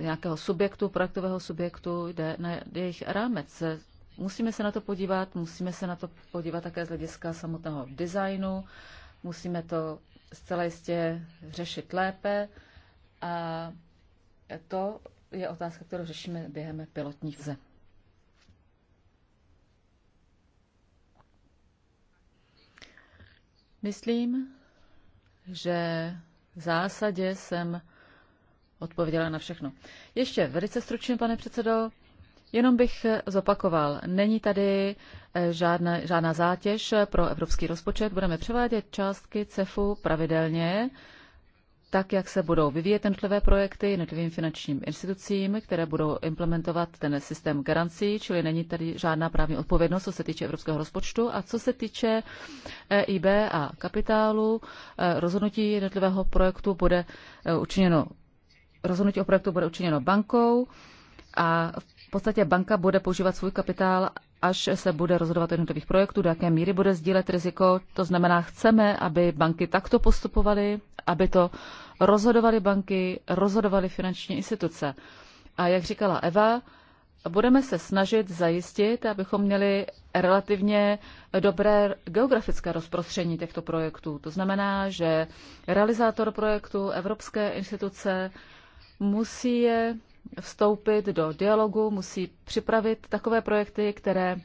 nějakého subjektu, projektového subjektu jde na jejich rámec. Musíme se na to podívat, musíme se na to podívat také z hlediska samotného designu, musíme to zcela jistě řešit lépe a to je otázka, kterou řešíme během pilotní vze. Myslím, že v zásadě jsem odpověděla na všechno. Ještě velice stručně, pane předsedo, Jenom bych zopakoval, není tady eh, žádná, žádná zátěž pro evropský rozpočet, budeme převádět částky CEFu pravidelně, tak, jak se budou vyvíjet jednotlivé projekty jednotlivým finančním institucím, které budou implementovat ten systém garancí, čili není tady žádná právní odpovědnost, co se týče evropského rozpočtu. A co se týče EIB eh, a kapitálu, eh, rozhodnutí jednotlivého projektu bude učiněno, rozhodnutí o projektu bude učiněno bankou a v podstatě banka bude používat svůj kapitál, až se bude rozhodovat o jednotlivých projektů, do jaké míry bude sdílet riziko. To znamená, chceme, aby banky takto postupovaly, aby to rozhodovaly banky, rozhodovaly finanční instituce. A jak říkala Eva, budeme se snažit zajistit, abychom měli relativně dobré geografické rozprostření těchto projektů. To znamená, že realizátor projektu, evropské instituce musí je vstoupit do dialogu, musí připravit takové projekty, které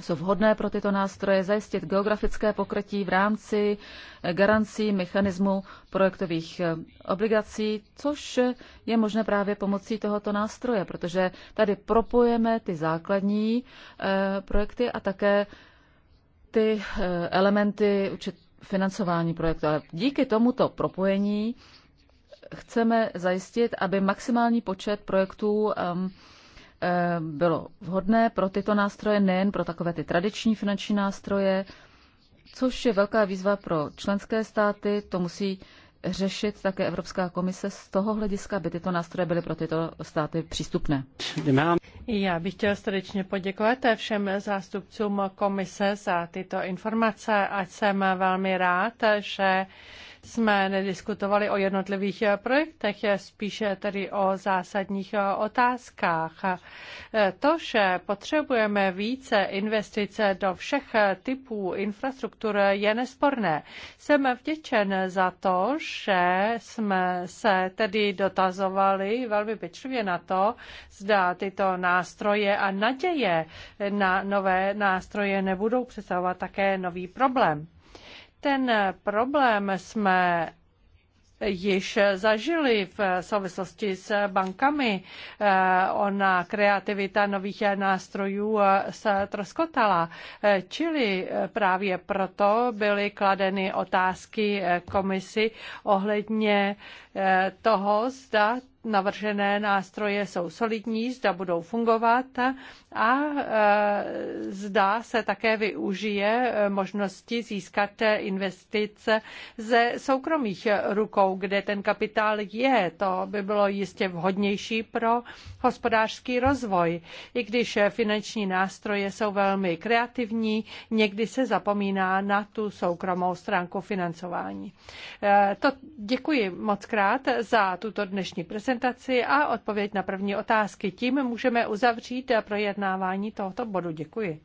jsou vhodné pro tyto nástroje, zajistit geografické pokrytí v rámci garancí mechanismu projektových eh, obligací, což je možné právě pomocí tohoto nástroje, protože tady propojeme ty základní eh, projekty a také ty eh, elementy financování projektu. Ale díky tomuto propojení chceme zajistit, aby maximální počet projektů um, um, bylo vhodné pro tyto nástroje, nejen pro takové ty tradiční finanční nástroje, což je velká výzva pro členské státy. To musí řešit také Evropská komise z toho hlediska, aby tyto nástroje byly pro tyto státy přístupné. Já bych chtěl srdečně poděkovat všem zástupcům komise za tyto informace a jsem velmi rád, že jsme nediskutovali o jednotlivých eh, projektech, spíše tedy o zásadních eh, otázkách. Eh, to, že potřebujeme více investice do všech typů infrastruktur, je nesporné. Jsem vděčen za to, že jsme se tedy dotazovali velmi pečlivě na to, zda tyto nástroje a naděje na nové nástroje nebudou představovat také nový problém. Ten problém jsme již zažili v souvislosti s bankami. Eh, ona kreativita nových nástrojů eh, se troskotala. Eh, čili právě proto byly kladeny otázky komisi ohledně toho, zda navržené nástroje jsou solidní, zda budou fungovat a e, zdá se také využije e, možnosti získat e, investice ze soukromých rukou, kde ten kapitál je. To by bylo jistě vhodnější pro hospodářský rozvoj. I když finanční nástroje jsou velmi kreativní, někdy se zapomíná na tu soukromou stránku financování. To děkuji moc krát za tuto dnešní prezentaci a odpověď na první otázky. Tím můžeme uzavřít projednání projednávání tohoto bodu. Děkuji.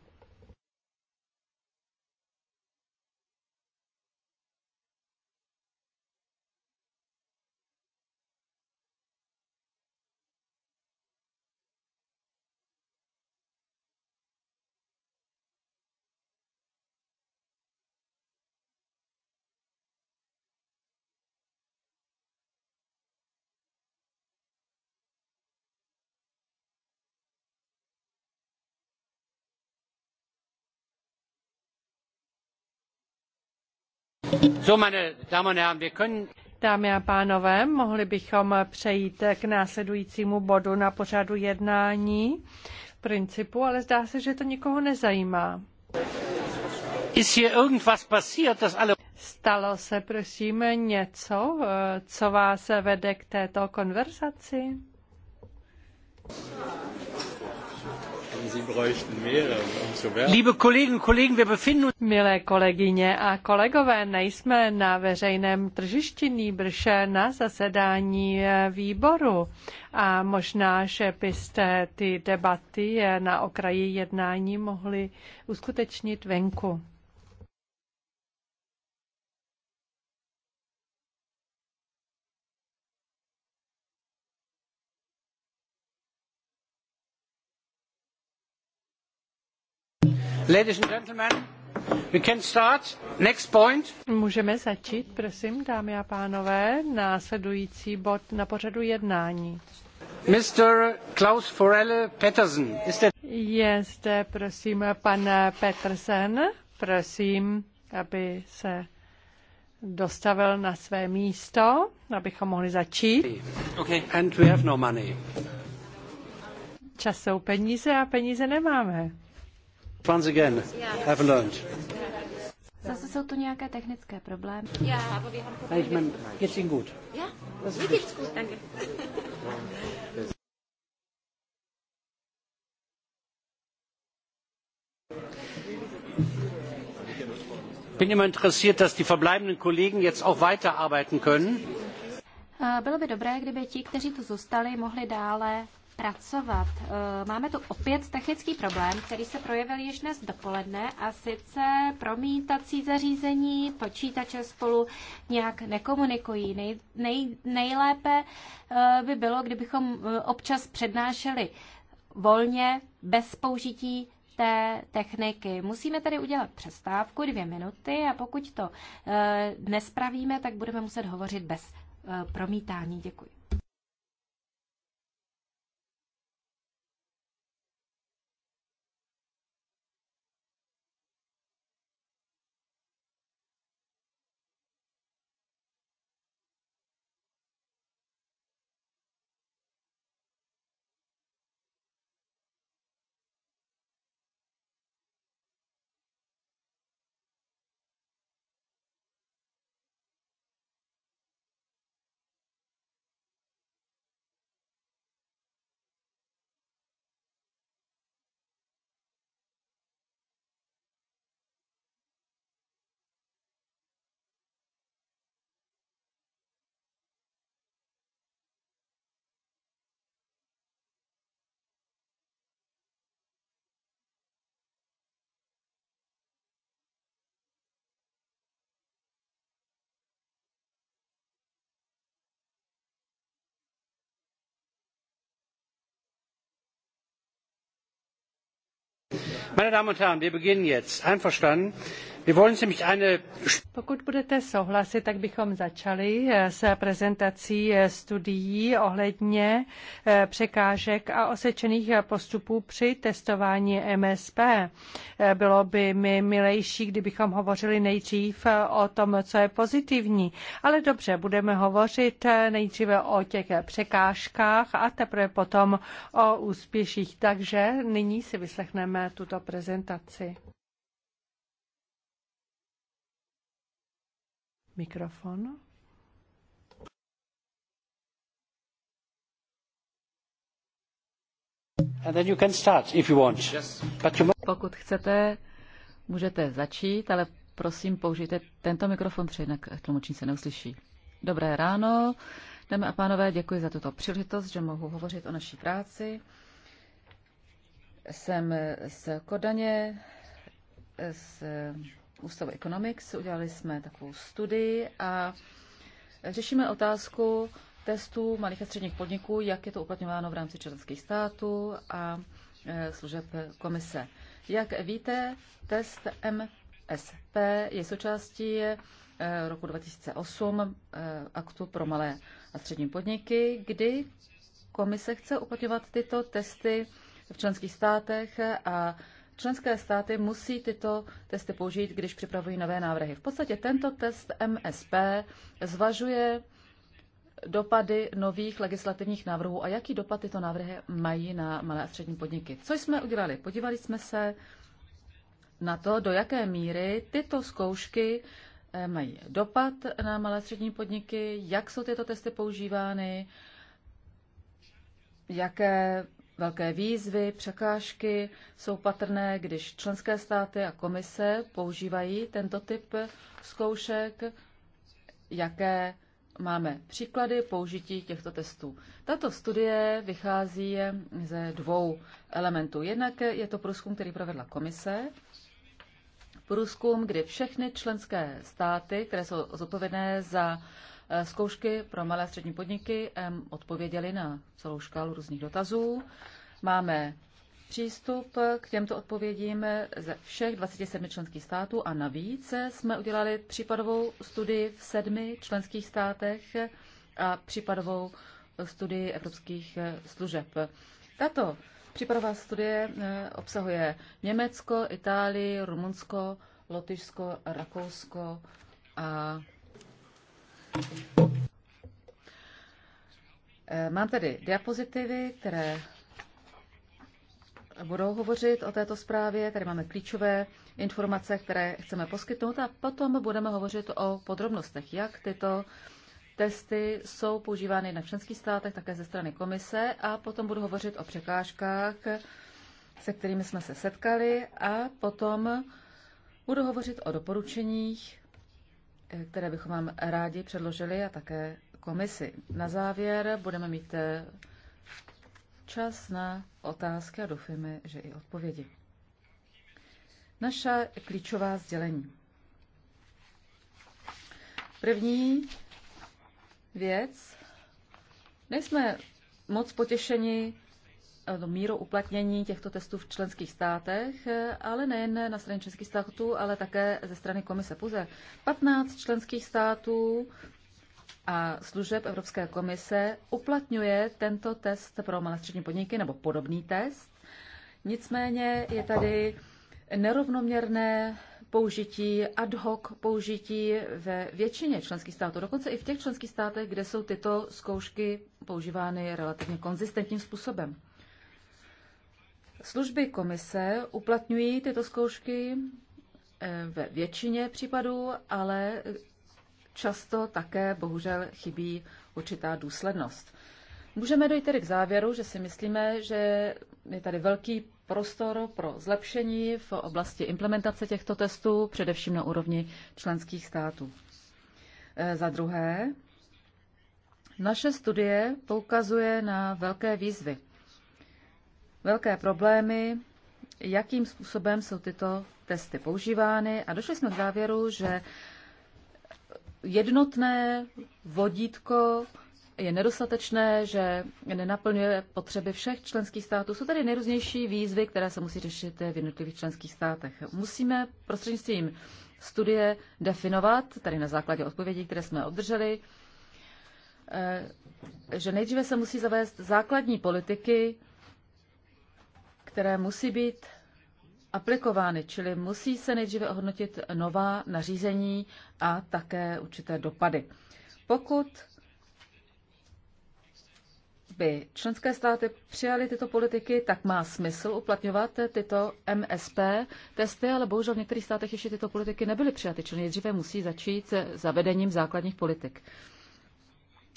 Dámy a pánové, mohli bychom přejít k následujícímu bodu na pořadu jednání v principu, ale zdá se, že to nikoho nezajímá. Stalo se, prosím, něco, co vás vede k této konverzaci? Um Milé kolegyně a kolegové, nejsme na veřejném tržišti, nýbrž na zasedání eh, výboru. A možná, že byste ty debaty eh, na okraji jednání mohli uskutečnit venku. Ladies and gentlemen, we can start. Next point. Můžeme začít, prosím, dámy a pánové, následující bod na pořadu jednání. Mr. Klaus Forelle Petersen. That... Je zde, prosím, pan Petersen. Prosím, aby se dostavil na své místo, abychom mohli začít. Okay. And we have no money. Čas jsou peníze a peníze nemáme. Once again, have learned. Zase jsou tu nějaké technické problémy. Já, yeah, wir haben Probleme. Ich mein, geht's Ihnen gut? Ja, mir bin immer interessiert, dass die verbleibenden Kollegen jetzt auch weiterarbeiten können. Eh, bylo by dobré, kdyby ti, kteří tu zůstali, mohli dále pracovat. Eh, máme tu opět technický problém, který se projevil již dnes dopoledne a sice promítací zařízení, počítače spolu nějak nekomunikují. Nej, nej, nejlépe eh, by bylo, kdybychom eh, občas přednášeli volně, bez použití té techniky. Musíme tedy udělat přestávku dvě minuty a pokud to nespravíme, tak budeme muset hovořit bez promítání. Děkuji. meine damen und herren wir beginnen jetzt einverstanden? Pokud budete souhlasit, tak bychom začali eh, s prezentací eh, studií ohledně eh, překážek a osečených postupů při testování MSP. Bylo by mi milejší, kdybychom hovořili nejdřív o tom, co je pozitivní, ale dobře, budeme hovořit nejdříve o těch překážkách a teprve potom o úspěších. Takže nyní si vyslechneme tuto prezentaci. Mikrofon. And then you can start if you want. Yes. But you... Pokud chcete, můžete začít, ale prosím použijte tento mikrofon, protože jinak tlumočník se neuslyší. Dobré ráno, dámy a pánové, děkuji za tuto příležitost, že mohu hovořit o naší práci. Jsem z Kodaně, z Ústavu Economics. Udělali jsme takovou studii a řešíme otázku testů malých a středních podniků, jak je to uplatňováno v rámci členských států a e, služeb komise. Jak víte, test MSP je součástí e, roku 2008 e, aktu pro malé a střední podniky, kdy komise chce uplatňovat tyto testy v členských státech a Členské státy musí tyto testy použít, když připravují nové návrhy. V podstatě tento test MSP zvažuje dopady nových legislativních návrhů a jaký dopad tyto návrhy mají na malé a střední podniky. Co jsme udělali? Podívali jsme se na to, do jaké míry tyto zkoušky eh, mají dopad na malé a střední podniky, jak jsou tyto testy používány, jaké Velké výzvy, překážky jsou patrné, když členské státy a komise používají tento typ zkoušek, jaké máme příklady použití těchto testů. Tato studie vychází ze dvou elementů. Jednak je to průzkum, který provedla komise, průzkum, kdy všechny členské státy, které jsou zodpovědné za Eh, zkoušky pro malé a střední podniky odpověděli na celou škálu různých dotazů. Máme přístup k těmto odpovědím ze všech 27 členských států a navíc jsme udělali případovou studii v sedmi členských státech a případovou studii evropských eh, služeb. Tato případová studie eh, obsahuje Německo, Itálii, Rumunsko, Lotyšsko, Rakousko a Eh, mám tady diapozitivy, které budou hovořit o této zprávě. Tady máme klíčové informace, které chceme poskytnout a potom budeme hovořit o podrobnostech, jak tyto testy jsou používány na členských státech, také ze strany komise a potom budu hovořit o překážkách, se kterými jsme se setkali a potom budu hovořit o doporučeních, které bychom vám rádi předložili a také komisi. Na závěr budeme mít eh, čas na otázky a doufáme, že i odpovědi. Naše klíčová sdělení. První věc. Nejsme moc potěšeni Eh, míru uplatnění těchto testů v členských státech, eh, ale nejen na straně členských států, ale také ze strany komise. Pouze 15 členských států a služeb Evropské komise uplatňuje tento test pro malé střední podniky nebo podobný test. Nicméně je tady nerovnoměrné použití, ad hoc použití ve většině členských států, dokonce i v těch členských státech, kde jsou tyto zkoušky používány relativně konzistentním způsobem. Služby komise uplatňují tyto zkoušky eh, ve většině případů, ale často také bohužel chybí určitá důslednost. Můžeme dojít tedy k závěru, že si myslíme, že je tady velký prostor pro zlepšení v oblasti implementace těchto testů, především na úrovni členských států. Eh, za druhé, naše studie poukazuje na velké výzvy velké problémy, jakým způsobem jsou tyto testy používány a došli jsme k závěru, že jednotné vodítko je nedostatečné, že nenaplňuje potřeby všech členských států. Jsou tady nejrůznější výzvy, které se musí řešit v jednotlivých členských státech. Musíme prostřednictvím studie definovat, tady na základě odpovědí, které jsme obdrželi, eh, že nejdříve se musí zavést základní politiky které musí být aplikovány, čili musí se nejdříve ohodnotit nová nařízení a také určité dopady. Pokud by členské státy přijaly tyto politiky, tak má smysl uplatňovat tyto MSP testy, ale bohužel v některých státech ještě tyto politiky nebyly přijaty, čili nejdříve musí začít zavedením základních politik.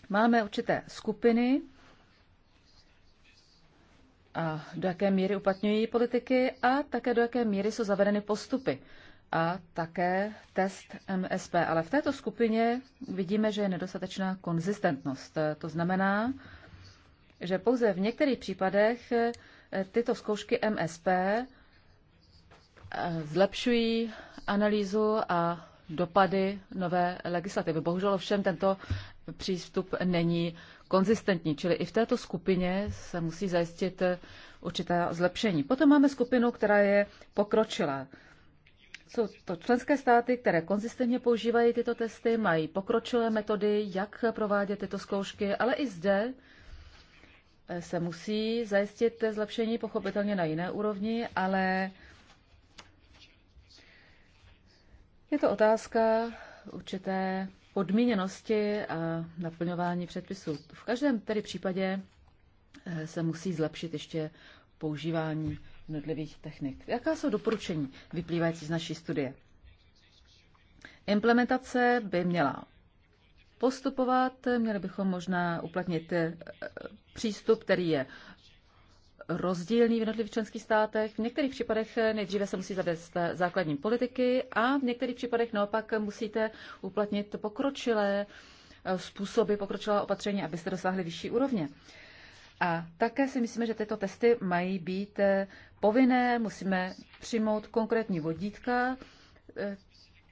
Máme určité skupiny a do jaké míry uplatňují politiky a také do jaké míry jsou zavedeny postupy a také test MSP. Ale v této skupině vidíme, že je nedostatečná konzistentnost. To znamená, že pouze v některých případech eh, tyto zkoušky MSP eh, zlepšují analýzu a dopady nové legislativy. Bohužel ovšem tento přístup není konzistentní, čili i v této skupině se musí zajistit určitá zlepšení. Potom máme skupinu, která je pokročila. Jsou to členské státy, které konzistentně používají tyto testy, mají pokročilé metody, jak provádět tyto zkoušky, ale i zde eh, se musí zajistit zlepšení pochopitelně na jiné úrovni, ale je to otázka určité podmíněnosti a naplňování předpisů. V každém tedy případě eh, se musí zlepšit ještě používání jednotlivých technik. Jaká jsou doporučení vyplývající z naší studie? Implementace by měla postupovat, měli bychom možná uplatnit eh, přístup, který je rozdílný v jednotlivých členských státech. V některých případech nejdříve se musí zavést základní politiky a v některých případech naopak musíte uplatnit pokročilé eh, způsoby, pokročilá opatření, abyste dosáhli vyšší úrovně. A také si myslíme, že tyto testy mají být eh, povinné, musíme přijmout konkrétní vodítka. Eh,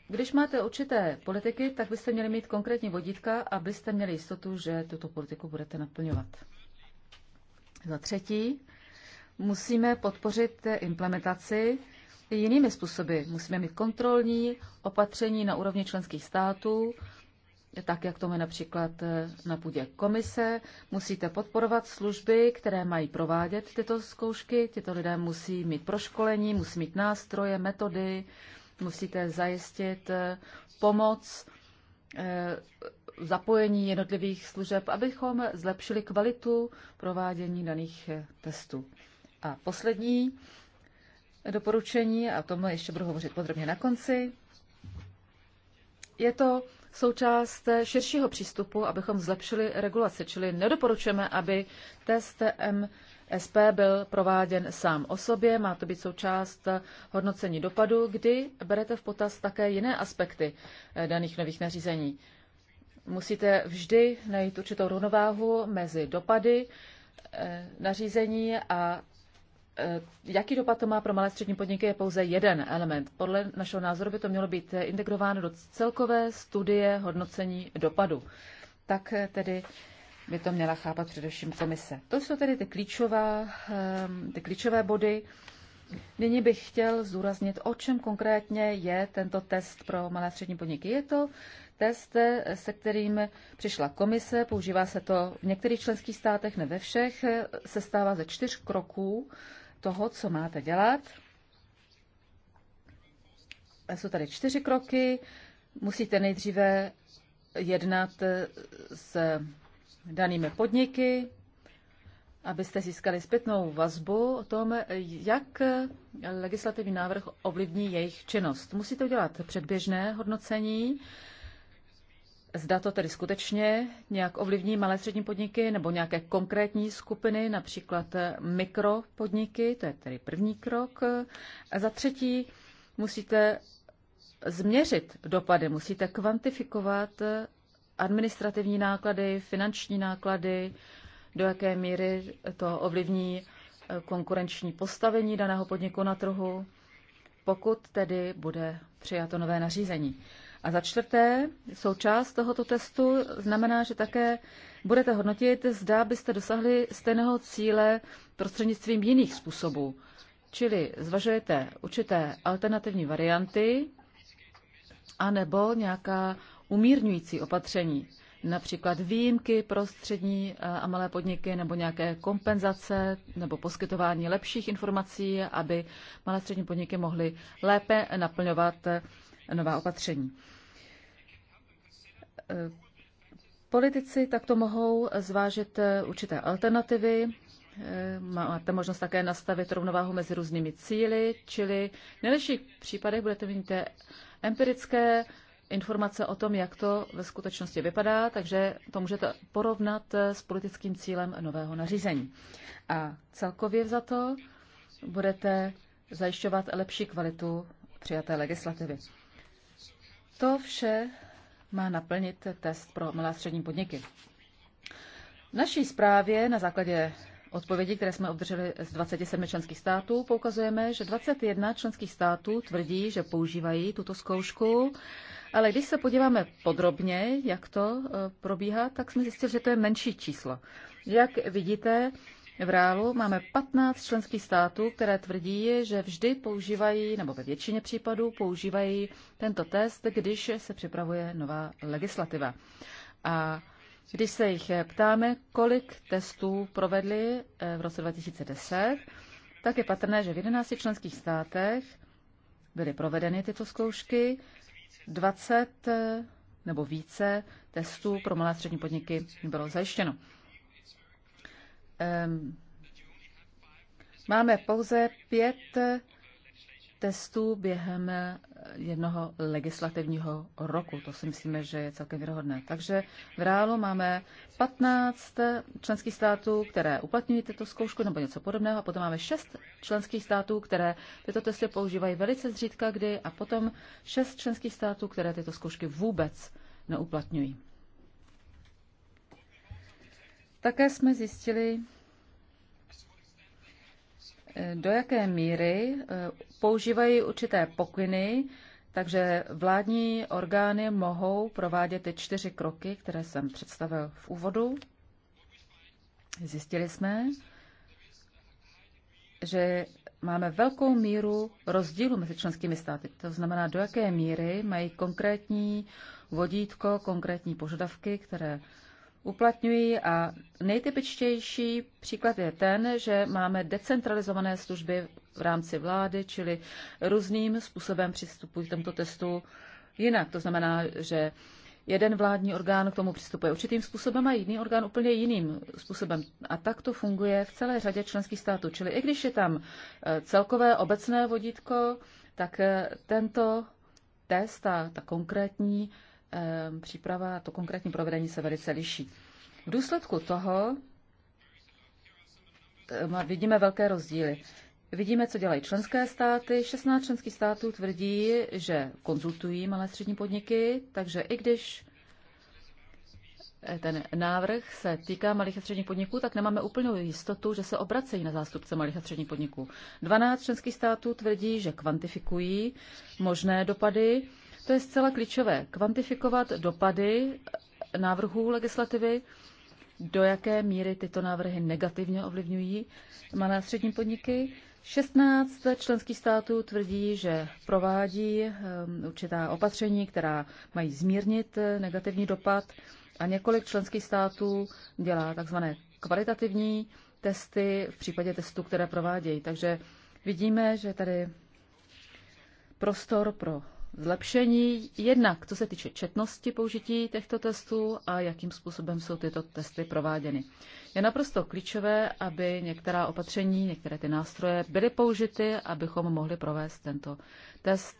když máte určité politiky, tak byste měli mít konkrétní vodítka, abyste měli jistotu, že tuto politiku budete naplňovat. Za třetí, musíme podpořit implementaci jinými způsoby. Musíme mít kontrolní opatření na úrovni členských států, tak jak to je například eh, na půdě komise. Musíte podporovat služby, které mají provádět tyto zkoušky. Tyto lidé musí mít proškolení, musí mít nástroje, metody, musíte zajistit eh, pomoc, eh, zapojení jednotlivých služeb, abychom zlepšili kvalitu provádění daných testů. A poslední doporučení, a o tom ještě budu hovořit podrobně na konci, je to součást širšího přístupu, abychom zlepšili regulaci, čili nedoporučujeme, aby test MSP byl prováděn sám o sobě, má to být součást hodnocení dopadu, kdy berete v potaz také jiné aspekty eh, daných nových nařízení. Musíte vždy najít určitou rovnováhu mezi dopady eh, nařízení a Eh, jaký dopad to má pro malé střední podniky je pouze jeden element. Podle našeho názoru by to mělo být integrováno do celkové studie hodnocení dopadu. Tak eh, tedy by to měla chápat především komise. To jsou tedy ty, klíčová, eh, ty klíčové body. Nyní bych chtěl zdůraznit, o čem konkrétně je tento test pro malé střední podniky. Je to test, se kterým přišla komise, používá se to v některých členských státech, ne ve všech, se stává ze čtyř kroků toho, co máte dělat. Jsou tady čtyři kroky. Musíte nejdříve jednat s danými podniky, abyste získali zpětnou vazbu o tom, jak legislativní návrh ovlivní jejich činnost. Musíte udělat předběžné hodnocení, Zda to tedy skutečně nějak ovlivní malé střední podniky nebo nějaké konkrétní skupiny, například mikropodniky, to je tedy první krok. A za třetí musíte změřit dopady, musíte kvantifikovat administrativní náklady, finanční náklady, do jaké míry to ovlivní eh, konkurenční postavení daného podniku na trhu, pokud tedy bude přijato nové nařízení. A za čtvrté, součást tohoto testu znamená, že také budete hodnotit, zda byste dosahli stejného cíle prostřednictvím jiných způsobů. Čili zvažujete určité alternativní varianty anebo nějaká umírňující opatření, například výjimky pro střední eh, a malé podniky nebo nějaké kompenzace nebo poskytování lepších informací, aby malé střední podniky mohly lépe naplňovat eh, nová opatření. Politici takto mohou zvážit určité alternativy. Máte možnost také nastavit rovnováhu mezi různými cíly, čili v nejlepších případech budete mít empirické informace o tom, jak to ve skutečnosti vypadá, takže to můžete porovnat s politickým cílem nového nařízení. A celkově za to budete zajišťovat lepší kvalitu přijaté legislativy. To vše má naplnit test pro malé střední podniky. V naší zprávě na základě odpovědi, které jsme obdrželi z 27 členských států, poukazujeme, že 21 členských států tvrdí, že používají tuto zkoušku, ale když se podíváme podrobně, jak to eh, probíhá, tak jsme zjistili, že to je menší číslo. Jak vidíte, v reálu máme 15 členských států, které tvrdí, že vždy používají, nebo ve většině případů používají tento test, když se připravuje nová legislativa. A když se jich ptáme, kolik testů provedli eh, v roce 2010, tak je patrné, že v 11 členských státech byly provedeny tyto zkoušky, 20 eh, nebo více testů pro malé a střední podniky bylo zajištěno. Ehm, máme pouze pět testů během jednoho legislativního roku. To si myslíme, že je celkem věrohodné. Takže v reálu máme 15 členských států, které uplatňují tyto zkoušku nebo něco podobného a potom máme 6 členských států, které tyto testy používají velice zřídka kdy a potom 6 členských států, které tyto zkoušky vůbec neuplatňují. Také jsme zjistili, eh, do jaké míry eh, používají určité pokyny, takže vládní orgány mohou provádět ty čtyři kroky, které jsem představil v úvodu. Zjistili jsme, že máme velkou míru rozdílu mezi členskými státy. To znamená, do jaké míry mají konkrétní vodítko, konkrétní požadavky, které uplatňují a nejtypičtější příklad je ten, že máme decentralizované služby v rámci vlády, čili různým způsobem přistupují k tomuto testu jinak. To znamená, že jeden vládní orgán k tomu přistupuje určitým způsobem a jiný orgán úplně jiným způsobem. A tak to funguje v celé řadě členských států. Čili i když je tam eh, celkové obecné vodítko, tak eh, tento test a ta konkrétní Ehm, příprava a to konkrétní provedení se velice liší. V důsledku toho ehm, vidíme velké rozdíly. Vidíme, co dělají členské státy. 16 členských států tvrdí, že konzultují malé střední podniky, takže i když eh, ten návrh se týká malých a středních podniků, tak nemáme úplnou jistotu, že se obracejí na zástupce malých a středních podniků. 12 členských států tvrdí, že kvantifikují možné dopady to je zcela klíčové. Kvantifikovat dopady návrhů legislativy, do jaké míry tyto návrhy negativně ovlivňují malé a střední podniky. 16 členských států tvrdí, že provádí ehm, určitá opatření, která mají zmírnit eh, negativní dopad a několik členských států dělá takzvané kvalitativní testy v případě testů, které provádějí. Takže vidíme, že tady prostor pro zlepšení, jednak co se týče četnosti použití těchto testů a jakým způsobem jsou tyto testy prováděny. Je naprosto klíčové, aby některá opatření, některé ty nástroje byly použity, abychom mohli provést tento test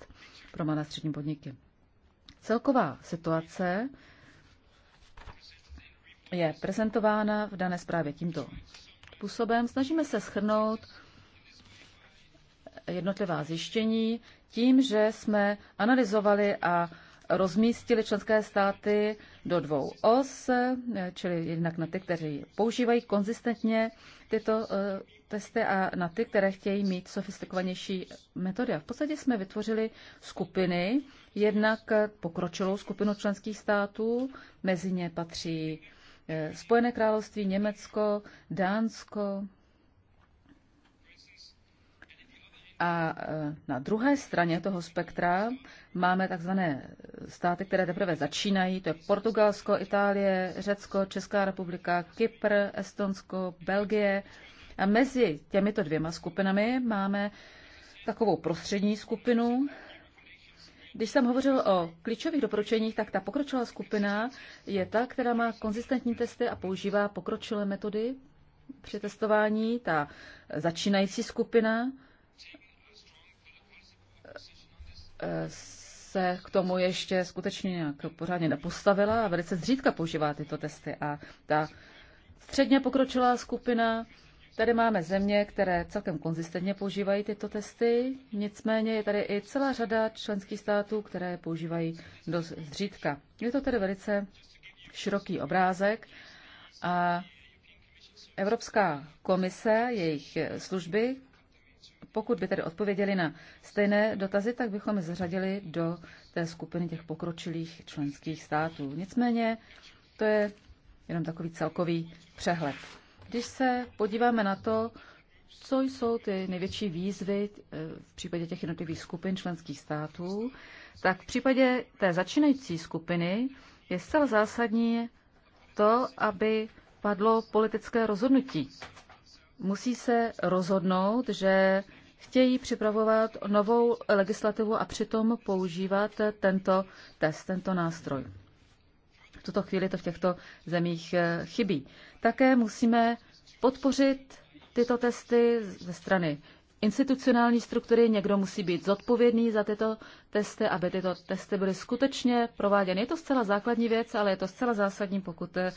pro malé střední podniky. Celková situace je prezentována v dané zprávě tímto způsobem. Snažíme se shrnout jednotlivá zjištění tím, že jsme analyzovali a rozmístili členské státy do dvou os, čili jednak na ty, kteří používají konzistentně tyto eh, testy a na ty, které chtějí mít sofistikovanější metody. A v podstatě jsme vytvořili skupiny, jednak pokročilou skupinu členských států, mezi ně patří eh, Spojené království, Německo, Dánsko, A e, na druhé straně toho spektra máme takzvané státy, které teprve začínají. To je Portugalsko, Itálie, Řecko, Česká republika, Kypr, Estonsko, Belgie. A mezi těmito dvěma skupinami máme takovou prostřední skupinu. Když jsem hovořil o klíčových doporučeních, tak ta pokročilá skupina je ta, která má konzistentní testy a používá pokročilé metody při testování. Ta začínající skupina se k tomu ještě skutečně nějak pořádně nepostavila a velice zřídka používá tyto testy. A ta středně pokročilá skupina, tady máme země, které celkem konzistentně používají tyto testy, nicméně je tady i celá řada členských států, které používají dost zřídka. Je to tedy velice široký obrázek a Evropská komise, jejich služby pokud by tedy odpověděli na stejné dotazy, tak bychom je zařadili do té skupiny těch pokročilých členských států. Nicméně to je jenom takový celkový přehled. Když se podíváme na to, co jsou ty největší výzvy eh, v případě těch jednotlivých skupin členských států, tak v případě té začínající skupiny je zcela zásadní to, aby padlo politické rozhodnutí. Musí se rozhodnout, že chtějí připravovat novou legislativu a přitom používat tento test, tento nástroj. V tuto chvíli to v těchto zemích eh, chybí. Také musíme podpořit tyto testy ze strany institucionální struktury. Někdo musí být zodpovědný za tyto testy, aby tyto testy byly skutečně prováděny. Je to zcela základní věc, ale je to zcela zásadní, pokud eh,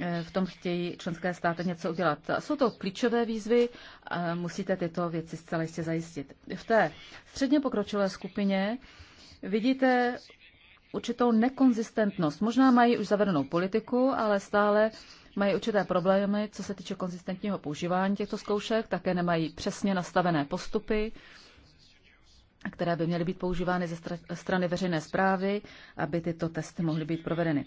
Eh, v tom chtějí členské státy něco udělat. Jsou to klíčové výzvy, musíte tyto věci zcela jistě zajistit. V té středně pokročilé skupině vidíte určitou nekonzistentnost. Možná mají už zavedenou politiku, ale stále mají určité problémy, co se týče konzistentního používání těchto zkoušek, také nemají přesně nastavené postupy, které by měly být používány ze strany veřejné zprávy, aby tyto testy mohly být provedeny.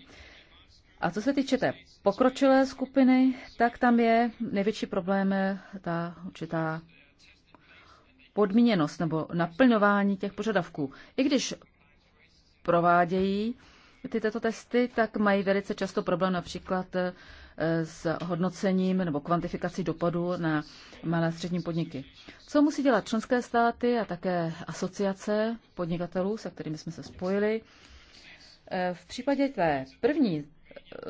A co se týče té pokročilé skupiny, tak tam je největší problém eh, ta určitá podmíněnost nebo naplňování těch požadavků. I když provádějí ty tyto testy, tak mají velice často problém například eh, s hodnocením nebo kvantifikací dopadu na malé a střední podniky. Co musí dělat členské státy a také asociace podnikatelů, se kterými jsme se spojili? Eh, v případě té první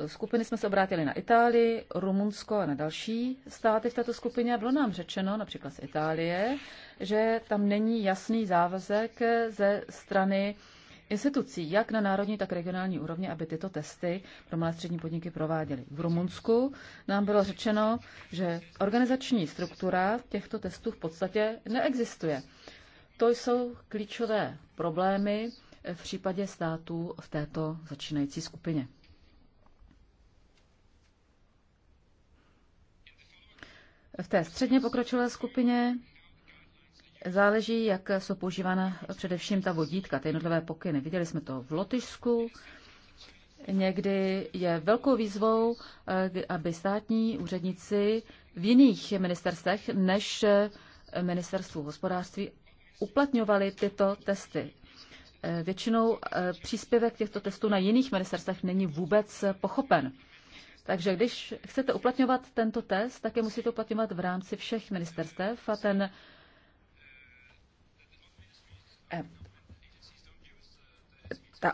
skupiny jsme se obrátili na Itálii, Rumunsko a na další státy v této skupině bylo nám řečeno, například z Itálie, že tam není jasný závazek ze strany institucí, jak na národní, tak regionální úrovni, aby tyto testy pro malé střední podniky prováděly. V Rumunsku nám bylo řečeno, že organizační struktura těchto testů v podstatě neexistuje. To jsou klíčové problémy v případě států v této začínající skupině. V té středně pokročilé skupině záleží, jak jsou používána především ta vodítka, ty jednotlivé pokyny. Viděli jsme to v Lotyšsku. Někdy je velkou výzvou, eh, aby státní úředníci v jiných ministerstvech než eh, ministerstvu hospodářství uplatňovali tyto testy. Eh, většinou příspěvek těchto testů na jiných ministerstvech není vůbec pochopen. Takže když chcete uplatňovat tento test, tak je musíte uplatňovat v rámci všech ministerstev a ten eh, ta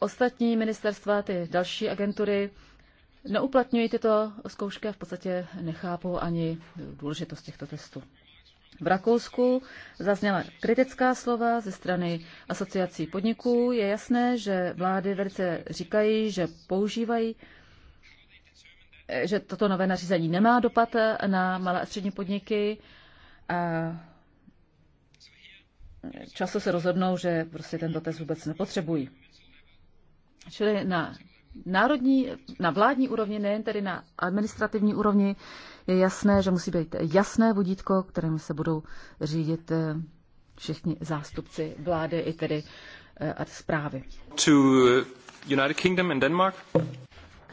ostatní ministerstva, ty další agentury neuplatňují tyto zkoušky a v podstatě nechápou ani důležitost těchto testů. V Rakousku zazněla kritická slova ze strany asociací podniků. Je jasné, že vlády velice říkají, že používají Eh, že toto nové nařízení nemá dopad eh, na malé a střední podniky. A často se rozhodnou, že prostě tento test vůbec nepotřebují. Čili na národní, na vládní úrovni, nejen tedy na administrativní úrovni, je jasné, že musí být jasné vodítko, kterým se budou řídit eh, všichni zástupci vlády i tedy a zprávy. To United Kingdom and Denmark.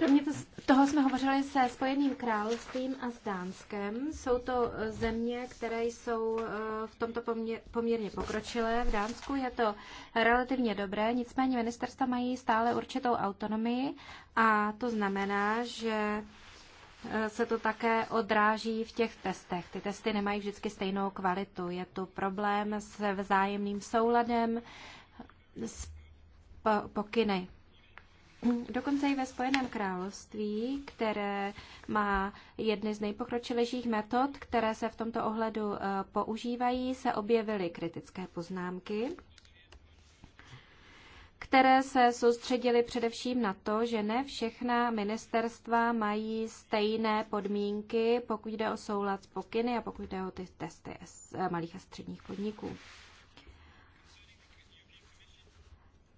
Kromě toho jsme hovořili se Spojeným královstvím a s Dánskem. Jsou to eh, země, které jsou eh, v tomto poměrně pokročilé. V Dánsku je to relativně dobré, nicméně ministerstva mají stále určitou autonomii a to znamená, že eh, se to také odráží v těch testech. Ty testy nemají vždycky stejnou kvalitu. Je tu problém s vzájemným souladem, s pokyny Dokonce i ve Spojeném království, které má jedny z nejpokročilejších metod, které se v tomto ohledu eh, používají, se objevily kritické poznámky, které se soustředily především na to, že ne všechna ministerstva mají stejné podmínky, pokud jde o soulad s pokyny a pokud jde o ty testy malých a středních podniků.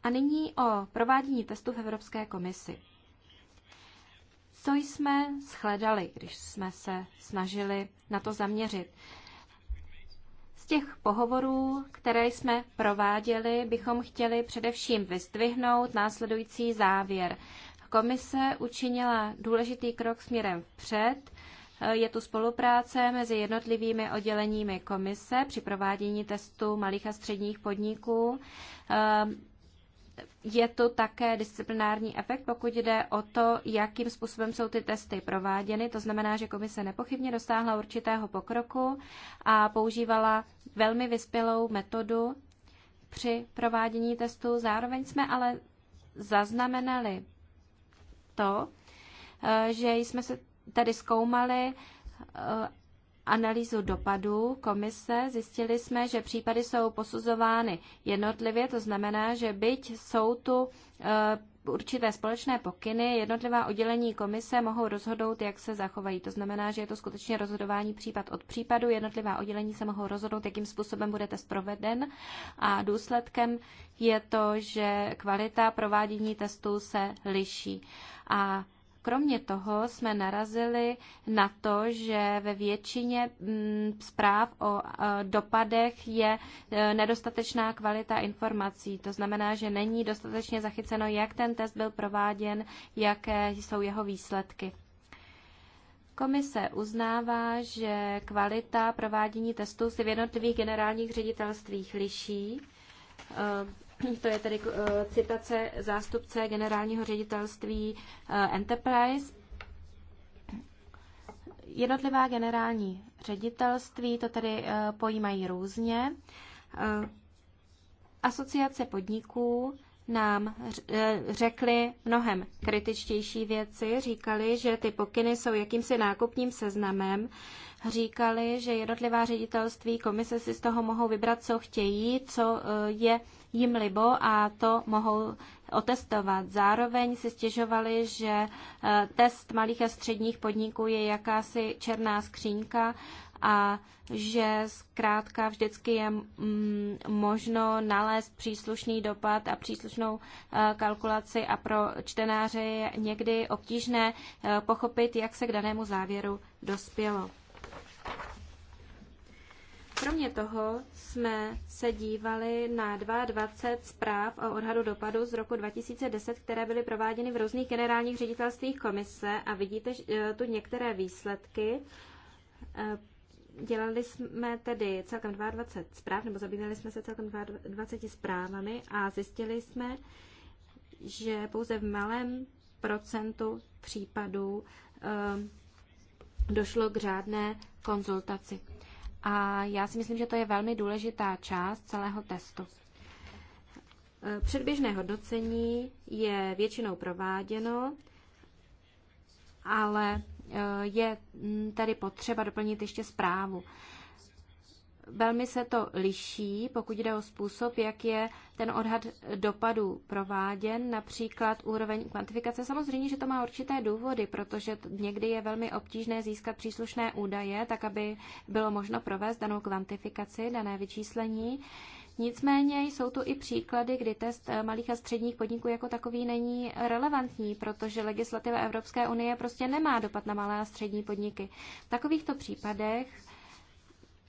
A nyní o provádění testu v Evropské komisi. Co jsme shledali, když jsme se snažili na to zaměřit? Z těch pohovorů, které jsme prováděli, bychom chtěli především vyzdvihnout následující závěr. Komise učinila důležitý krok směrem vpřed. Je tu spolupráce mezi jednotlivými odděleními komise při provádění testu malých a středních podniků je to také disciplinární efekt, pokud jde o to, jakým způsobem jsou ty testy prováděny. To znamená, že komise nepochybně dosáhla určitého pokroku a používala velmi vyspělou metodu při provádění testů. Zároveň jsme ale zaznamenali to, eh, že jsme se tady zkoumali eh, analýzu dopadů komise zjistili jsme, že případy jsou posuzovány jednotlivě, to znamená, že byť jsou tu eh, určité společné pokyny, jednotlivá oddělení komise mohou rozhodnout, jak se zachovají. To znamená, že je to skutečně rozhodování případ od případu. Jednotlivá oddělení se mohou rozhodnout, jakým způsobem bude test proveden a důsledkem je to, že kvalita provádění testů se liší. A Kromě toho jsme narazili na to, že ve většině mm, zpráv o e, dopadech je e, nedostatečná kvalita informací. To znamená, že není dostatečně zachyceno, jak ten test byl prováděn, jaké jsou jeho výsledky. Komise uznává, že kvalita provádění testů se v jednotlivých generálních ředitelstvích liší. E, To je tedy eh, citace zástupce generálního ředitelství eh, Enterprise. Jednotlivá generální ředitelství to tedy eh, pojímají různě. Asociace podniků nám řekli mnohem kritičtější věci. Říkali, že ty pokyny jsou jakýmsi nákupním seznamem. Říkali, že jednotlivá ředitelství komise si z toho mohou vybrat, co chtějí, co je jim libo a to mohou otestovat. Zároveň si stěžovali, že eh, test malých a středních podniků je jakási černá skřínka a že zkrátka vždycky je mm, možno nalézt příslušný dopad a příslušnou eh, kalkulaci a pro čtenáře je někdy obtížné eh, pochopit, jak se k danému závěru dospělo. Kromě toho jsme se dívali na 22 zpráv o odhadu dopadu z roku 2010, které byly prováděny v různých generálních ředitelstvích komise a vidíte e, tu některé výsledky. E, dělali jsme tedy celkem 22 zpráv, nebo zabývali jsme se celkem 22 zprávami a zjistili jsme, že pouze v malém procentu případů e, došlo k řádné konzultaci. A já si myslím, že to je velmi důležitá část celého testu. E, předběžné hodnocení je většinou prováděno, ale e, je tady potřeba doplnit ještě zprávu. Velmi se to liší, pokud jde o způsob, jak je ten odhad dopadů prováděn, například úroveň kvantifikace. Samozřejmě, že to má určité důvody, protože někdy je velmi obtížné získat příslušné údaje, tak aby bylo možno provést danou kvantifikaci, dané vyčíslení. Nicméně jsou tu i příklady, kdy test eh, malých a středních podniků jako takový není relevantní, protože legislativa Evropské unie prostě nemá dopad na malé a střední podniky. V takovýchto případech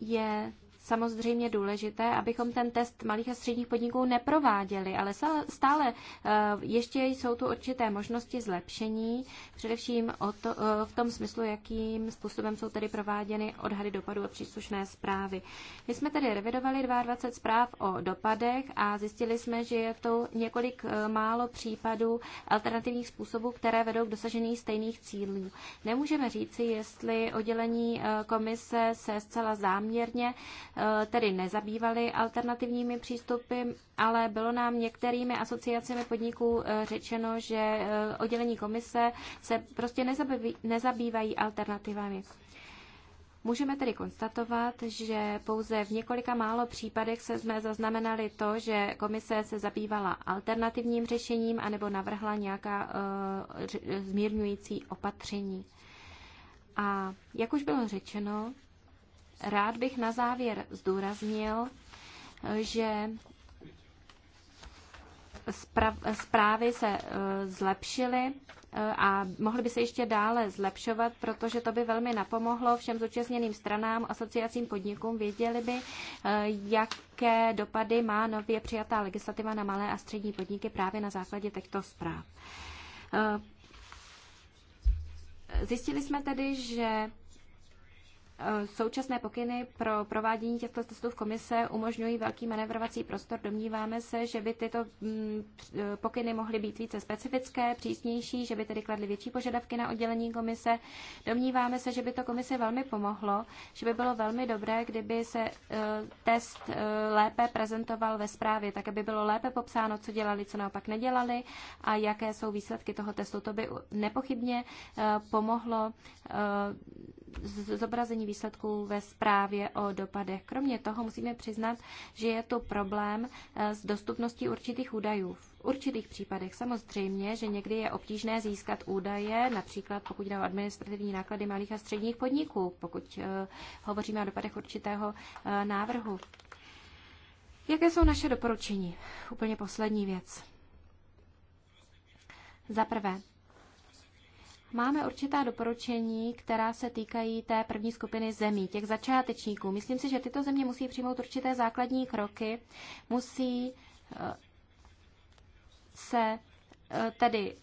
je samozřejmě důležité, abychom ten test malých a středních podniků neprováděli, ale stále eh, ještě jsou tu určité možnosti zlepšení, především o to, eh, v tom smyslu, jakým způsobem jsou tedy prováděny odhady dopadů a příslušné zprávy. My jsme tedy revidovali 22 zpráv o dopadech a zjistili jsme, že je to několik eh, málo případů alternativních způsobů, které vedou k dosažení stejných cílů. Nemůžeme říci, jestli oddělení komise se zcela záměrně Eh, tedy nezabývali alternativními přístupy, ale bylo nám některými asociacemi podniků eh, řečeno, že eh, oddělení komise se prostě nezabývají, nezabývají alternativami. Můžeme tedy konstatovat, že pouze v několika málo případech se jsme zaznamenali to, že komise se zabývala alternativním řešením anebo navrhla nějaká uh, zmírňující opatření. A jak už bylo řečeno, Rád bych na závěr zdůraznil, že zprávy se e, zlepšily e, a mohly by se ještě dále zlepšovat, protože to by velmi napomohlo všem zúčastněným stranám, asociacím, podnikům, věděli by, e, jaké dopady má nově přijatá legislativa na malé a střední podniky právě na základě těchto zpráv. Zjistili jsme tedy, že Eh, současné pokyny pro provádění těchto testů v komise umožňují velký manevrovací prostor. Domníváme se, že by tyto mm, eh, pokyny mohly být více specifické, přísnější, že by tedy kladly větší požadavky na oddělení komise. Domníváme se, že by to komise velmi pomohlo, že by bylo velmi dobré, kdyby se eh, test lépe prezentoval ve zprávě, tak aby bylo lépe popsáno, co dělali, co naopak nedělali a jaké jsou výsledky toho testu. To by nepochybně pomohlo zobrazení zveřejnění výsledků ve zprávě o dopadech. Kromě toho musíme přiznat, že je to problém eh, s dostupností určitých údajů. V určitých případech samozřejmě, že někdy je obtížné získat údaje, například pokud jde o administrativní náklady malých a středních podniků, pokud eh, hovoříme o dopadech určitého eh, návrhu. Jaké jsou naše doporučení? Úplně poslední věc. Za prvé, Máme určitá doporučení, která se týkají té první skupiny zemí, těch začátečníků. Myslím si, že tyto země musí přijmout určité základní kroky, musí eh, se eh, tedy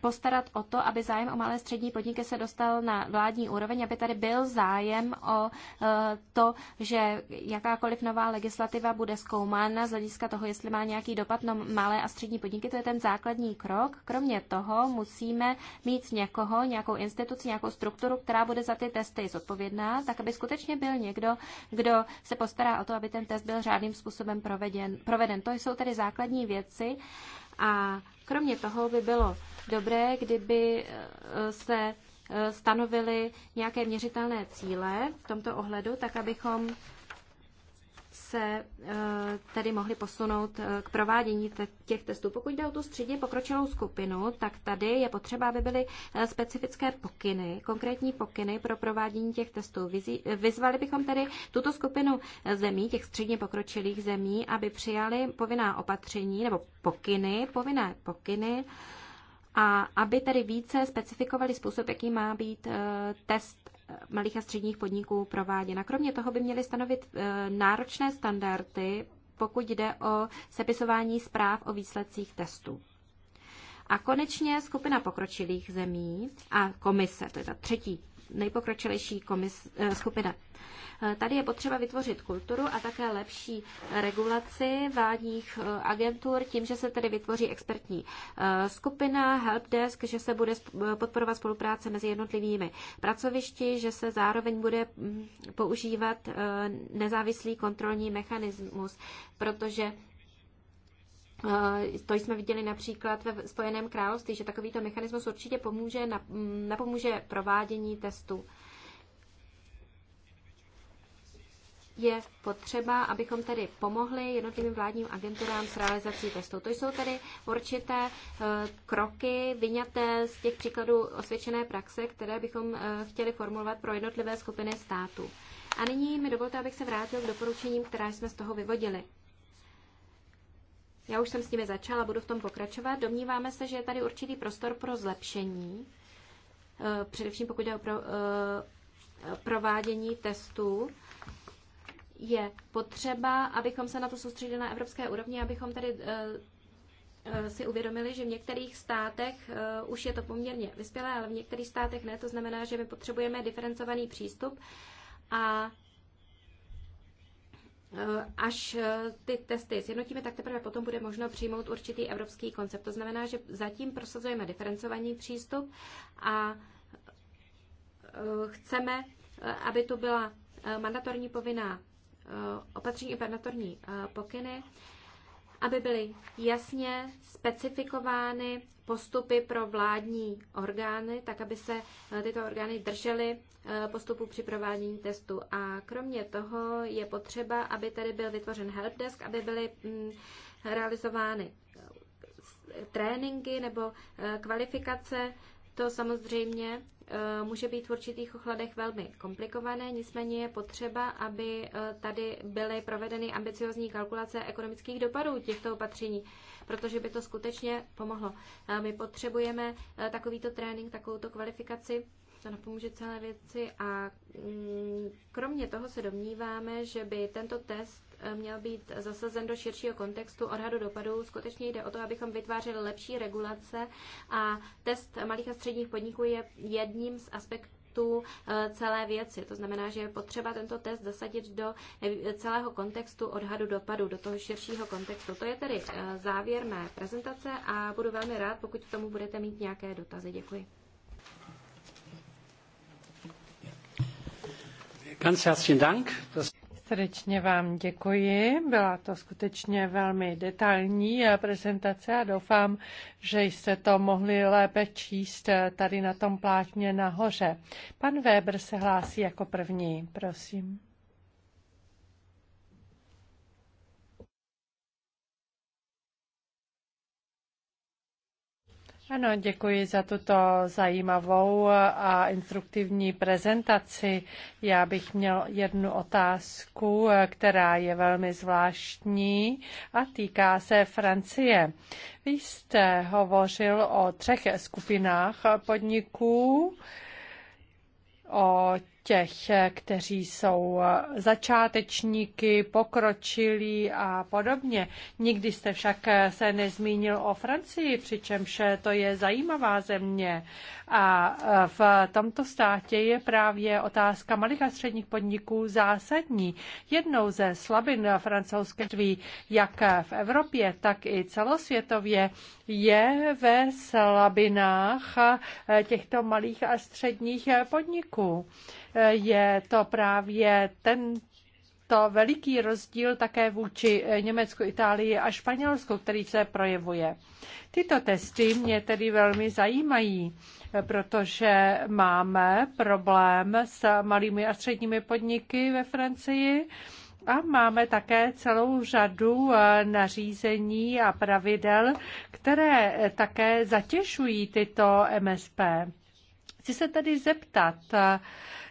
postarat o to, aby zájem o malé střední podniky se dostal na vládní úroveň, aby tady byl zájem o e, to, že jakákoliv nová legislativa bude zkoumána z hlediska toho, jestli má nějaký dopad na malé a střední podniky. To je ten základní krok. Kromě toho musíme mít někoho, nějakou instituci, nějakou strukturu, která bude za ty testy zodpovědná, tak aby skutečně byl někdo, kdo se postará o to, aby ten test byl řádným způsobem proveden. proveden. To jsou tedy základní věci. A kromě toho by bylo dobré, kdyby eh, se eh, stanovili nějaké měřitelné cíle v tomto ohledu, tak abychom se eh, tedy mohli posunout k provádění těch testů. Pokud jde o tu středně pokročilou skupinu, tak tady je potřeba, aby byly specifické pokyny, konkrétní pokyny pro provádění těch testů. Vyzvali bychom tedy tuto skupinu zemí, těch středně pokročilých zemí, aby přijali povinná opatření nebo pokyny, povinné pokyny, a aby tedy více specifikovali způsob, jaký má být eh, test eh, malých a středních podniků prováděn. kromě toho by měly stanovit eh, náročné standardy, pokud jde o sepisování zpráv o výsledcích testů. A konečně skupina pokročilých zemí a komise, to je ta třetí nejpokročilejší komis, skupina Eh, tady je potřeba vytvořit kulturu a také lepší regulaci vládních eh, agentur tím, že se tedy vytvoří expertní eh, skupina, helpdesk, že se bude podporovat spolupráce mezi jednotlivými pracovišti, že se zároveň bude mm, používat nezávislý kontrolní mechanismus, protože to jsme viděli například ve Spojeném království, že takovýto mechanismus určitě pomůže, mm, napomůže provádění testu. je potřeba, abychom tedy pomohli jednotlivým vládním agenturám s realizací testů. To jsou tedy určité eh, kroky vyňaté z těch příkladů osvědčené praxe, které bychom eh, chtěli formulovat pro jednotlivé skupiny států. A nyní mi dovolte, abych se vrátil k doporučením, která jsme z toho vyvodili. Já už jsem s nimi začala, budu v tom pokračovat. Domníváme se, že je tady určitý prostor pro zlepšení, eh, především pokud jde o provádění testů je potřeba, abychom se na to soustředili na evropské úrovni, abychom tady eh, eh, si uvědomili, že v některých státech eh, už je to poměrně vyspělé, ale v některých státech ne. To znamená, že my potřebujeme diferencovaný přístup a až ty testy sjednotíme, tak teprve potom bude možno přijmout určitý evropský koncept. To znamená, že zatím prosazujeme diferencovaný přístup a chceme, aby tu byla mandatorní povinná Eh, opatření imperatorní eh, pokyny, aby byly jasně specifikovány postupy pro vládní orgány, tak aby se eh, tyto orgány držely postupu při provádění testu. A kromě toho je potřeba, aby tady byl vytvořen helpdesk, aby byly mm, realizovány tréninky nebo kvalifikace. To samozřejmě Eh, může být v určitých ochladech velmi komplikované, nicméně je potřeba, aby eh, tady byly provedeny ambiciozní kalkulace ekonomických dopadů těchto opatření, protože by to skutečně pomohlo. Eh, my potřebujeme takovýto trénink, takovouto kvalifikaci, to napomůže celé věci a mm, kromě toho se domníváme, že by tento test Eh, měl být zasazen do širšího kontextu odhadu dopadů. Skutečně jde o to, abychom vytvářeli lepší regulace a test malých a středních podniků je jedním z aspektů eh, celé věci. To znamená, že je potřeba tento test zasadit do eh, celého kontextu odhadu dopadu, do toho širšího kontextu. To je tedy závěr mé prezentace a budu velmi rád, pokud k tomu budete mít nějaké dotazy. Děkuji. Ganz herzlichen Dank. Srdečně vám děkuji. Byla to skutečně velmi detailní eh, prezentace a doufám, že jste to mohli lépe číst eh, tady na tom plátně nahoře. Pan Weber se hlásí jako první, prosím. Ano, děkuji za tuto zajímavou a instruktivní prezentaci. Já bych měl jednu otázku, která je velmi zvláštní a týká se Francie. Vy jste hovořil o třech skupinách podniků, o těch, kteří jsou začátečníky, pokročilí a podobně. Nikdy jste však se nezmínil o Francii, přičemž to je zajímavá země. A v tomto státě je právě otázka malých a středních podniků zásadní. Jednou ze slabin francouzské dví, jak v Evropě, tak i celosvětově, je ve slabinách těchto malých a středních podniků je to právě ten to veliký rozdíl také vůči Německu, Itálii a Španělsku, který se projevuje. Tyto testy mě tedy velmi zajímají, protože máme problém s malými a středními podniky ve Francii a máme také celou řadu eh, nařízení a pravidel, které také zatěžují tyto MSP. Chci se tedy zeptat,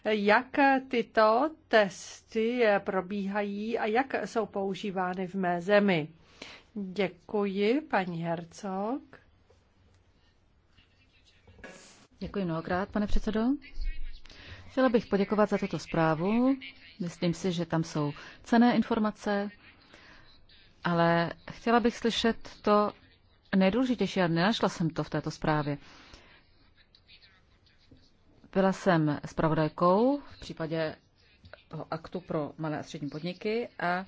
jak tyto testy probíhají a jak jsou používány v mé zemi. Děkuji, paní Hercog. Děkuji mnohokrát, pane předsedo. Chtěla bych poděkovat za tuto zprávu. Myslím si, že tam jsou cené informace, ale chtěla bych slyšet to nejdůležitější a nenašla jsem to v této zprávě. Byla jsem zpravodajkou v případě toho aktu pro malé a střední podniky a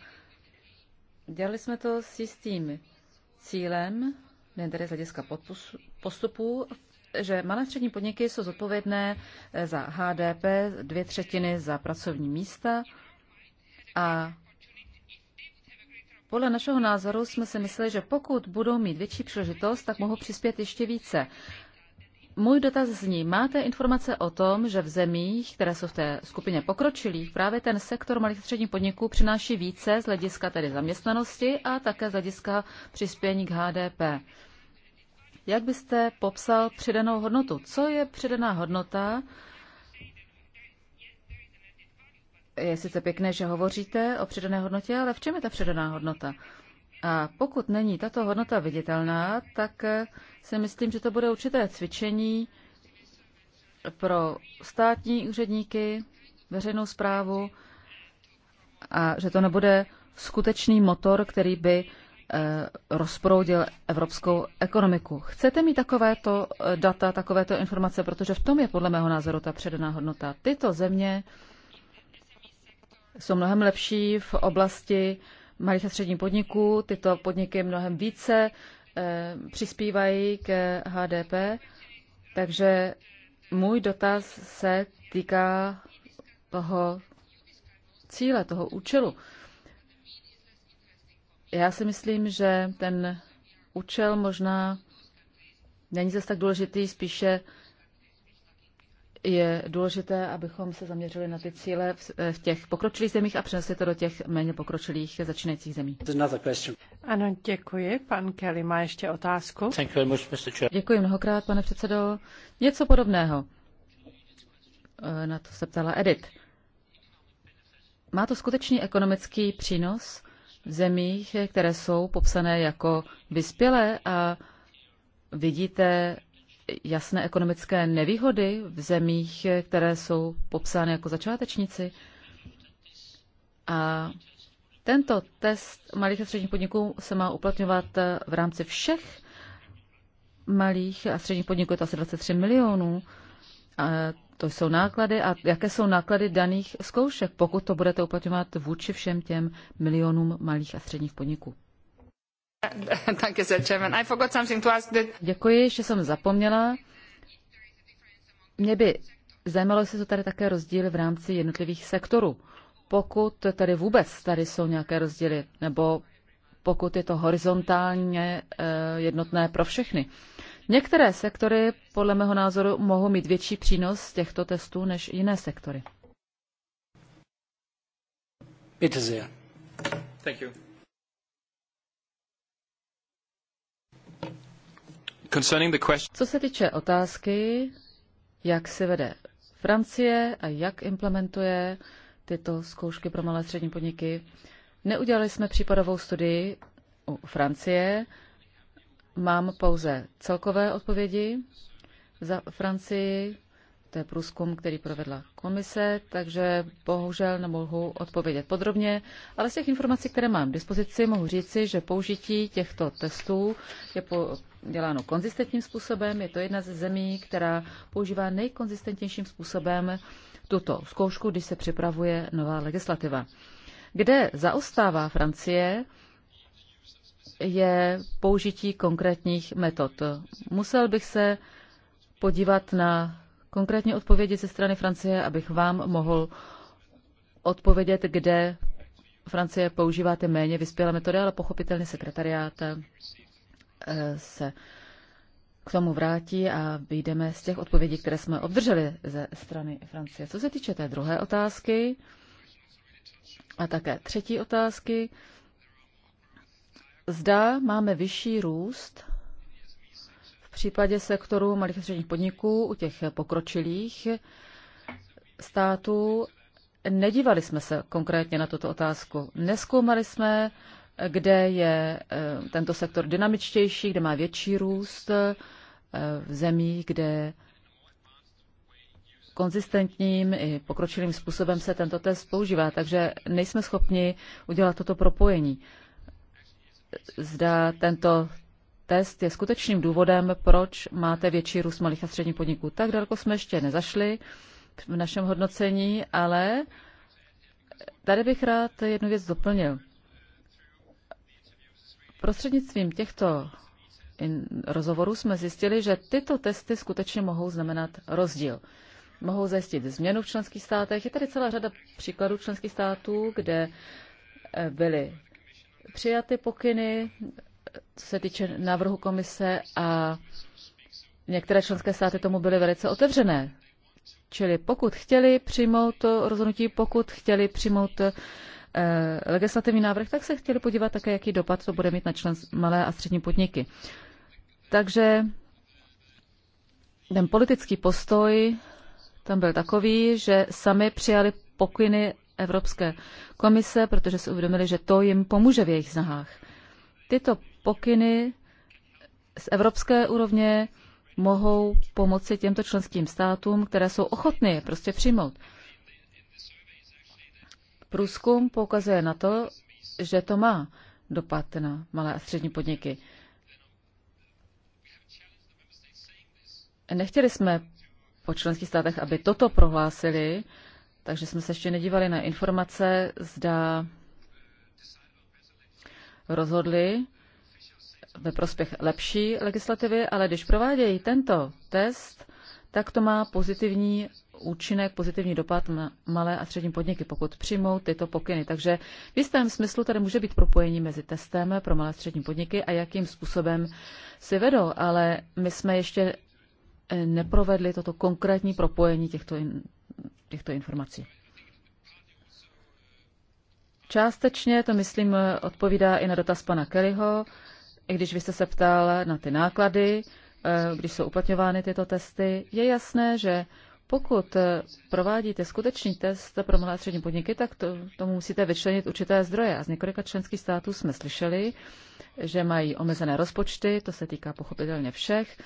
dělali jsme to s jistým cílem, nejen tedy z hlediska postupů, že malé a střední podniky jsou zodpovědné eh, za HDP, dvě třetiny za pracovní místa a podle našeho názoru jsme si mysleli, že pokud budou mít větší příležitost, tak mohou přispět ještě více. Můj dotaz zní, máte informace o tom, že v zemích, které jsou v té skupině pokročilých, právě ten sektor malých středních podniků přináší více z hlediska tedy zaměstnanosti a také z hlediska přispění k HDP. Jak byste popsal přidanou hodnotu? Co je přidaná hodnota? Je sice pěkné, že hovoříte o přidané hodnotě, ale v čem je ta přidaná hodnota? A pokud není tato hodnota viditelná, tak eh, si myslím, že to bude určité cvičení pro státní úředníky, veřejnou zprávu a že to nebude skutečný motor, který by eh, rozproudil evropskou ekonomiku. Chcete mít takovéto eh, data, takovéto informace, protože v tom je podle mého názoru ta předaná hodnota. Tyto země jsou mnohem lepší v oblasti malých a středních podniků. Tyto podniky mnohem více eh, přispívají k HDP, takže můj dotaz se týká toho cíle, toho účelu. Já si myslím, že ten účel možná není zase tak důležitý, spíše je důležité, abychom se zaměřili na ty cíle v, těch pokročilých zemích a přenesli to do těch méně pokročilých začínajících zemí. Ano, děkuji. Pan Kelly má ještě otázku. Děkuji mnohokrát, pane předsedo. Něco podobného. Eh, na to se ptala Edith. Má to skutečný ekonomický přínos v zemích, eh, které jsou popsané jako vyspělé a vidíte jasné ekonomické nevýhody v zemích, které jsou popsány jako začátečníci. A tento test malých a středních podniků se má uplatňovat v rámci všech malých a středních podniků, je to asi 23 milionů. A to jsou náklady a jaké jsou náklady daných zkoušek, pokud to budete uplatňovat vůči všem těm milionům malých a středních podniků. Děkuji, že jsem zapomněla. Mě by zajímalo, jestli jsou tady také rozdíly v rámci jednotlivých sektorů. Pokud tady vůbec tady jsou nějaké rozdíly, nebo pokud je to horizontálně eh, jednotné pro všechny. Některé sektory, podle mého názoru, mohou mít větší přínos z těchto testů než jiné sektory. Bitte sehr. Thank you. Co se týče otázky, jak se vede Francie a jak implementuje tyto zkoušky pro malé střední podniky, neudělali jsme případovou studii u Francie. Mám pouze celkové odpovědi za Francii to je průzkum, který provedla komise, takže bohužel nemohu odpovědět podrobně, ale z těch informací, které mám k dispozici, mohu říci, že použití těchto testů je po, děláno konzistentním způsobem. Je to jedna ze zemí, která používá nejkonzistentnějším způsobem tuto zkoušku, když se připravuje nová legislativa. Kde zaostává Francie, je použití konkrétních metod. Musel bych se podívat na Konkrétně odpovědi ze strany Francie, abych vám mohl odpovědět, kde Francie používá ty méně vyspělé metody, ale pochopitelně sekretariát eh, se k tomu vrátí a vyjdeme z těch odpovědí, které jsme obdrželi ze strany Francie. Co se týče té druhé otázky a také třetí otázky, zda máme vyšší růst případě sektoru malých a středních podniků, u těch pokročilých států, nedívali jsme se konkrétně na tuto otázku. Neskoumali jsme, kde je eh, tento sektor dynamičtější, kde má větší růst eh, v zemích, kde konzistentním i pokročilým způsobem se tento test používá, takže nejsme schopni udělat toto propojení. Zda tento test je skutečným důvodem, proč máte větší růst malých a středních podniků. Tak daleko jsme ještě nezašli v našem hodnocení, ale tady bych rád jednu věc doplnil. Prostřednictvím těchto rozhovorů jsme zjistili, že tyto testy skutečně mohou znamenat rozdíl. Mohou zajistit změnu v členských státech. Je tady celá řada příkladů členských států, kde eh, byly přijaty pokyny co se týče návrhu komise a některé členské státy tomu byly velice otevřené. Čili pokud chtěli přijmout to rozhodnutí, pokud chtěli přijmout eh, legislativní návrh, tak se chtěli podívat také, jaký dopad to bude mít na člen malé a střední podniky. Takže ten politický postoj tam byl takový, že sami přijali pokyny Evropské komise, protože si uvědomili, že to jim pomůže v jejich snahách. Tyto pokyny z evropské úrovně mohou pomoci těmto členským státům, které jsou ochotny prostě přijmout. Průzkum poukazuje na to, že to má dopad na malé a střední podniky. Nechtěli jsme po členských státech, aby toto prohlásili, takže jsme se ještě nedívali na informace, zda rozhodli ve prospěch lepší legislativy, ale když provádějí tento test, tak to má pozitivní účinek, pozitivní dopad na malé a střední podniky, pokud přijmou tyto pokyny. Takže v jistém smyslu tady může být propojení mezi testem pro malé a střední podniky a jakým způsobem si vedou, ale my jsme ještě eh, neprovedli toto konkrétní propojení těchto, in, těchto informací. Částečně to, myslím, odpovídá i na dotaz pana Kellyho i když vy jste se ptal na ty náklady, eh, když jsou uplatňovány tyto testy, je jasné, že pokud eh, provádíte skutečný test pro malé a střední podniky, tak to, tomu musíte vyčlenit určité zdroje. A z několika členských států jsme slyšeli, že mají omezené rozpočty, to se týká pochopitelně všech,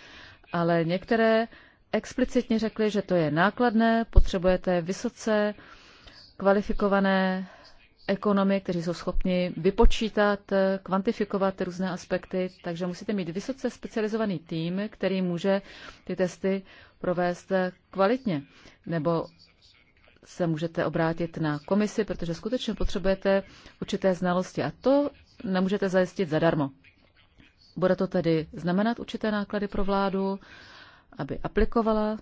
ale některé explicitně řekly, že to je nákladné, potřebujete vysoce kvalifikované ekonomy, kteří jsou schopni vypočítat, eh, kvantifikovat různé aspekty, takže musíte mít vysoce specializovaný tým, který může ty testy provést eh, kvalitně. Nebo se můžete obrátit na komisi, protože skutečně potřebujete určité znalosti a to nemůžete zajistit zadarmo. Bude to tedy znamenat určité náklady pro vládu, aby aplikovala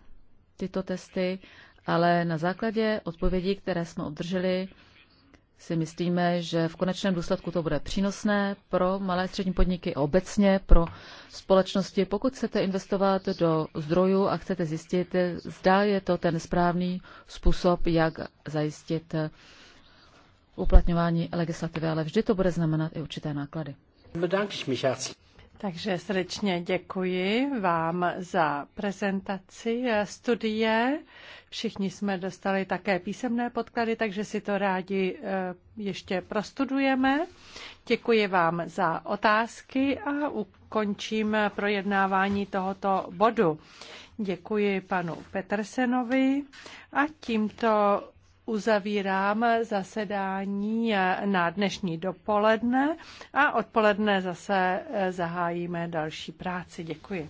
tyto testy, ale na základě odpovědí, které jsme obdrželi, si myslíme, že v konečném důsledku to bude přínosné pro malé a střední podniky obecně, pro společnosti. Pokud chcete investovat do zdrojů a chcete zjistit, zda je to ten správný způsob, jak zajistit uplatňování legislativy, ale vždy to bude znamenat i určité náklady. Takže srdečně děkuji vám za prezentaci studie. Všichni jsme dostali také písemné podklady, takže si to rádi eh, ještě prostudujeme. Děkuji vám za otázky a ukončím projednávání tohoto bodu. Děkuji panu Petersenovi a tímto uzavírám zasedání na dnešní dopoledne a odpoledne zase zahájíme další práci. Děkuji.